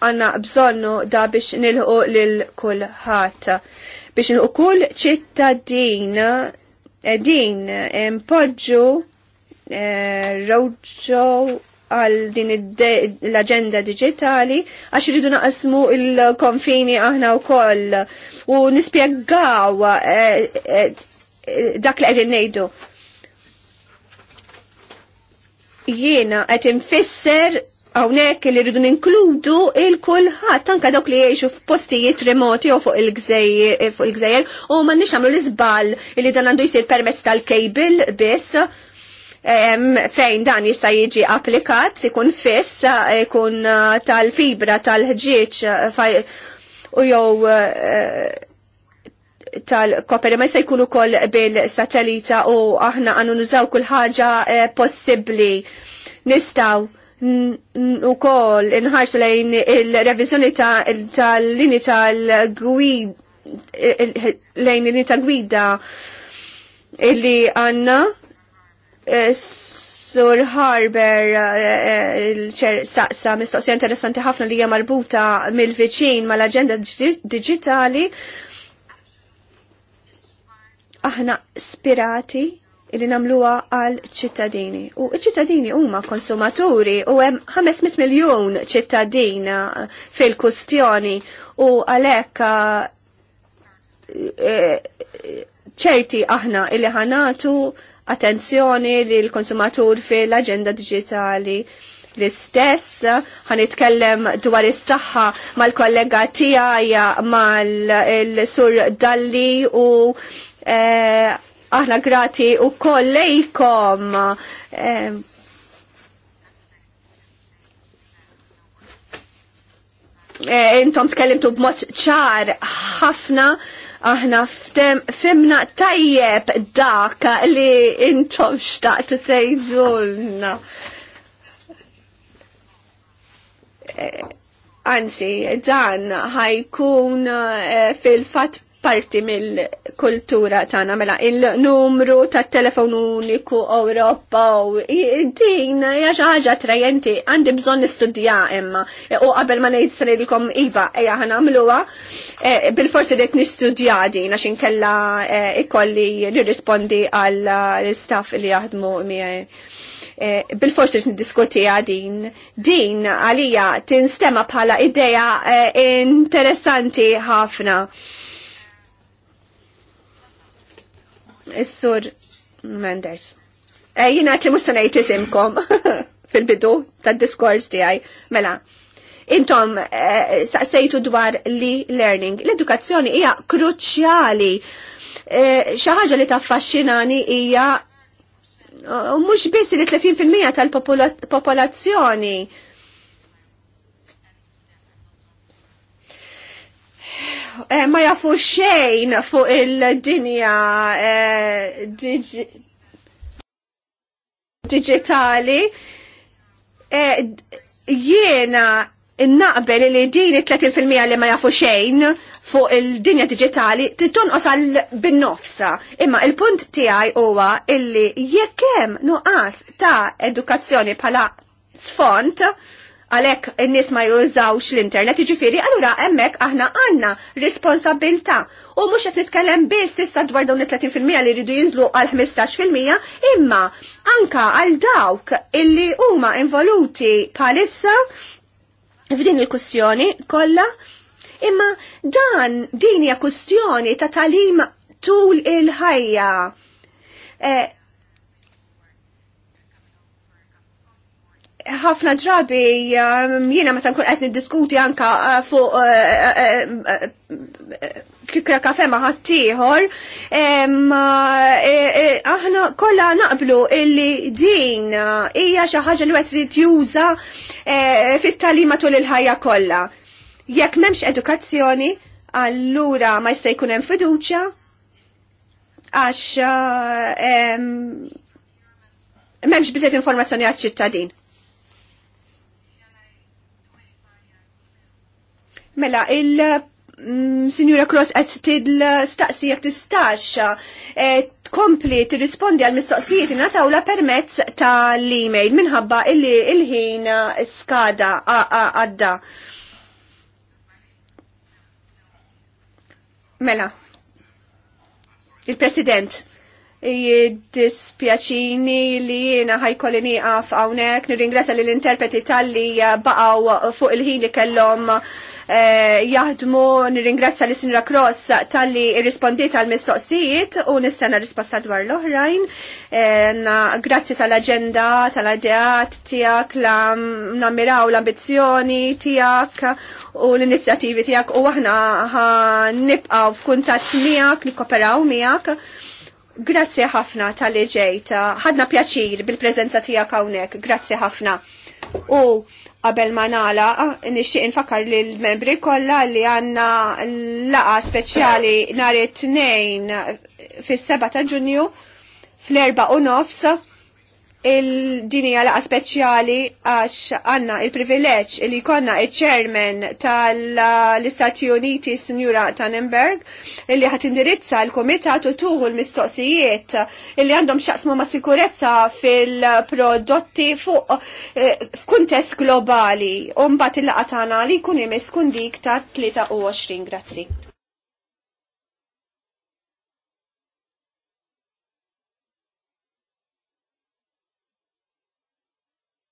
għanna bżonnu da biex nilħu l-kulħat. Biex nilħu kull ċittadin din impoġġu eh, għal din l-agenda digitali għax rridu naqsmu il-konfini aħna u koll u nispiegaw eh, eh, dak li għedin nejdu. Jiena għed infisser għawnek li rridu ninkludu il-kulħat, tanka dawk li jiexu f'postijiet remoti u fuq il-gżejjer u ma nix għamlu l-izbal li dan għandu jisir permezz tal-kejbil biss fejn dan jista' jiġi applikat, ikun fiss, ikun uh, tal-fibra tal-ħġieġ uh, u jew uh, tal-koperi ma jista' jkun ukoll bil-satellita u aħna għandu nużaw kull ħaġa possibbli. Nistaw u kol inħarx lejn il-revizjoni tal-lini tal-gwid lejn il-lini tal-gwida illi għanna Eh, Sur Harber saqsa eh, eh, mistoqsija interessanti ħafna li hija marbuta mill-viċin mal-aġenda digitali. Aħna spirati li namluwa għal ċittadini. U ċittadini huma konsumaturi u hemm 500 miljun ċittadin fil-kustjoni u għalhekk ċerti aħna illi ħanatu attenzjoni li l-konsumatur fil-agenda digitali l-istess, ħanitkellem dwar is-saħħa mal-kollega tiegħi mal-sur Dalli u eh, aħna grati u kollejkom. Eh, eh, intom tkellimtu b'mod ċar ħafna aħna femna tajjeb dak li intom xtaqtu tejżulna. Eh, anzi, dan ħajkun eh, fil-fat parti mill-kultura tagħna mela il-numru tat-telefon uniku Ewropa u din hija xi ħaġa trajenti għandi bżonn nistudja imma u qabel ma ngħid sredilkom iva ejja ħa nagħmluha eh, bil-forsi qed nistudja din għax inkella eh, ikolli nirrispondi għall-istaff eh, li jaħdmu miegħi. bil-forsi li diskutija din, din għalija tinstema bħala ideja interessanti ħafna. Is-sur Menders. Eh, jina li mustanajt isimkom fil-bidu tad-diskors tiegħi. Mela, intom eh, saqsejtu dwar li learning. L-edukazzjoni hija kruċjali. Eh, ħaġa li taffaxxinani hija eh, mhux biss li 30% tal-popolazzjoni. Eh, ma jafu xejn fuq il-dinja eh, digi digitali. Eh, jiena naqbel li din 30% li ma jafu xejn fuq il-dinja digitali titonqos għal bin-nofsa. Imma il-punt tiegħi huwa illi jekk hemm nuqqas ta' edukazzjoni bħala sfont, għalek n-nis ma jużawx l-internet, iġifiri, allura emmek aħna għanna responsabilta. U mux għet nitkellem biss issa dwar dawn 30% li rridu jinżlu għal 15% imma anka għal dawk illi huma involuti palissa f'din il-kustjoni kollha. Imma dan din hija kustjoni ta' talim tul il-ħajja. Eh, ħafna ġrabi um, jiena meta nkun qed niddiskuti anka uh, fuq kikra uh, uh, kafe ma' ħaddieħor, e, e, aħna kollha naqblu illi din hija xi ħaġa li qed trid juża e, fit-talima tul il-ħajja kollha. Jekk m'hemmx edukazzjoni, allura ma jista' jkun hemm fiduċja għax m'hemmx biżejjed informazzjoni għat ċittadin Mela, il- mm, Signora Cross qed til-staqsija tistax eh, tkompli tirrispondi għal mistoqsijiet ingħatawla permezz tal-email minħabba illi il-ħin skada għadda. Mela, il-President, jiddispjaċini li jiena ħajkolli nieqaf hawnhekk, li lill interpreti tal-li baqgħu fuq il-ħin li kellhom Eh, jaħdmu nirringrazzja li sinra Cross tal-li irrispondiet għal mistoqsijiet u nistenna risposta dwar l-oħrajn. Eh, grazzi tal-agenda, tal adeat tijak, nammiraw l-ambizjoni tijak u l-inizjativi tijak u aħna nibqaw f'kuntat miegħek li koperaw miegħek. Grazzi ħafna tal-li ġejt. Ħadna pjaċir bil-prezenza tijak hawnhekk. Grazzi ħafna. U Qabel ma nala, ah, nixtieq infakar lil membri kollha li għandna laqa speċjali nhar it-tnejn fis seba ta' Ġunju fl-erba' u nofs il-dinija laqa speċjali għax għanna il-privileġġ li konna il-ċermen tal-Istati Uniti Sinjura Tannenberg li għat indirizza l-komitat u tuħu l-mistoqsijiet illi għandhom xaqsmu ma' sikurezza fil-prodotti fuq eh, f'kuntest globali un mbagħad il-laqa tagħna li kun imiss dik ta' 23. Grazzi.